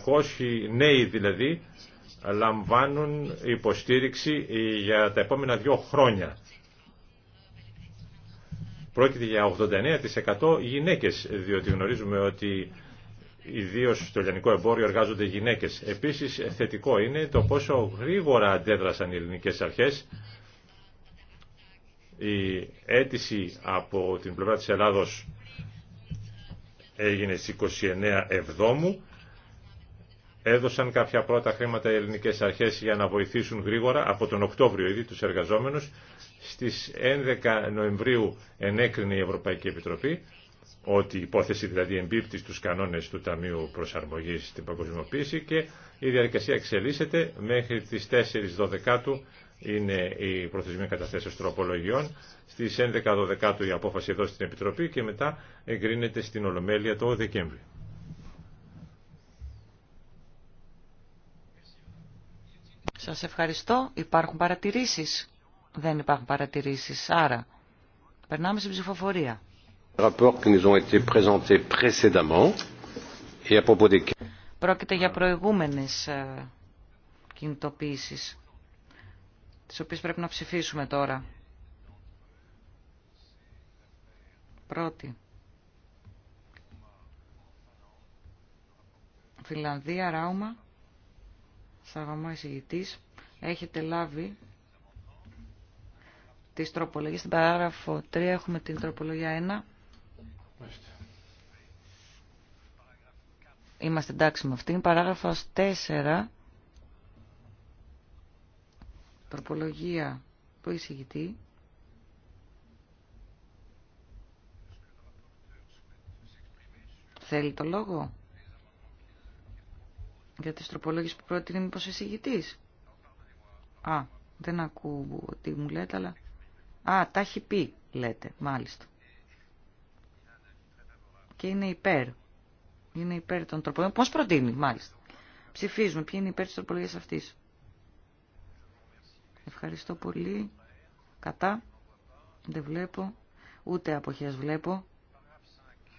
νέοι δηλαδή λαμβάνουν υποστήριξη για τα επόμενα δύο χρόνια. Πρόκειται για 89% γυναίκες, διότι γνωρίζουμε ότι ιδίω στο ελληνικό εμπόριο εργάζονται γυναίκες. Επίσης θετικό είναι το πόσο γρήγορα αντέδρασαν οι ελληνικές αρχές. Η αίτηση από την πλευρά της Ελλάδος έγινε στις 29 Εβδόμου. Έδωσαν κάποια πρώτα χρήματα οι ελληνικές αρχές για να βοηθήσουν γρήγορα από τον Οκτώβριο ήδη τους εργαζόμενους. Στις 11 Νοεμβρίου ενέκρινε η Ευρωπαϊκή Επιτροπή ότι η υπόθεση δηλαδή εμπίπτει στους κανόνες του Ταμείου Προσαρμογής στην Παγκοσμιοποίηση και η διαδικασία εξελίσσεται μέχρι τις 4 12 είναι η προθεσμία καταθέσεως τροπολογιών. Στις 11-12 η απόφαση εδώ στην Επιτροπή και μετά εγκρίνεται στην Ολομέλεια το Δεκέμβρη. Σας ευχαριστώ. Υπάρχουν παρατηρήσεις. Δεν υπάρχουν παρατηρήσεις. Άρα, περνάμε στην ψηφοφορία. Πρόκειται για προηγούμενες ε, κινητοποίησεις τις οποίες πρέπει να ψηφίσουμε τώρα. Πρώτη. Φιλανδία, Ράουμα, Σαβαμό εισηγητής, έχετε λάβει τις τροπολογίες. Στην παράγραφο 3 έχουμε την τροπολογία 1. Είμαστε εντάξει με αυτήν. Παράγραφος 4 Τροπολογία του εισηγητή. Θέλει το λόγο για τις τροπολογίες που πρότεινε μήπως εισηγητής. Α, δεν ακούω τι μου λέτε, αλλά... Α, τα έχει πει, λέτε, μάλιστα. Και είναι υπέρ. Είναι υπέρ των τροπολογιών. Πώς προτείνει, μάλιστα. Ψηφίζουμε ποιοι είναι υπέρ της τροπολογίας αυτής. Ευχαριστώ πολύ. Κατά. Δεν βλέπω. Ούτε αποχές βλέπω.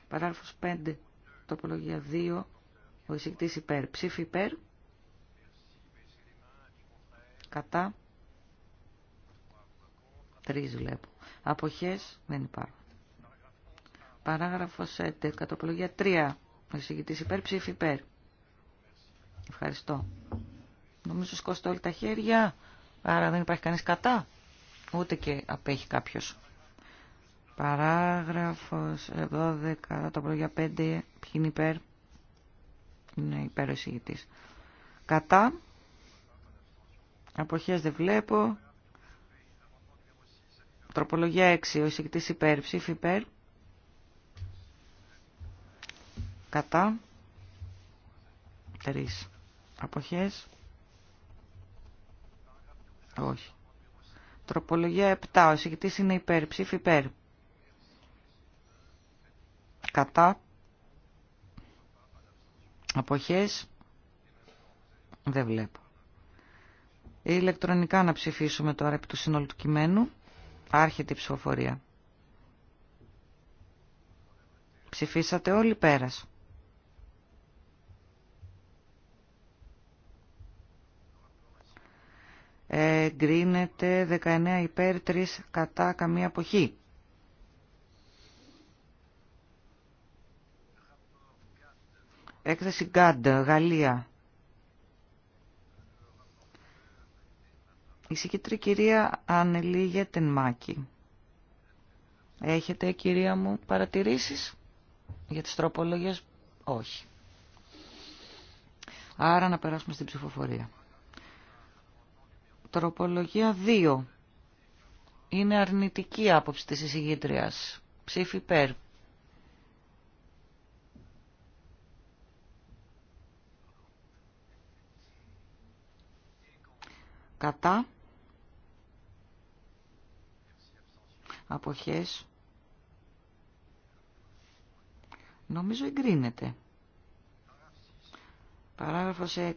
Παράγραφος 5. Τοπολογία 2. Ο εισηκτής υπέρ. Ψήφι υπέρ. Κατά. Τρεις βλέπω. Αποχές δεν υπάρχουν. Παράγραφος 11. Τοπολογία 3. Ο εισηγητής υπέρ. Ψήφι υπέρ. Ευχαριστώ. Νομίζω σκόστε όλοι τα χέρια. Άρα δεν υπάρχει κανείς κατά, ούτε και απέχει κάποιος. Παράγραφος 12, το 5, ποιοι είναι υπέρ, είναι υπέρ ο εισηγητής. Κατά, αποχές δεν βλέπω, τροπολογία 6, ο εισηγητής υπέρ, ψήφι υπέρ. Κατά, 3 αποχές όχι. Τροπολογία 7. Ο εισηγητής είναι υπέρ. Ψήφι υπέρ. Κατά. Αποχές. Δεν βλέπω. Ηλεκτρονικά να ψηφίσουμε τώρα επί του συνόλου του κειμένου. Άρχεται η ψηφοφορία. Ψηφίσατε όλοι πέρας. εγκρίνεται 19 υπέρ 3 κατά καμία αποχή. Έκθεση Γκάντ, Γαλλία. Η συγκίτρια κυρία την Τενμάκη. Έχετε κυρία μου παρατηρήσεις για τις τροπολογίες. Όχι. Άρα να περάσουμε στην ψηφοφορία. Τροπολογία 2. Είναι αρνητική άποψη της εισηγήτριας. Ψήφι υπέρ. Κατά. Αποχές. Νομίζω εγκρίνεται. Παράγραφος 6.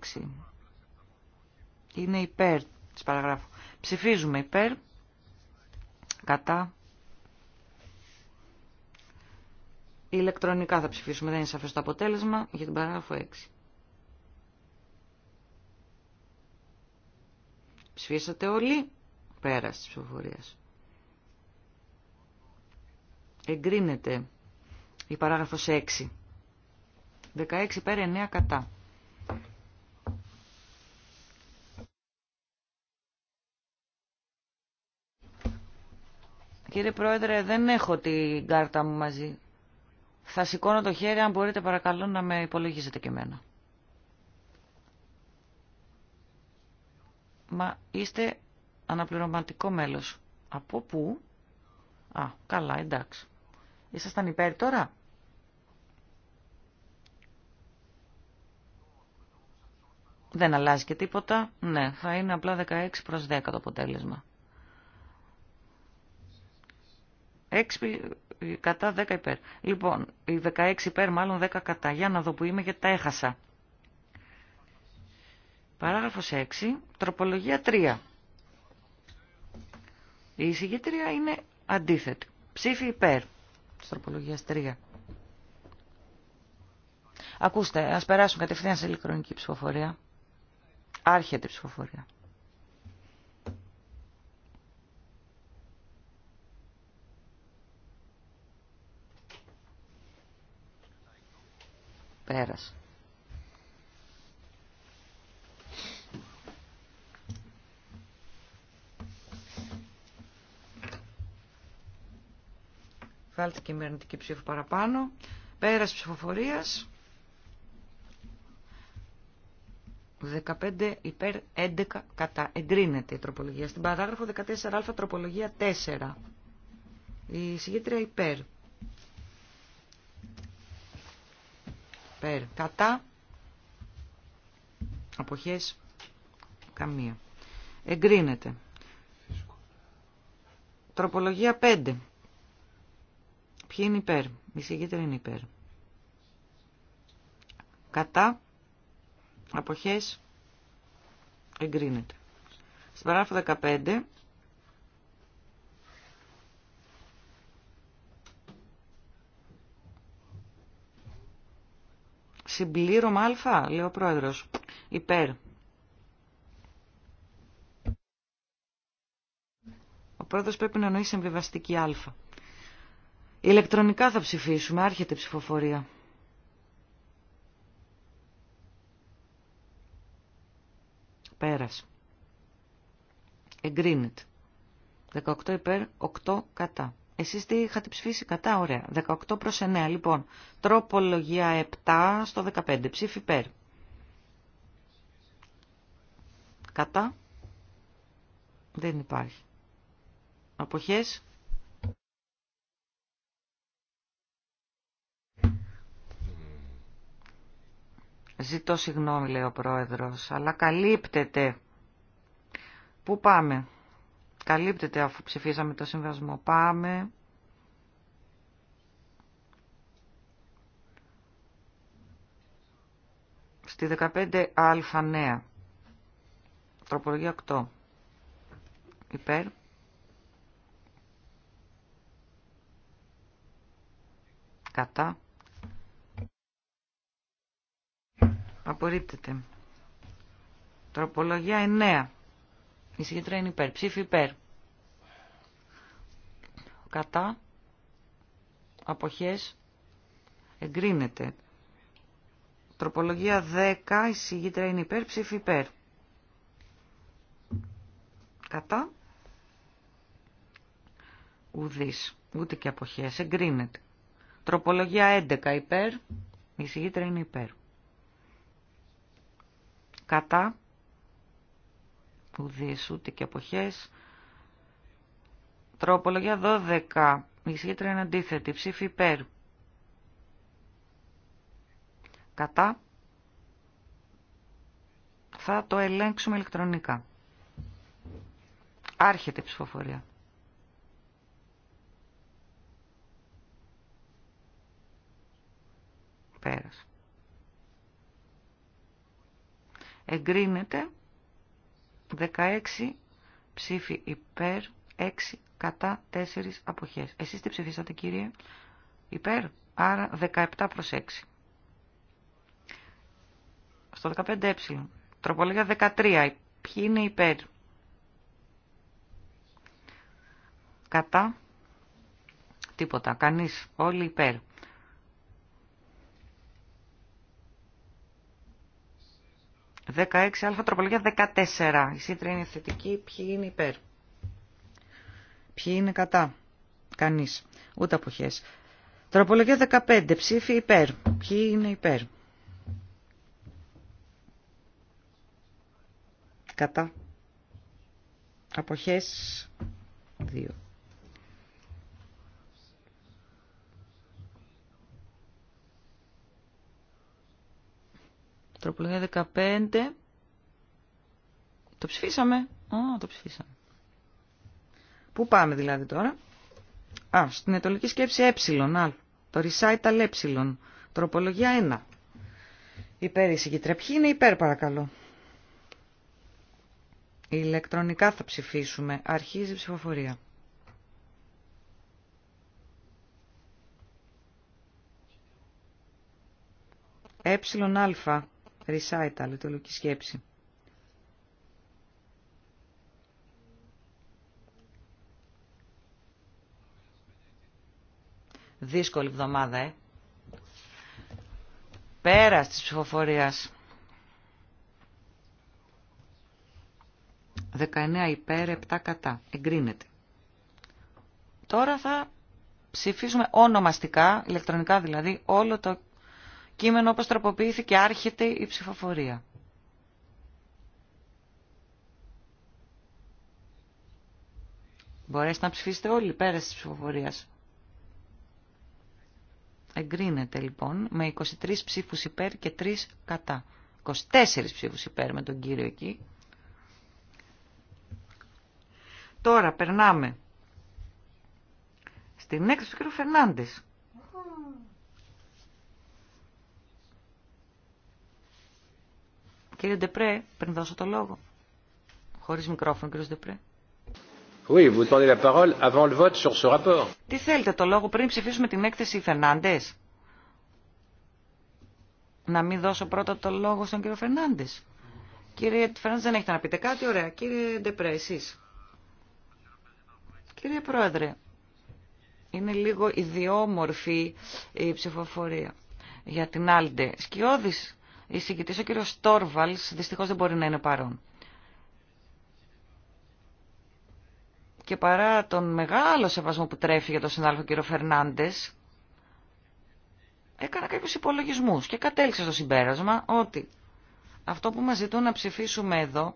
Είναι υπέρ Ψηφίζουμε υπέρ, κατά. Ηλεκτρονικά θα ψηφίσουμε, δεν είναι σαφές το αποτέλεσμα, για την παράγραφο 6. Ψηφίσατε όλοι, πέρας της ψηφοφορίας. Εγκρίνεται η παράγραφος 6. 16 υπέρ 9 κατά. Κύριε Πρόεδρε, δεν έχω την κάρτα μου μαζί. Θα σηκώνω το χέρι αν μπορείτε παρακαλώ να με υπολογίζετε και εμένα. Μα είστε αναπληρωματικό μέλος. Από πού? Α, καλά, εντάξει. Ήσασταν υπέρ τώρα? Δεν αλλάζει και τίποτα. Ναι, θα είναι απλά 16 προς 10 το αποτέλεσμα. 6 κατά 10 υπέρ. Λοιπόν, οι 16 υπέρ, μάλλον 10 κατά. Για να δω που είμαι γιατί τα έχασα. Παράγραφος 6, τροπολογία 3. Η εισηγήτρια είναι αντίθετη. Ψήφι υπέρ της τροπολογίας 3. Ακούστε, ας περάσουμε κατευθείαν σε ηλεκτρονική ψηφοφορία. Άρχεται η ψηφοφορία. Πέρας. Βάλτε και η μερνητική ψήφο παραπάνω. Πέρας ψηφοφορίας. 15 υπέρ 11 κατά. Εγκρίνεται η τροπολογία. Στην παράγραφο 14α τροπολογία 4. Η συγγήτρια υπέρ. Υπέρ. Κατά. Αποχές. Καμία. Εγκρίνεται. Τροπολογία 5. Ποιοι είναι υπέρ. Η συγκίτρια είναι υπέρ. Κατά. Αποχές. Εγκρίνεται. Στην παράγραφο 15 Συμπλήρωμα α, λέει ο πρόεδρος. Υπέρ. Ο πρόεδρος πρέπει να εννοεί συμβιβαστική α. Ηλεκτρονικά θα ψηφίσουμε, άρχεται ψηφοφορία. Πέρας. Εγκρίνεται. 18 υπέρ, 8 κατά. Εσείς τι είχατε ψηφίσει κατά, ωραία. 18 προς 9, λοιπόν. Τροπολογία 7 στο 15, ψήφι υπέρ. Κατά. Δεν υπάρχει. Αποχές. Ζητώ συγγνώμη, λέει ο πρόεδρος, αλλά καλύπτεται. Πού πάμε καλύπτεται αφού ψηφίσαμε το συμβασμό. Πάμε. Στη 15α νέα. Τροπολογία 8. Υπέρ. Κατά. Απορρίπτεται. Τροπολογία 9. Η σύγκεντρα είναι υπέρ. Ψήφι υπέρ. Κατά. Αποχές. Εγκρίνεται. Τροπολογία 10. Η σύγκεντρα είναι υπέρ. Ψήφι υπέρ. Κατά. Ουδής. Ούτε και αποχές. Εγκρίνεται. Τροπολογία 11 υπέρ. Η σύγκεντρα είναι υπέρ. Κατά που ούτε και αποχές. Τροπολογία 12. Η είναι αντίθετη. Ψήφι υπέρ. Κατά. Θα το ελέγξουμε ηλεκτρονικά. Άρχεται η ψηφοφορία. Πέρας. Εγκρίνεται 16 ψήφοι υπέρ, 6 κατά, 4 αποχές. Εσείς τι ψηφίσατε κύριε, υπέρ, άρα 17 προς 6. Στο 15ε, τροπολογία 13, ποιοι είναι υπέρ. Κατά, τίποτα, κανείς, όλοι υπέρ. 16α τροπολογία 14. Η σύντρα είναι θετική. Ποιοι είναι υπέρ. Ποιοι είναι κατά. Κανείς. Ούτε αποχές. Τροπολογία 15. Ψήφι υπέρ. Ποιοι είναι υπέρ. Κατά. Αποχές 2. Τροπολογία 15. Το ψηφίσαμε. Α, το ψηφίσαμε. Πού πάμε δηλαδή τώρα. Α, στην ετολική σκέψη ε, α, το recital ε, τροπολογία 1. Υπέρ εισηγητρία. Ποιοι είναι υπέρ παρακαλώ. Ηλεκτρονικά θα ψηφίσουμε. Αρχίζει η ψηφοφορία. Ε, α, Recital, λειτουργική σκέψη. Δύσκολη εβδομάδα, ε. Πέρα της ψηφοφορίας. 19 υπέρ, 7 κατά. Εγκρίνεται. Τώρα θα ψηφίσουμε ονομαστικά, ηλεκτρονικά δηλαδή, όλο το κείμενο όπως τροποποιήθηκε άρχεται η ψηφοφορία. Μπορέσετε να ψηφίσετε όλοι πέρα της ψηφοφορίας. Εγκρίνεται λοιπόν με 23 ψήφους υπέρ και 3 κατά. 24 ψήφους υπέρ με τον κύριο εκεί. Τώρα περνάμε στην έκθεση του κ. Φερνάντες. Κύριε Ντεπρέ, πριν δώσω το λόγο. Χωρίς μικρόφωνο, κύριο Ντεπρέ. Oui, vous la parole avant le vote sur ce rapport. Τι θέλετε το λόγο πριν ψηφίσουμε την έκθεση Φερνάντες. Να μην δώσω πρώτα το λόγο στον κύριο Φερνάντες. Κύριε Φερνάντες δεν έχετε να πείτε κάτι, ωραία. Κύριε Ντεπρέ, εσείς. Κύριε Πρόεδρε, είναι λίγο ιδιόμορφη η ψηφοφορία για την Άλντε. Σκιώδης η συγκητής ο κύριος Στόρβαλς δυστυχώς δεν μπορεί να είναι παρόν. Και παρά τον μεγάλο σεβασμό που τρέφει για τον συνάδελφο κύριο Φερνάντες, έκανα κάποιους υπολογισμούς και κατέληξα στο συμπέρασμα ότι αυτό που μας ζητούν να ψηφίσουμε εδώ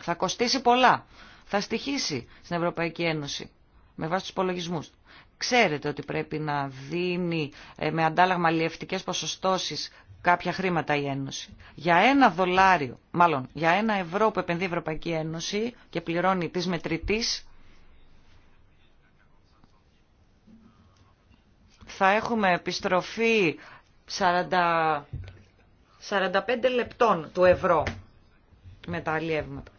θα κοστίσει πολλά. Θα στοιχήσει στην Ευρωπαϊκή Ένωση με βάση τους υπολογισμούς. Ξέρετε ότι πρέπει να δίνει ε, με αντάλλαγμα αλλιευτικές ποσοστώσεις κάποια χρήματα η Ένωση. Για ένα δολάριο, μάλλον για ένα ευρώ που επενδύει η Ευρωπαϊκή Ένωση και πληρώνει τη μετρητής, θα έχουμε επιστροφή 40, 45 λεπτών του ευρώ με τα αλλιεύματα.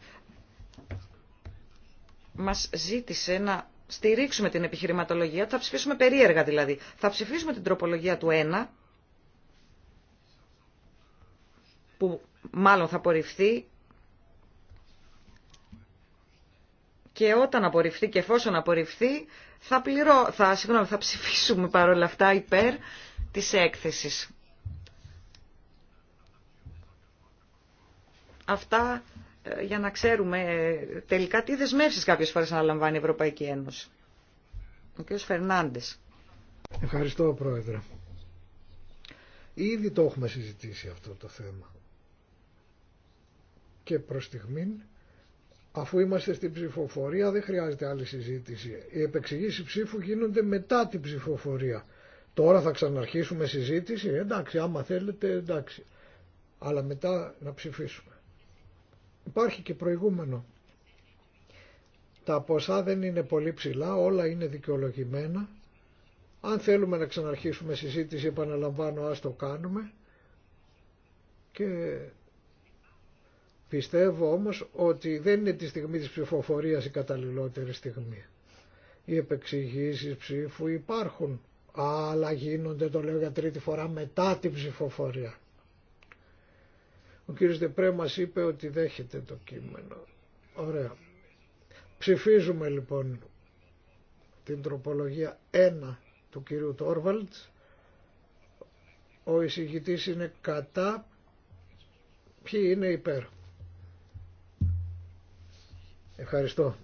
Μας ζήτησε να στηρίξουμε την επιχειρηματολογία, θα ψηφίσουμε περίεργα δηλαδή. Θα ψηφίσουμε την τροπολογία του 1, που μάλλον θα απορριφθεί και όταν απορριφθεί και εφόσον απορριφθεί θα, πληρώ, θα, συγγνώμη, θα ψηφίσουμε παρόλα αυτά υπέρ της έκθεσης. Αυτά ε, για να ξέρουμε ε, τελικά τι δεσμεύσεις κάποιες φορές αναλαμβάνει η Ευρωπαϊκή Ένωση. Ο κ. Φερνάντες. Ευχαριστώ Πρόεδρε. Ήδη το έχουμε συζητήσει αυτό το θέμα και προς στιγμήν αφού είμαστε στην ψηφοφορία δεν χρειάζεται άλλη συζήτηση. Οι επεξηγήσεις ψήφου γίνονται μετά την ψηφοφορία. Τώρα θα ξαναρχίσουμε συζήτηση, ε, εντάξει, άμα θέλετε, εντάξει. Αλλά μετά να ψηφίσουμε. Υπάρχει και προηγούμενο. Τα ποσά δεν είναι πολύ ψηλά, όλα είναι δικαιολογημένα. Αν θέλουμε να ξαναρχίσουμε συζήτηση, επαναλαμβάνω, ας το κάνουμε. Και Πιστεύω όμως ότι δεν είναι τη στιγμή της ψηφοφορίας η καταλληλότερη στιγμή. Οι επεξηγήσεις ψήφου υπάρχουν, αλλά γίνονται, το λέω για τρίτη φορά, μετά την ψηφοφορία. Ο κύριος Δεπρέ μας είπε ότι δέχεται το κείμενο. Ωραία. Ψηφίζουμε λοιπόν την τροπολογία 1 του κυρίου Τόρβαλτς. Ο εισηγητής είναι κατά. Ποιοι είναι υπέρ. Ευχαριστώ.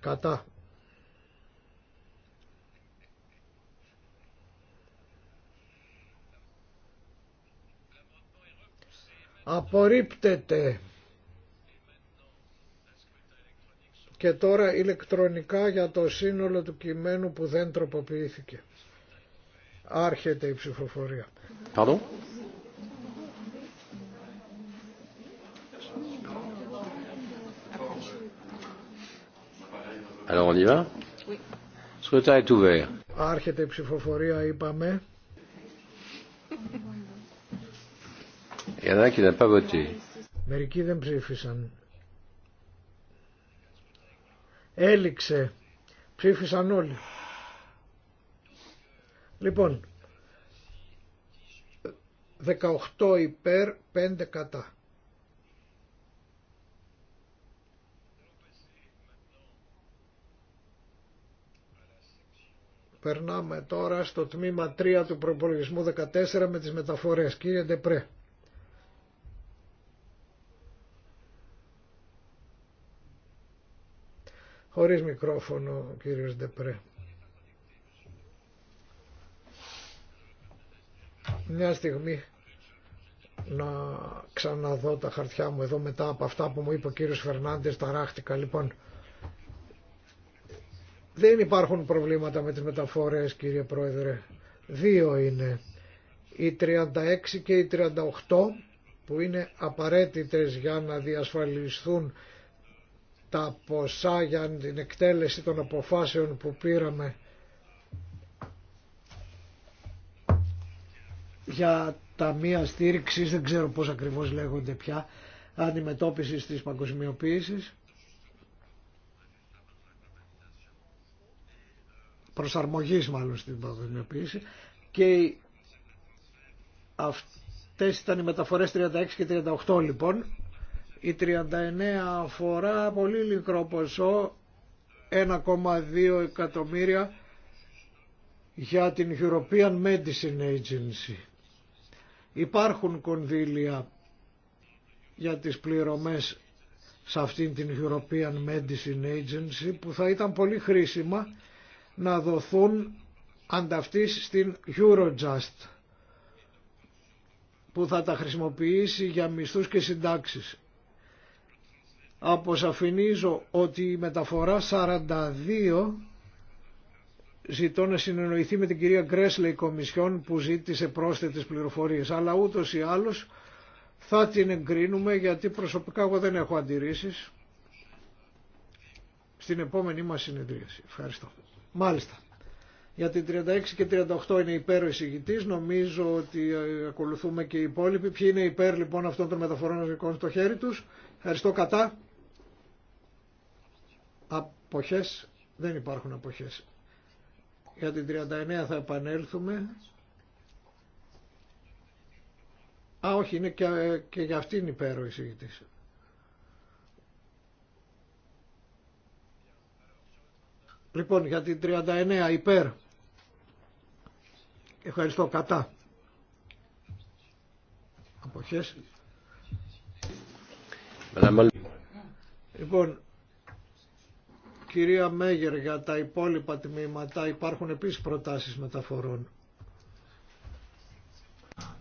Κατά. Απορρίπτεται. Και τώρα ηλεκτρονικά για το σύνολο του κειμένου που δεν τροποποιήθηκε. Άρχεται η ψηφοφορία. Pardon? Άρχεται η ψηφοφορία, είπαμε. Il y en a Μερικοί δεν ψήφισαν. Έληξε. Ψήφισαν όλοι. Λοιπόν, 18 υπέρ, 5 κατά. Περνάμε τώρα στο τμήμα 3 του προπολογισμού 14 με τις μεταφορές. Κύριε Ντεπρέ. Χωρίς μικρόφωνο κύριο Ντεπρέ. Μια στιγμή να ξαναδώ τα χαρτιά μου εδώ μετά από αυτά που μου είπε ο κύριος Φερνάντες ταράχτηκα. Λοιπόν, δεν υπάρχουν προβλήματα με τις μεταφορές κύριε Πρόεδρε. Δύο είναι. Οι 36 και οι 38 που είναι απαραίτητες για να διασφαλιστούν τα ποσά για την εκτέλεση των αποφάσεων που πήραμε για ταμεία στήριξης, δεν ξέρω πώς ακριβώς λέγονται πια, αντιμετώπισης της παγκοσμιοποίησης. προσαρμογής μάλλον στην παγκοσμιοποίηση και αυτές ήταν οι μεταφορές 36 και 38 λοιπόν. Η 39 αφορά πολύ μικρό ποσό 1,2 εκατομμύρια για την European Medicine Agency. Υπάρχουν κονδύλια για τις πληρωμές σε αυτήν την European Medicine Agency που θα ήταν πολύ χρήσιμα να δοθούν ανταυτής στην Eurojust που θα τα χρησιμοποιήσει για μισθούς και συντάξεις. Αποσαφηνίζω ότι η μεταφορά 42 ζητώ να συνεννοηθεί με την κυρία Γκρέσλε η Κομισιόν που ζήτησε πρόσθετες πληροφορίες αλλά ούτως ή άλλως θα την εγκρίνουμε γιατί προσωπικά εγώ δεν έχω αντιρρήσεις στην επόμενή μας συνεδρίαση. Ευχαριστώ. Μάλιστα. Για την 36 και 38 είναι υπέρ ο εισηγητής. Νομίζω ότι ε, ακολουθούμε και οι υπόλοιποι. Ποιοι είναι υπέρ λοιπόν αυτών των μεταφορών οδικών στο χέρι τους. Ευχαριστώ κατά. Αποχές. Δεν υπάρχουν αποχές. Για την 39 θα επανέλθουμε. Α, όχι, είναι και, ε, και για αυτήν υπέρ ο εισηγητής. Λοιπόν, για την 39 υπέρ. Ευχαριστώ, κατά. Αποχές. Λοιπόν, κυρία Μέγερ, για τα υπόλοιπα τμήματα υπάρχουν επίσης προτάσεις μεταφορών.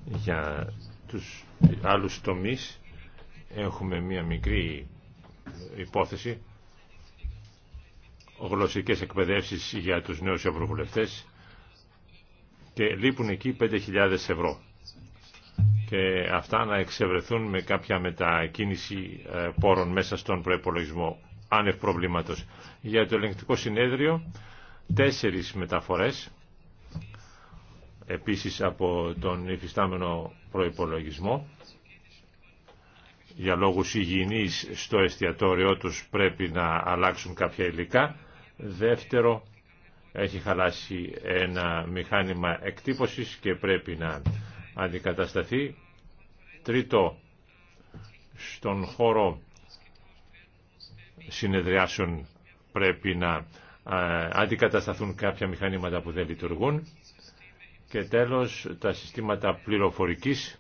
Για τους άλλους τομείς έχουμε μία μικρή υπόθεση γλωσσικές εκπαιδεύσεις για τους νέους ευρωβουλευτές και λείπουν εκεί 5.000 ευρώ. Και αυτά να εξευρεθούν με κάποια μετακίνηση ε, πόρων μέσα στον προπολογισμό άνευ προβλήματος. Για το ελεγκτικό συνέδριο, τέσσερις μεταφορές, επίσης από τον υφιστάμενο προϋπολογισμό. Για λόγους υγιεινής στο εστιατόριό τους πρέπει να αλλάξουν κάποια υλικά Δεύτερο, έχει χαλάσει ένα μηχάνημα εκτύπωσης και πρέπει να αντικατασταθεί. Τρίτο, στον χώρο συνεδριάσεων πρέπει να ε, αντικατασταθούν κάποια μηχανήματα που δεν λειτουργούν. Και τέλος, τα συστήματα πληροφορικής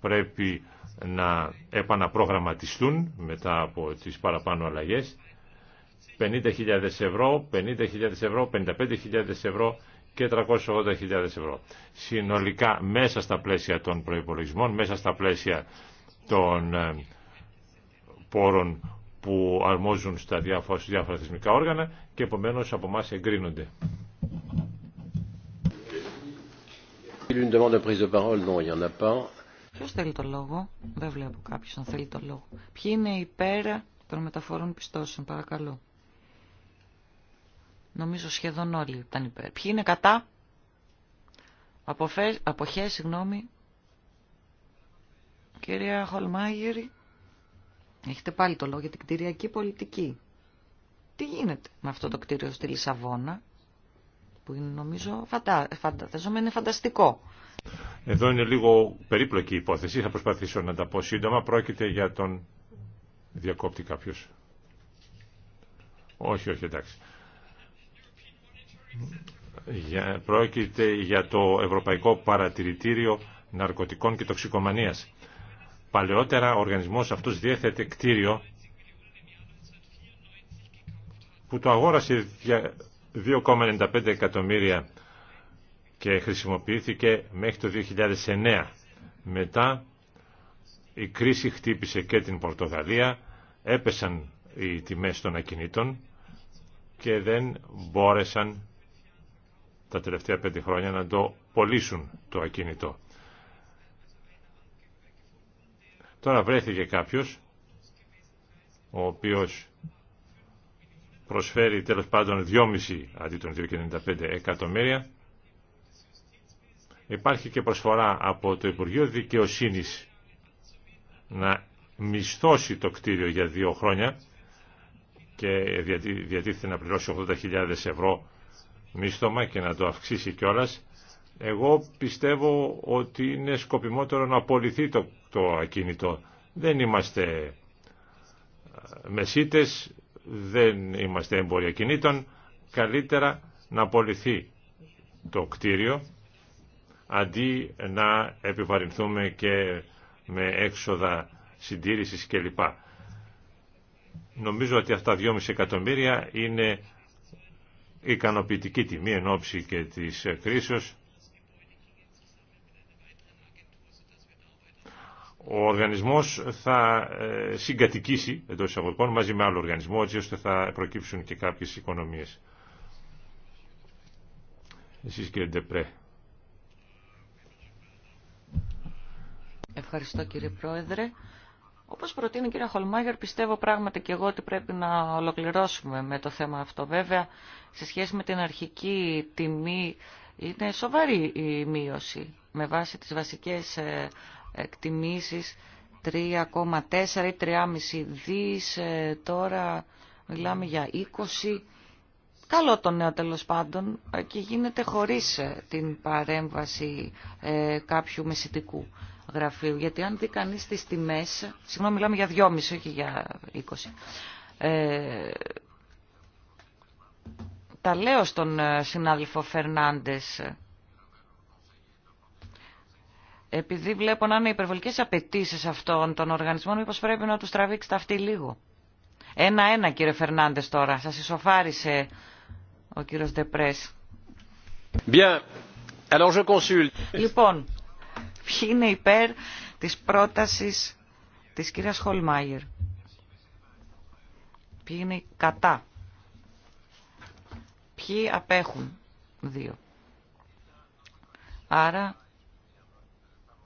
πρέπει να επαναπρογραμματιστούν μετά από τις παραπάνω αλλαγές 50.000 ευρώ, 50.000 ευρώ, 55.000 ευρώ και 380.000 ευρώ. Συνολικά μέσα στα πλαίσια των προϋπολογισμών, μέσα στα πλαίσια των ε, πόρων που αρμόζουν στα διάφορα, διάφορα θεσμικά όργανα και επομένως από εμά εγκρίνονται. Ποιος θέλει το λόγο, δεν βλέπω κάποιος να θέλει το λόγο. Ποιοι είναι υπέρ των μεταφορών πιστώσεων, παρακαλώ. Νομίζω σχεδόν όλοι ήταν υπέρ. Ποιοι είναι κατά. Αποφέ, αποχές, συγγνώμη. Κυρία Χολμάγερη, έχετε πάλι το λόγο για την κτηριακή πολιτική. Τι γίνεται με αυτό το κτίριο στη Λισαβόνα, που είναι νομίζω φαντα... είναι φανταστικό. Εδώ είναι λίγο περίπλοκη η υπόθεση, θα προσπαθήσω να τα πω σύντομα. Πρόκειται για τον διακόπτη κάποιος. Όχι, όχι, εντάξει πρόκειται για το Ευρωπαϊκό Παρατηρητήριο Ναρκωτικών και Τοξικομανίας. Παλαιότερα ο οργανισμός αυτός διέθετε κτίριο που το αγόρασε 2,95 εκατομμύρια και χρησιμοποιήθηκε μέχρι το 2009. Μετά η κρίση χτύπησε και την Πορτογαλία, έπεσαν οι τιμές των ακινήτων και δεν μπόρεσαν τα τελευταία πέντε χρόνια να το πωλήσουν το ακίνητο. Τώρα βρέθηκε κάποιος ο οποίος προσφέρει τέλος πάντων 2,5 αντί των 2,95 εκατομμύρια. Υπάρχει και προσφορά από το Υπουργείο Δικαιοσύνης να μισθώσει το κτίριο για δύο χρόνια και διατίθεται να πληρώσει 80.000 ευρώ μίστομα και να το αυξήσει κιόλα, εγώ πιστεύω ότι είναι σκοπιμότερο να απολυθεί το, το ακίνητο. Δεν είμαστε ε, μεσίτες, δεν είμαστε εμπόρια κινήτων. Καλύτερα να απολυθεί το κτίριο αντί να επιβαρυνθούμε και με έξοδα συντήρησης κλπ. Νομίζω ότι αυτά 2,5 εκατομμύρια είναι ικανοποιητική τιμή εν ώψη και της κρίσεως. Ο οργανισμός θα ε, συγκατοικήσει εντός εισαγωγικών μαζί με άλλο οργανισμό έτσι ώστε θα προκύψουν και κάποιες οικονομίες. Εσείς κύριε Ντεπρέ. Ευχαριστώ κύριε Πρόεδρε. Όπως προτείνει η κυρία Χολμάγερ, πιστεύω πράγματι και εγώ ότι πρέπει να ολοκληρώσουμε με το θέμα αυτό. Βέβαια, σε σχέση με την αρχική τιμή, είναι σοβαρή η μείωση. Με βάση τις βασικές ε, εκτιμήσεις, 3,4 ή 3,5 δις, ε, τώρα μιλάμε για 20. Καλό το νέο τέλος πάντων ε, και γίνεται χωρίς την παρέμβαση κάποιου μεσητικού γραφείου. Γιατί αν δει κανεί τι τιμέ, συγγνώμη, μιλάμε για 2,5, όχι για 20. Ε, τα λέω στον ε, συνάδελφο Φερνάντε. επειδή βλέπω να είναι υπερβολικέ απαιτήσει αυτών των οργανισμών, μήπω πρέπει να του τραβήξει τα αυτή λίγο. Ένα-ένα, κύριε Φερνάντε, τώρα. Σα ισοφάρισε ο κύριο Ντεπρέ. Λοιπόν, Ποιοι είναι υπέρ της πρότασης της κυρίας Χολμάγερ. Ποιοι είναι κατά. Ποιοι απέχουν. Δύο. Άρα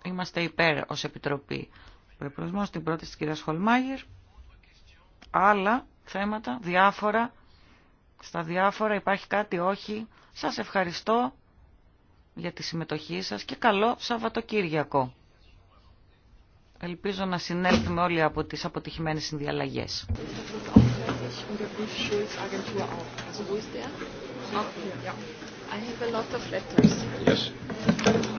είμαστε υπέρ ως Επιτροπή. Προπλωσμό στην πρόταση της κυρίας Χολμάγερ. Άλλα θέματα, διάφορα. Στα διάφορα υπάρχει κάτι όχι. Σας ευχαριστώ για τη συμμετοχή σας και καλό Σαββατοκύριακο. Ελπίζω να συνέλθουμε όλοι από τις αποτυχημένες συνδιαλλαγές.